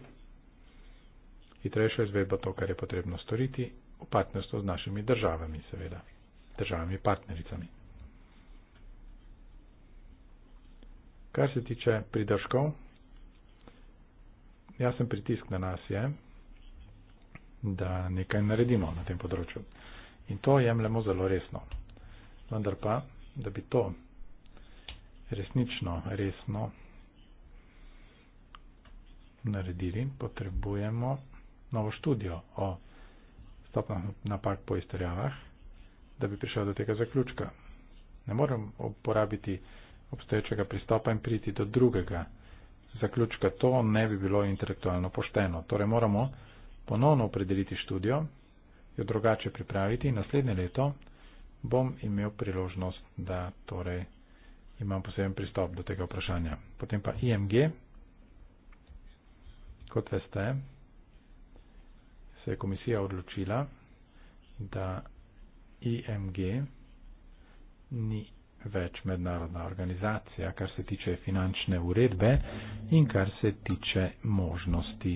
hitrejšo izvedbo to, kar je potrebno storiti v partnerstvu z našimi državami, seveda, državami partnericami. Kar se tiče pridržkov, jasen pritisk na nas je, da nekaj naredimo na tem področju. In to jemljemo zelo resno. Vendar pa, da bi to resnično, resno naredili, potrebujemo novo študijo o stopnjah napak po izterjavah, da bi prišel do tega zaključka. Ne morem uporabiti obstoječega pristopa in priti do drugega zaključka. To ne bi bilo intelektualno pošteno. Torej moramo ponovno opredeliti študijo, jo drugače pripraviti in naslednje leto bom imel priložnost, da torej imam poseben pristop do tega vprašanja. Potem pa IMG. Kot veste, se je komisija odločila, da IMG ni več mednarodna organizacija, kar se tiče finančne uredbe in kar se tiče možnosti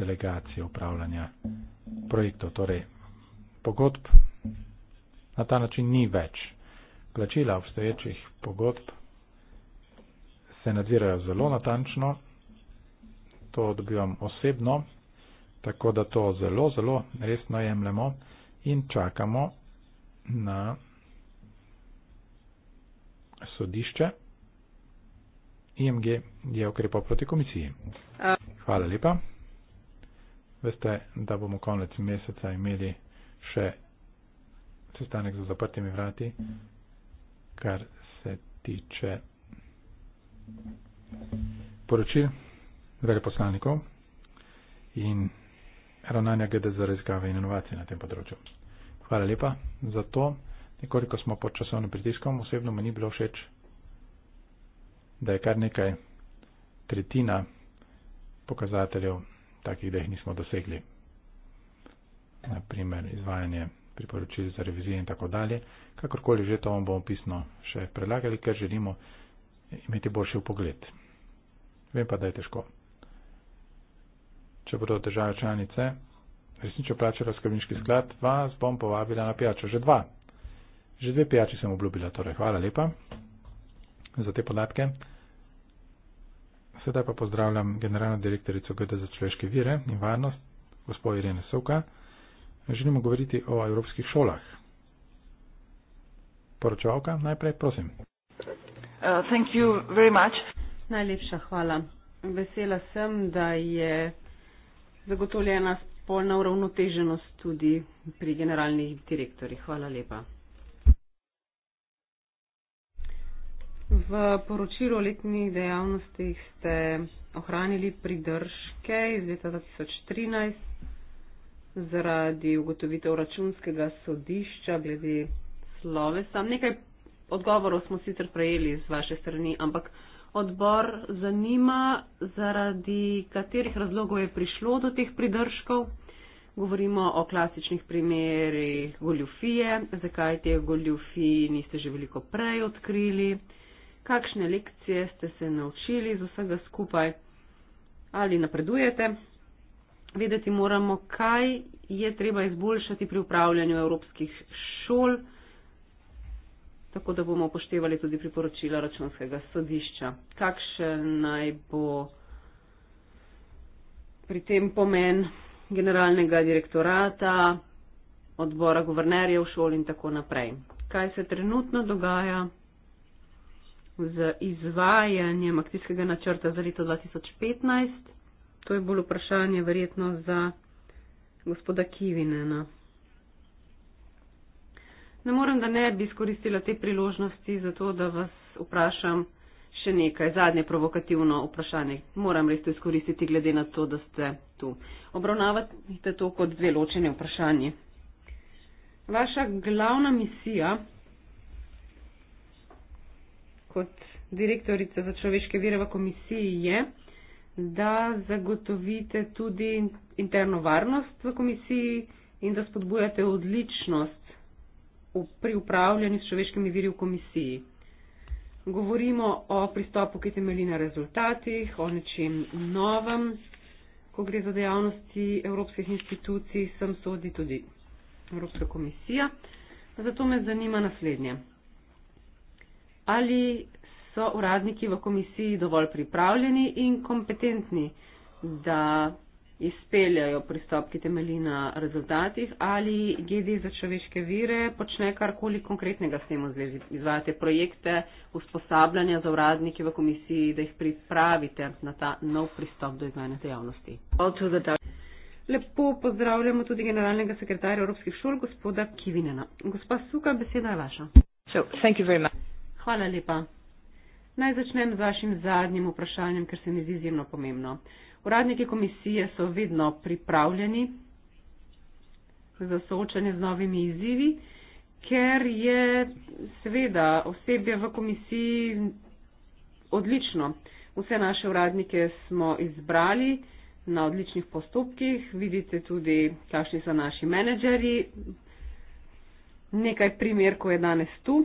delegacije upravljanja projektov, torej pogodb. Na ta način ni več. Plačila obstoječih pogodb se nadzirajo zelo natančno to dobivam osebno, tako da to zelo, zelo resno jemljemo in čakamo na sodišče. IMG je ukrepal proti komisiji. Hvala lepa. Veste, da bomo konec meseca imeli še sestanek za zaprtimi vrati, kar se tiče poročil veleposlanikov in ravnanja glede za raziskave in inovacije na tem področju. Hvala lepa za to. Nekoliko smo pod časovnim pritiskom, osebno mi ni bilo všeč, da je kar nekaj tretjina pokazateljev takih, da jih nismo dosegli. Naprimer izvajanje priporočil za revizijo in tako dalje. Kakorkoli že to vam bomo pisno še predlagali, ker želimo imeti boljši pogled. Vem pa, da je težko če bodo države članice resnično plačala skrbniški sklad, vas bom povabila na pijačo. Že dva. Že dve pijači sem obljubila. Torej, hvala lepa za te podatke. Sedaj pa pozdravljam generalno direktorico GD za človeške vire in varnost, gospod Irene Sovka. Želimo govoriti o evropskih šolah. Poročevalka, najprej prosim. Uh, Najlepša hvala. Vesela sem, da je zagotovljena spolna uravnoteženost tudi pri generalnih direktorjih. Hvala lepa. V poročilu o letnih dejavnostih ste ohranili pridržke iz leta 2013 zaradi ugotovitev računskega sodišča glede slovesa. Nekaj odgovorov smo sicer prejeli z vaše strani, ampak odbor zanima, zaradi katerih razlogov je prišlo do teh pridržkov. Govorimo o klasičnih primerih goljufije, zakaj te goljufiji niste že veliko prej odkrili, kakšne lekcije ste se naučili iz vsega skupaj ali napredujete. Vedeti moramo, kaj je treba izboljšati pri upravljanju evropskih šol tako da bomo upoštevali tudi priporočila računskega sodišča. Kakšen naj bo pri tem pomen generalnega direktorata, odbora guvernerjev šol in tako naprej. Kaj se trenutno dogaja z izvajanjem akcijskega načrta za leto 2015? To je bolj vprašanje verjetno za gospoda Kivinena ne morem, da ne bi izkoristila te priložnosti za to, da vas vprašam še nekaj, zadnje provokativno vprašanje. Moram res to izkoristiti, glede na to, da ste tu. Obravnavate to kot dve ločene vprašanje. Vaša glavna misija kot direktorica za človeške vire v komisiji je, da zagotovite tudi interno varnost v komisiji in da spodbujate odličnost pri upravljanju s človeškimi viri v komisiji. Govorimo o pristopu, ki temelji na rezultatih, o nečem novem, ko gre za dejavnosti evropskih institucij, sem sodi tudi Evropska komisija. Zato me zanima naslednje. Ali so uradniki v komisiji dovolj pripravljeni in kompetentni, da izpeljajo pristop, ki temelji na rezultatih, ali GD za človeške vire počne karkoli konkretnega s tem v zvezi. Izvajate projekte usposabljanja za uradnike v komisiji, da jih pripravite na ta nov pristop do izvajanja dejavnosti. Lepo pozdravljamo tudi generalnega sekretarja Evropskih šol, gospoda Kivinena. Gospa Suka, beseda je vaša. So, thank you very much. Hvala lepa. Naj začnem z vašim zadnjim vprašanjem, ker se mi zdi izjemno pomembno. Uradniki komisije so vedno pripravljeni za soočanje z novimi izzivi, ker je seveda osebje v komisiji odlično. Vse naše uradnike smo izbrali na odličnih postopkih. Vidite tudi, kakšni so naši menedžeri. Nekaj primerkov je danes tu.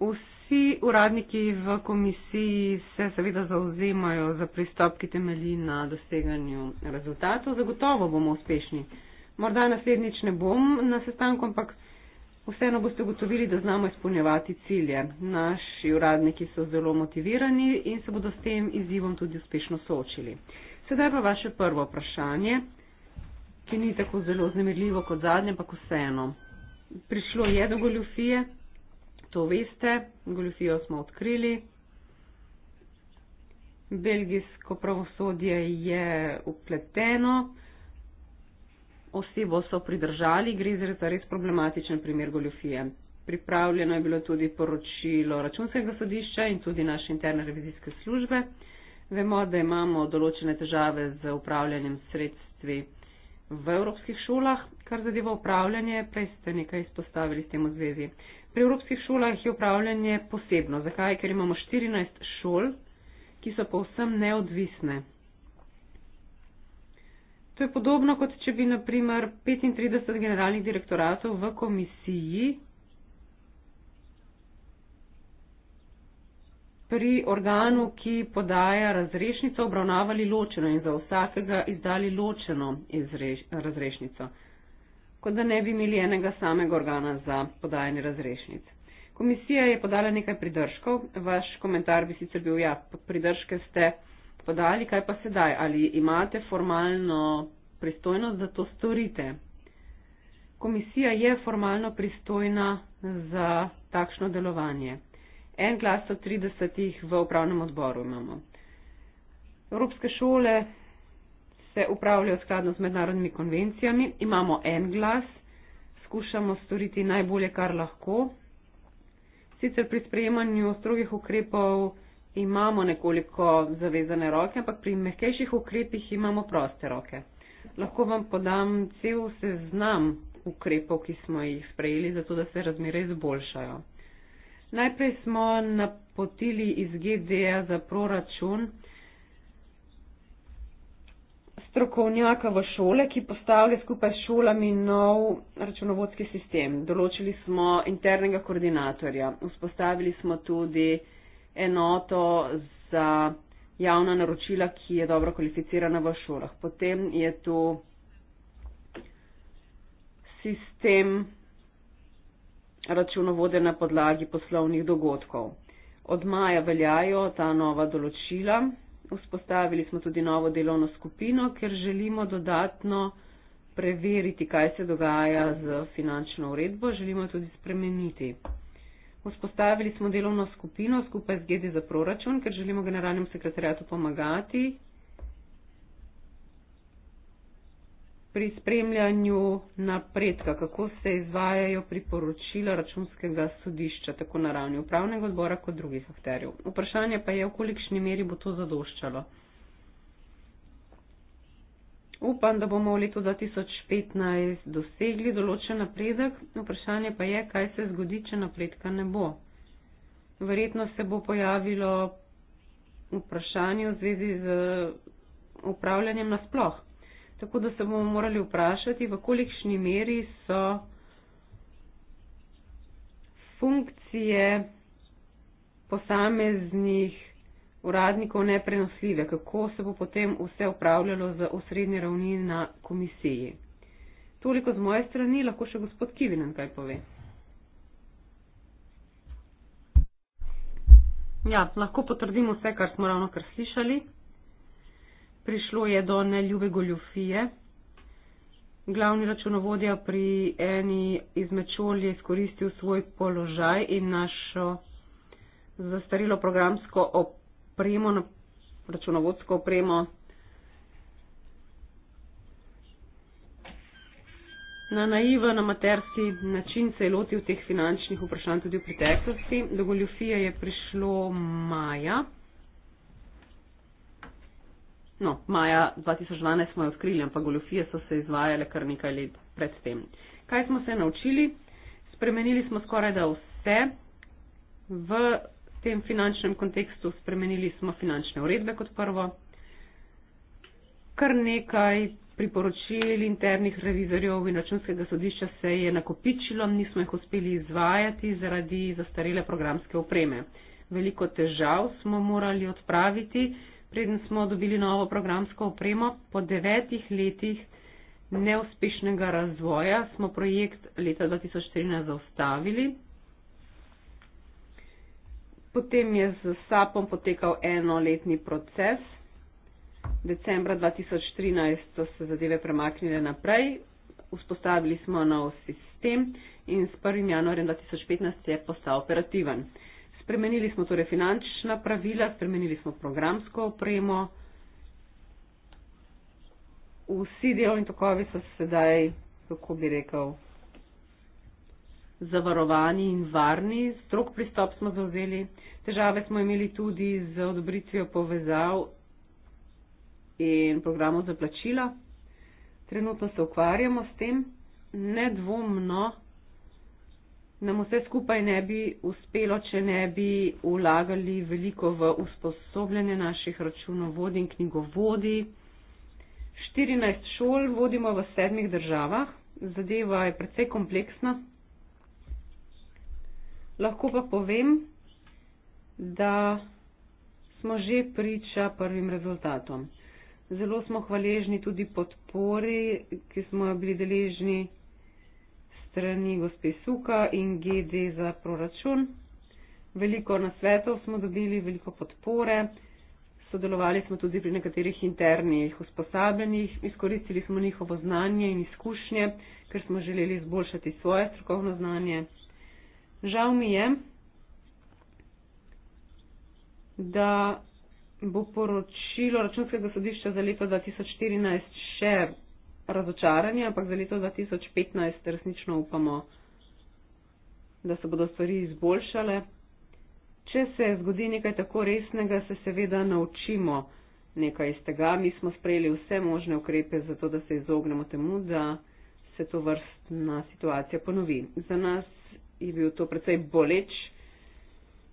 Vse vsi uradniki v komisiji se seveda zauzemajo za pristop, ki temelji na doseganju rezultatov. Zagotovo bomo uspešni. Morda naslednjič ne bom na sestanku, ampak vseeno boste ugotovili, da znamo izpolnjevati cilje. Naši uradniki so zelo motivirani in se bodo s tem izzivom tudi uspešno soočili. Sedaj pa vaše prvo vprašanje, ki ni tako zelo znemirljivo kot zadnje, ampak vseeno. Prišlo je do goljufije to veste, goljofijo smo odkrili. Belgijsko pravosodje je upleteno, osebo so pridržali, gre za res problematičen primer goljofije. Pripravljeno je bilo tudi poročilo računskega sodišča in tudi naše interne revizijske službe. Vemo, da imamo določene težave z upravljanjem sredstvi v evropskih šolah, kar zadeva upravljanje, prej ste nekaj izpostavili s tem v zvezi. Pri evropskih šolah je upravljanje posebno. Zakaj? Ker imamo 14 šol, ki so povsem neodvisne. To je podobno, kot če bi, na primer, 35 generalnih direktoratov v komisiji pri organu, ki podaja razrešnico, obravnavali ločeno in za vsakega izdali ločeno izreš, razrešnico, kot da ne bi imeli enega samega organa za podajanje razrešnic. Komisija je podala nekaj pridržkov, vaš komentar bi sicer bil, ja, pridržke ste podali, kaj pa sedaj, ali imate formalno pristojnost, da to storite. Komisija je formalno pristojna za takšno delovanje en glas od 30 v upravnem odboru imamo. Evropske šole se upravljajo skladno z mednarodnimi konvencijami, imamo en glas, skušamo storiti najbolje, kar lahko. Sicer pri sprejemanju strogih ukrepov imamo nekoliko zavezane roke, ampak pri mehkejših ukrepih imamo proste roke. Lahko vam podam cel seznam ukrepov, ki smo jih sprejeli, zato da se razmere izboljšajo. Najprej smo napotili iz GDA za proračun strokovnjaka v šole, ki postavlja skupaj s šolami nov računovodski sistem. Določili smo internega koordinatorja. Vzpostavili smo tudi enoto za javna naročila, ki je dobro kvalificirana v šolah. Potem je tu sistem računovode na podlagi poslovnih dogodkov. Od maja veljajo ta nova določila. Vzpostavili smo tudi novo delovno skupino, ker želimo dodatno preveriti, kaj se dogaja z finančno uredbo, želimo tudi spremeniti. Vzpostavili smo delovno skupino skupaj z GD za proračun, ker želimo generalnemu sekretarjatu pomagati pri spremljanju napredka, kako se izvajajo priporočila računskega sodišča, tako na ravni upravnega odbora kot drugih akterjev. Vprašanje pa je, v kolikšni meri bo to zadoščalo. Upam, da bomo v letu 2015 dosegli določen napredek, vprašanje pa je, kaj se zgodi, če napredka ne bo. Verjetno se bo pojavilo vprašanje v zvezi z upravljanjem nasploh. Tako da se bomo morali vprašati, v kolikšni meri so funkcije posameznih uradnikov neprenosljive, kako se bo potem vse upravljalo za osrednje ravni na komisiji. Toliko z moje strani, lahko še gospod Kivinen kaj pove. Ja, lahko potrdim vse, kar smo ravno kar slišali prišlo je do neljube goljofije. Glavni računovodja pri eni izmed šol je izkoristil svoj položaj in našo zastarilo programsko opremo, računovodsko opremo. Na naiven, amaterski način se je lotil teh finančnih vprašanj tudi v preteklosti. Do goljofije je prišlo maja No, maja 2012 smo jo odkrili, ampak goljofije so se izvajale kar nekaj let predtem. Kaj smo se naučili? Spremenili smo skoraj da vse. V tem finančnem kontekstu spremenili smo finančne uredbe kot prvo. Kar nekaj priporočil internih revizorjev in računskega sodišča se je nakopičilo, nismo jih uspeli izvajati zaradi zastarele programske opreme. Veliko težav smo morali odpraviti preden smo dobili novo programsko opremo. Po devetih letih neuspešnega razvoja smo projekt leta 2014 zaustavili. Potem je z SAP-om potekal enoletni proces. Decembra 2013 so se zadeve premaknile naprej, vzpostavili smo nov sistem in s 1. januarjem 2015 je postal operativen. Spremenili smo torej finančna pravila, spremenili smo programsko opremo. Vsi delovni tokovi so sedaj, kako bi rekel, zavarovani in varni. Strok pristop smo zauzeli. Težave smo imeli tudi z odobritvijo povezav in programov za plačila. Trenutno se ukvarjamo s tem. Nedvomno nam vse skupaj ne bi uspelo, če ne bi ulagali veliko v usposobljanje naših računovod in knjigovodi. 14 šol vodimo v sedmih državah, zadeva je precej kompleksna. Lahko pa povem, da smo že priča prvim rezultatom. Zelo smo hvaležni tudi podpori, ki smo jo bili deležni strani gospe Suka in GD za proračun. Veliko nasvetov smo dobili, veliko podpore. Sodelovali smo tudi pri nekaterih internih usposabljenih, izkoristili smo njihovo znanje in izkušnje, ker smo želeli izboljšati svoje strokovno znanje. Žal mi je, da bo poročilo računskega sodišča za leto 2014 še razočarani, ampak za leto 2015 resnično upamo, da se bodo stvari izboljšale. Če se zgodi nekaj tako resnega, se seveda naučimo nekaj iz tega. Mi smo sprejeli vse možne ukrepe za to, da se izognemo temu, da se to vrstna situacija ponovi. Za nas je bil to precej boleč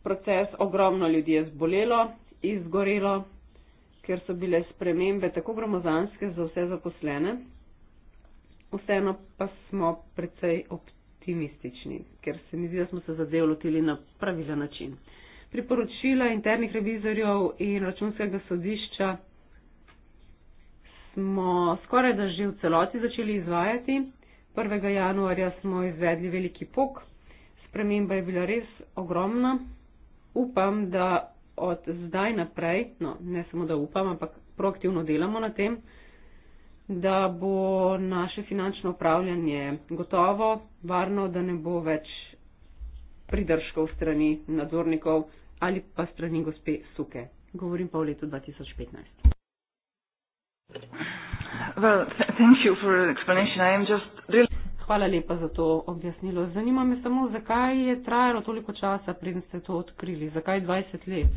proces, ogromno ljudi je zbolelo, izgorelo, ker so bile spremembe tako gromozanske za vse zaposlene vseeno pa smo precej optimistični, ker se mi zdi, da smo se zadev lotili na pravilen način. Priporočila internih revizorjev in računskega sodišča smo skoraj da že v celoti začeli izvajati. 1. januarja smo izvedli veliki pok, sprememba je bila res ogromna. Upam, da od zdaj naprej, no, ne samo da upam, ampak proaktivno delamo na tem, da bo naše finančno upravljanje gotovo, varno, da ne bo več pridržkov strani nadzornikov ali pa strani gospe Suke. Govorim pa o letu 2015. Well, Hvala lepa za to objasnilo. Zanima me samo, zakaj je trajalo toliko časa, preden ste to odkrili? Zakaj 20 let?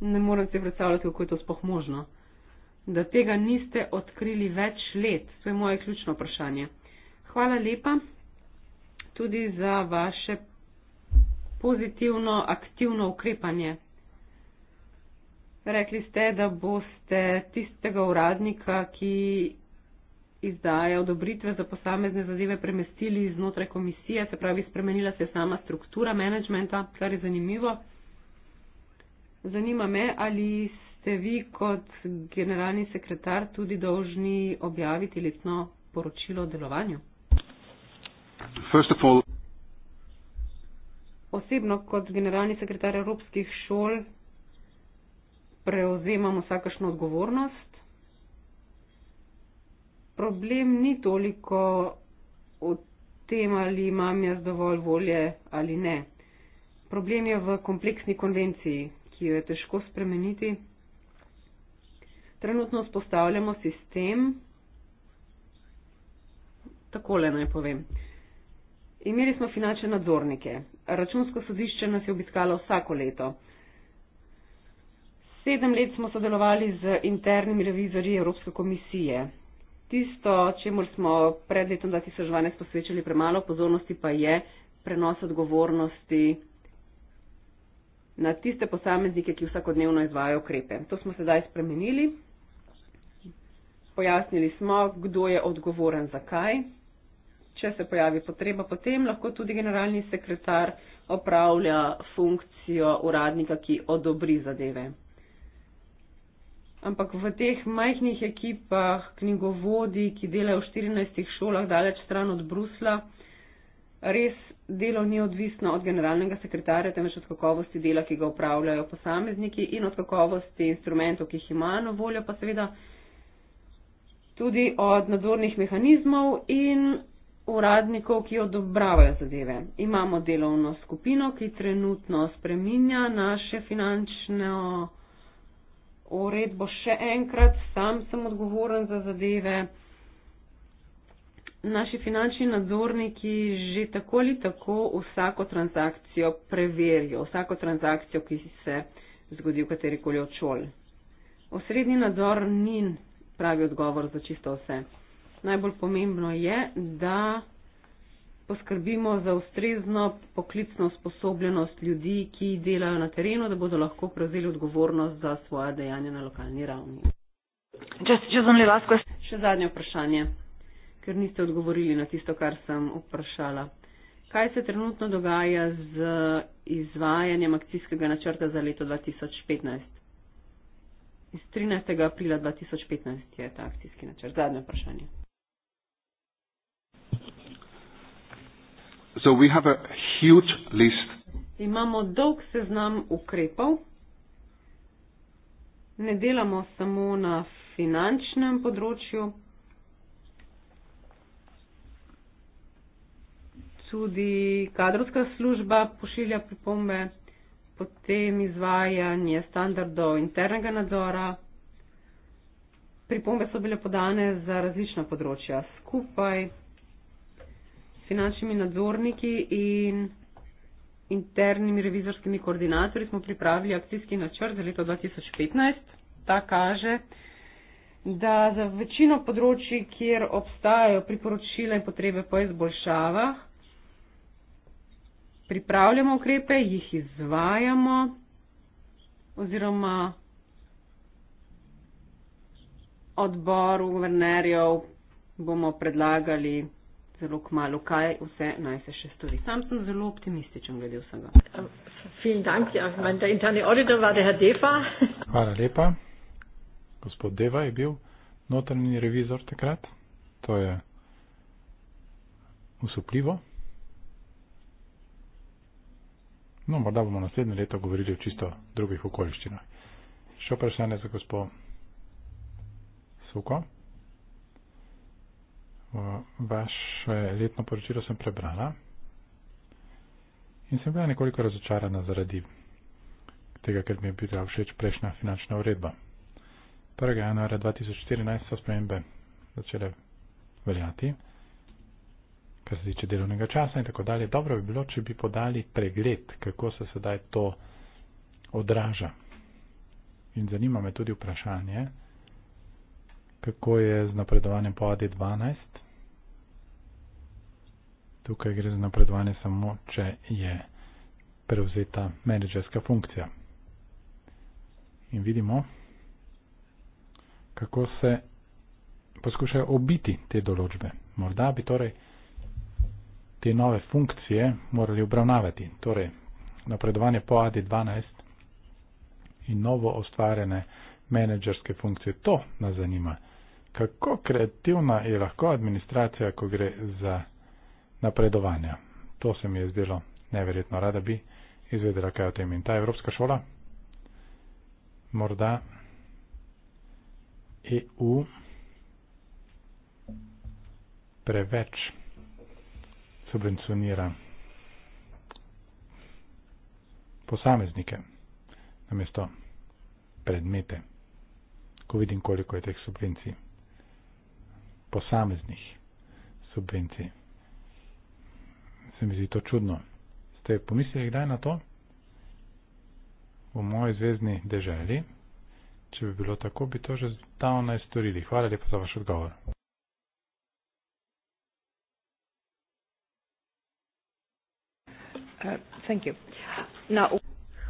Ne morem si predstavljati, kako je to spoh možno da tega niste odkrili več let? To je moje ključno vprašanje. Hvala lepa tudi za vaše pozitivno, aktivno ukrepanje. Rekli ste, da boste tistega uradnika, ki izdaja odobritve za posamezne zadeve, premestili znotraj komisije, se pravi, spremenila se sama struktura menedžmenta, kar je zanimivo. Zanima me, ali ste vi kot generalni sekretar tudi dolžni objaviti letno poročilo o delovanju? All, Osebno kot generalni sekretar evropskih šol prevzemam vsakašno odgovornost. Problem ni toliko v tem, ali imam jaz dovolj volje ali ne. Problem je v kompleksni konvenciji, ki jo je težko spremeniti trenutno vzpostavljamo sistem. Takole naj povem. Imeli smo finančne nadzornike. Računsko sodišče nas je obiskalo vsako leto. Sedem let smo sodelovali z internimi revizorji Evropske komisije. Tisto, čemu smo pred letom 2012 posvečali premalo pozornosti, pa je prenos odgovornosti na tiste posameznike, ki vsakodnevno izvajo ukrepe. To smo sedaj spremenili. Pojasnili smo, kdo je odgovoren za kaj. Če se pojavi potreba, potem lahko tudi generalni sekretar opravlja funkcijo uradnika, ki odobri zadeve. Ampak v teh majhnih ekipah, knjigovodi, ki delajo v 14 šolah daleč stran od Brusla, res delo ni odvisno od generalnega sekretarja, temveč od kakovosti dela, ki ga upravljajo posamezniki in od kakovosti instrumentov, ki jih imajo na voljo, pa seveda tudi od nadzornih mehanizmov in uradnikov, ki odobravajo zadeve. Imamo delovno skupino, ki trenutno spreminja naše finančno uredbo. Še enkrat, sam sem odgovoren za zadeve. Naši finančni nadzorniki že tako ali tako vsako transakcijo preverijo, vsako transakcijo, ki se zgodi v katerikoli od šol. Osrednji nadzor ni pravi odgovor za čisto vse. Najbolj pomembno je, da poskrbimo za ustrezno poklicno sposobljenost ljudi, ki delajo na terenu, da bodo lahko prevzeli odgovornost za svoje dejanje na lokalni ravni. Še zadnje vprašanje, ker niste odgovorili na tisto, kar sem vprašala. Kaj se trenutno dogaja z izvajanjem akcijskega načrta za leto 2015? iz 13. aprila 2015 je ta akcijski načrt. Zadnje vprašanje. So we have a huge list. Imamo dolg seznam ukrepov. Ne delamo samo na finančnem področju. Tudi kadrovska služba pošilja pripombe potem izvajanje standardov internega nadzora. Pripombe so bile podane za različna področja skupaj s finančnimi nadzorniki in internimi revizorskimi koordinatorji smo pripravili akcijski načrt za leto 2015. Ta kaže, da za večino področji, kjer obstajajo priporočila in potrebe po izboljšavah, pripravljamo ukrepe, jih izvajamo oziroma odboru guvernerjev bomo predlagali zelo kmalo, kaj vse naj se še stori. Sam sem zelo optimističen glede vsega. Ja, Hvala lepa. Gospod Deva je bil notrni revizor takrat. To je usupljivo. No, morda bomo naslednje leto govorili o čisto drugih okoliščinah. Še vprašanje za gospod Suko. Vaše letno poročilo sem prebrala in sem bila nekoliko razočarana zaradi tega, ker mi je bila všeč prejšnja finančna uredba. 1. januarja 2014 so spremembe začele veljati, kar se tiče delovnega časa in tako dalje. Dobro bi bilo, če bi podali pregled, kako se sedaj to odraža. In zanima me tudi vprašanje, kako je z napredovanjem po AD12. Tukaj gre za napredovanje samo, če je prevzeta menedžerska funkcija. In vidimo, kako se poskušajo obiti te določbe. Morda bi torej te nove funkcije morali obravnavati, torej napredovanje po AD12 in novo ustvarjene menedžerske funkcije. To nas zanima. Kako kreativna je lahko administracija, ko gre za napredovanja? To se mi je zdelo neverjetno. Rada bi izvedela, kaj o tem in ta Evropska šola. Morda EU preveč subvencionira posameznike namesto predmete. Ko vidim, koliko je teh subvencij, posameznih subvencij, se mi zdi to čudno. Ste pomislili kdaj na to? V moji zvezdni deželi, če bi bilo tako, bi to že zdavnaj storili. Hvala lepa za vaš odgovor. Uh, thank you. Now,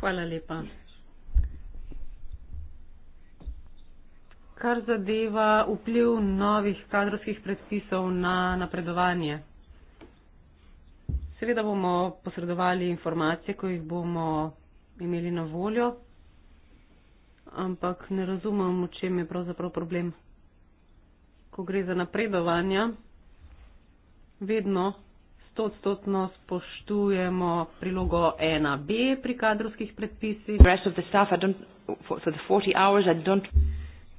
Hvala lepa. Kar zadeva vpliv novih kadrovskih predpisov na napredovanje. Seveda bomo posredovali informacije, ko jih bomo imeli na voljo, ampak ne razumem, v čem je pravzaprav problem. Ko gre za napredovanja, vedno stotno spoštujemo prilogo 1b pri kadrovskih predpisih.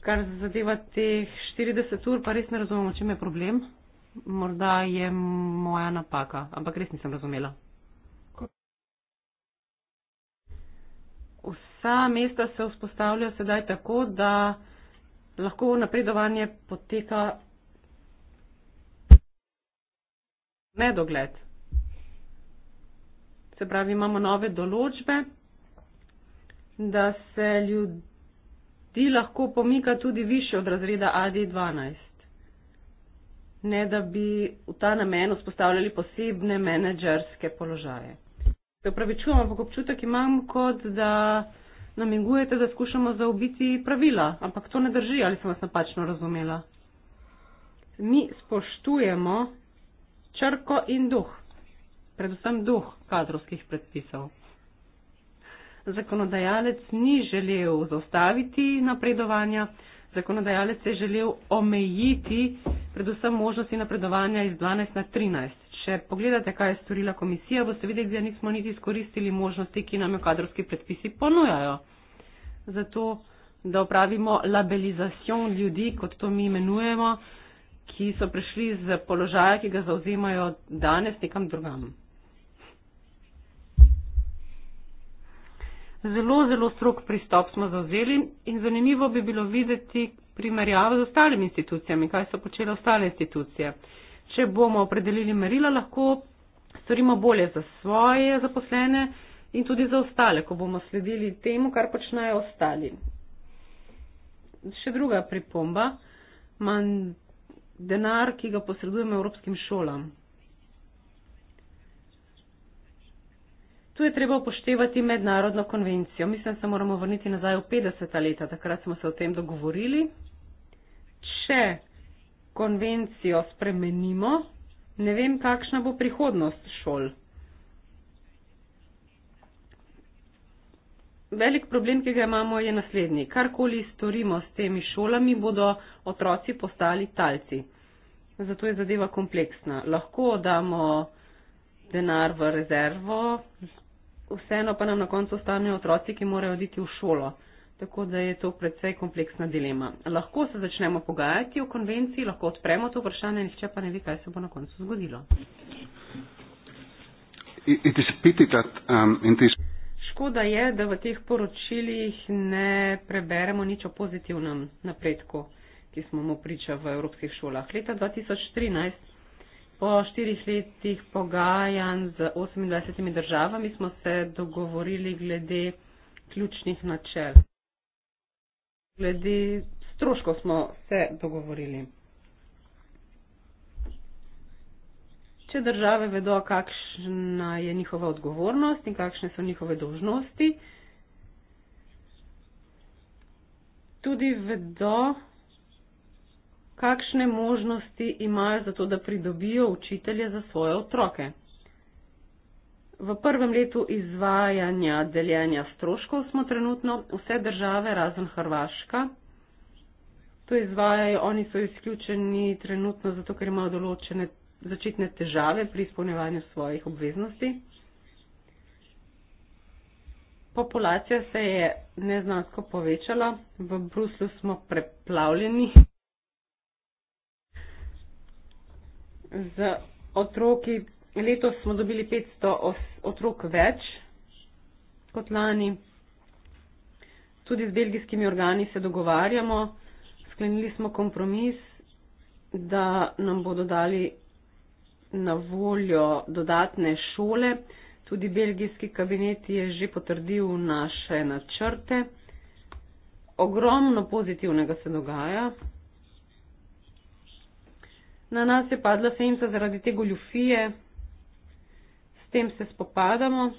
Kar zadeva teh 40 ur, pa res ne razumemo, čem je problem. Morda je moja napaka, ampak res nisem razumela. Vsa mesta se vzpostavljajo sedaj tako, da lahko napredovanje poteka nedogled. Se pravi, imamo nove določbe, da se ljudi lahko pomika tudi više od razreda AD12. Ne da bi v ta namen vzpostavljali posebne menedžerske položaje. Se upravičujem, ampak občutek imam kot, da namigujete, da skušamo zaobiti pravila, ampak to ne drži, ali sem vas napačno razumela. Mi spoštujemo črko in duh, predvsem duh kadrovskih predpisov. Zakonodajalec ni želel zaustaviti napredovanja, zakonodajalec je želel omejiti predvsem možnosti napredovanja iz 12 na 13. Če pogledate, kaj je storila komisija, boste videli, da nismo niti izkoristili možnosti, ki nam jo kadrovski predpisi ponujajo. Zato, da opravimo labelizacijo ljudi, kot to mi imenujemo, ki so prišli z položaja, ki ga zauzimajo danes nekam drugam. Zelo, zelo strok pristop smo zauzeli in zanimivo bi bilo videti primerjavo z ostalimi institucijami, kaj so počele ostale institucije. Če bomo opredelili merila, lahko storimo bolje za svoje zaposlene in tudi za ostale, ko bomo sledili temu, kar počnejo ostali. Še druga pripomba. Manj denar, ki ga posredujemo evropskim šolam. Tu je treba upoštevati mednarodno konvencijo. Mislim, da se moramo vrniti nazaj v 50-ta leta. Takrat smo se o tem dogovorili. Če konvencijo spremenimo, ne vem, kakšna bo prihodnost šol. Velik problem, ki ga imamo, je naslednji. Karkoli storimo s temi šolami, bodo otroci postali talci. Zato je zadeva kompleksna. Lahko damo denar v rezervo, vseeno pa nam na koncu ostanejo otroci, ki morajo oditi v šolo. Tako da je to predvsej kompleksna dilema. Lahko se začnemo pogajati o konvenciji, lahko odpremo to vprašanje, nihče pa ne ve, kaj se bo na koncu zgodilo. It is pity that, um, in this škoda je, da v teh poročilih ne preberemo nič o pozitivnem napredku, ki smo mu priča v evropskih šolah. Leta 2013, po štirih letih pogajanj z 28 državami, smo se dogovorili glede ključnih načel. Glede stroškov smo se dogovorili. če države vedo, kakšna je njihova odgovornost in kakšne so njihove dožnosti, tudi vedo, kakšne možnosti imajo za to, da pridobijo učitelje za svoje otroke. V prvem letu izvajanja deljenja stroškov smo trenutno vse države razen Hrvaška. To izvajajo, oni so izključeni trenutno zato, ker imajo določene začetne težave pri izpolnjevanju svojih obveznosti. Populacija se je neznansko povečala, v Bruslu smo preplavljeni z otroki. Letos smo dobili 500 otrok več kot lani. Tudi z belgijskimi organi se dogovarjamo. Sklenili smo kompromis, da nam bodo dali na voljo dodatne šole. Tudi belgijski kabinet je že potrdil naše načrte. Ogromno pozitivnega se dogaja. Na nas je padla senca zaradi te goljufije, s tem se spopadamo.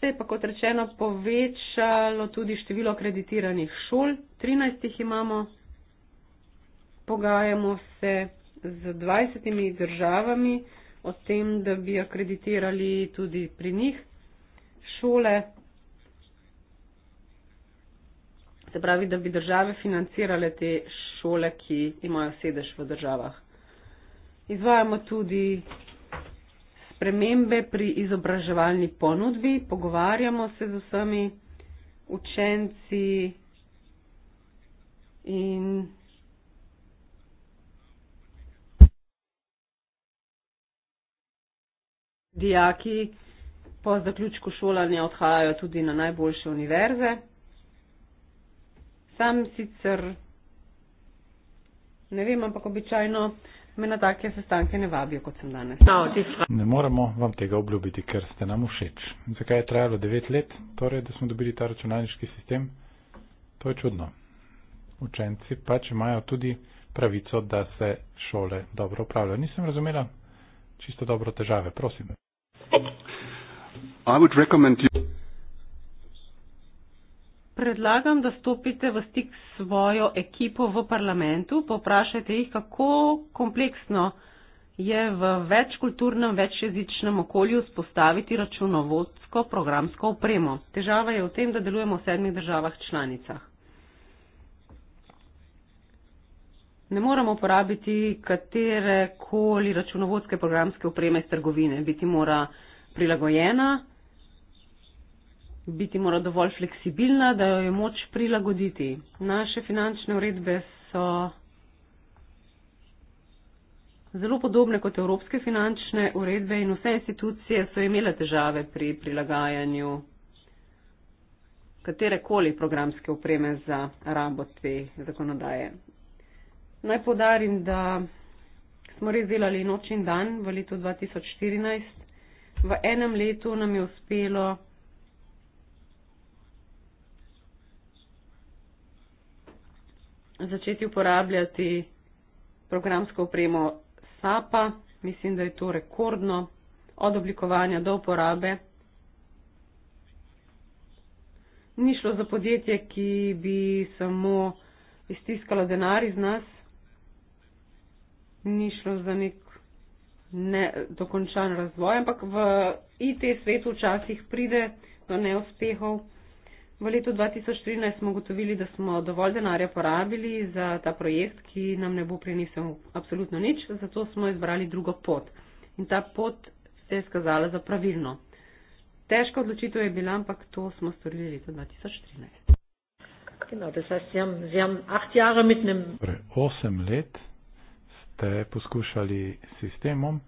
Se je pa, kot rečeno, povečalo tudi število kreditiranih šol, 13 jih imamo, pogajamo se z 20 državami o tem, da bi akreditirali tudi pri njih šole. Se pravi, da bi države financirale te šole, ki imajo sedež v državah. Izvajamo tudi spremembe pri izobraževalni ponudbi, pogovarjamo se z vsemi učenci in dijaki po zaključku šolanja odhajajo tudi na najboljše univerze. Sam sicer ne vem, ampak običajno me na take sestanke ne vabijo, kot sem danes. No, ne moremo vam tega obljubiti, ker ste nam všeč. Zakaj je trajalo 9 let, torej, da smo dobili ta računalniški sistem? To je čudno. Učenci pač imajo tudi pravico, da se šole dobro upravljajo. Nisem razumela čisto dobro težave. Prosim. Predlagam, da stopite v stik s svojo ekipo v parlamentu, poprašajte jih, kako kompleksno je v večkulturnem, večjezičnem okolju spostaviti računovodsko programsko opremo. Težava je v tem, da delujemo v sedmih državah članicah. ne moremo uporabiti katere koli računovodske programske opreme iz trgovine. Biti mora prilagojena, biti mora dovolj fleksibilna, da jo je moč prilagoditi. Naše finančne uredbe so zelo podobne kot evropske finančne uredbe in vse institucije so imele težave pri prilagajanju katerekoli programske opreme za rabo te zakonodaje. Naj podarim, da smo res delali noč in dan v letu 2014. V enem letu nam je uspelo začeti uporabljati programsko opremo SAPA. Mislim, da je to rekordno od oblikovanja do uporabe. Ni šlo za podjetje, ki bi samo iztiskalo denar iz nas ni šlo za nek nedokončan razvoj, ampak v IT svetu včasih pride do neuspehov. V letu 2013 smo gotovili, da smo dovolj denarja porabili za ta projekt, ki nam ne bo prinesel absolutno nič, zato smo izbrali drugo pot. In ta pot se je skazala za pravilno. Težka odločitev je bila, ampak to smo storili leta 2013. Pre torej, osem let ste poskušali sistemom,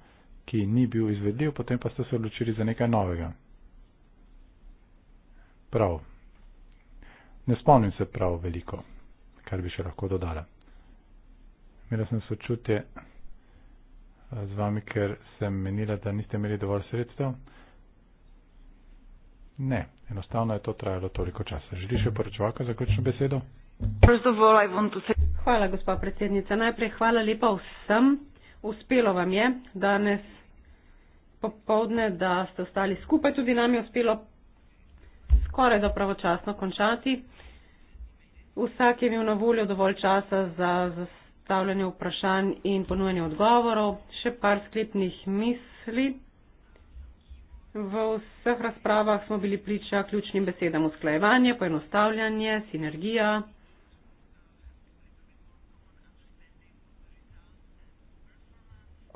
ki ni bil izvedljiv, potem pa ste se odločili za nekaj novega. Prav. Ne spomnim se prav veliko, kar bi še lahko dodala. Imela sem sočutje eh, z vami, ker sem menila, da niste imeli dovolj sredstev. Ne, enostavno je to trajalo toliko časa. Želiš še poročevalka za ključno besedo? Hvala, gospa predsednica. Najprej hvala lepa vsem. Uspelo vam je danes popovdne, da ste ostali skupaj. Tudi nam je uspelo skoraj da pravočasno končati. Vsak je imel na voljo dovolj časa za zastavljanje vprašanj in ponujanje odgovorov. Še par sklepnih misli. V vseh razpravah smo bili priča ključnim besedam usklajevanje, poenostavljanje, sinergija.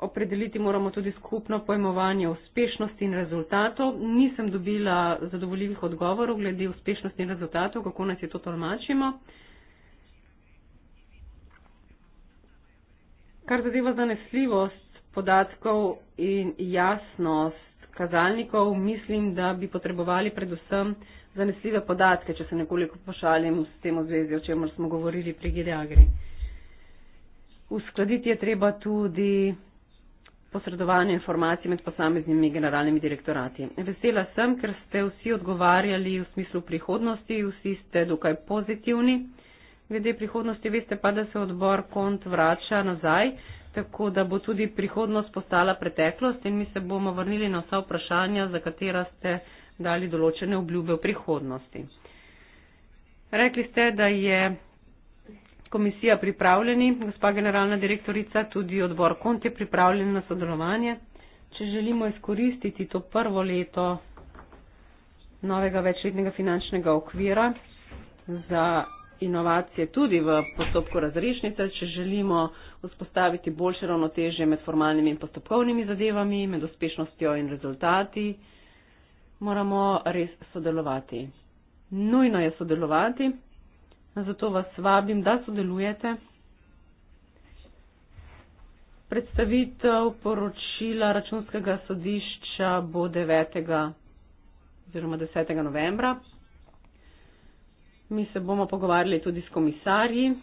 Opredeliti moramo tudi skupno pojmovanje uspešnosti in rezultatov. Nisem dobila zadovoljivih odgovorov glede uspešnosti in rezultatov, kako nas je to tolmačimo. Kar zadeva zanesljivost podatkov in jasnost kazalnikov, mislim, da bi potrebovali predvsem zanesljive podatke, če se nekoliko pošalim s tem v zvezi, o čemer smo govorili pri GDAGRI. Uskladiti je treba tudi posredovanje informacij med posameznimi generalnimi direktorati. Vesela sem, ker ste vsi odgovarjali v smislu prihodnosti, vsi ste dokaj pozitivni. Glede prihodnosti veste pa, da se odbor kont vrača nazaj, tako da bo tudi prihodnost postala preteklost in mi se bomo vrnili na vsa vprašanja, za katera ste dali določene obljube v prihodnosti. Rekli ste, da je komisija pripravljeni, gospa generalna direktorica, tudi odbor KONT je pripravljen na sodelovanje. Če želimo izkoristiti to prvo leto novega večletnega finančnega okvira za inovacije tudi v postopku razrešnice, če želimo vzpostaviti boljše ravnotežje med formalnimi in postopkovnimi zadevami, med uspešnostjo in rezultati, moramo res sodelovati. Nujno je sodelovati. Zato vas vabim, da sodelujete. Predstavitev poročila računskega sodišča bo 9. oziroma 10. novembra. Mi se bomo pogovarjali tudi s komisarji.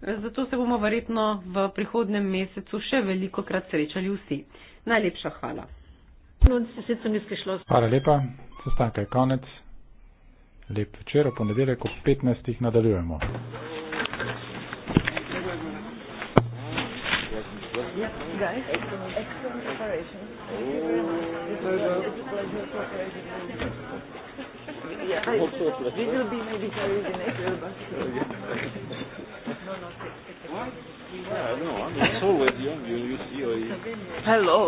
Zato se bomo verjetno v prihodnem mesecu še veliko krat srečali vsi. Najlepša hvala. Hvala lepa. Sestanka je konec lep večer, v ponedeljek ob 15. nadaljujemo. Yeah, I know. I'm so with you. You, you see, I... Hello.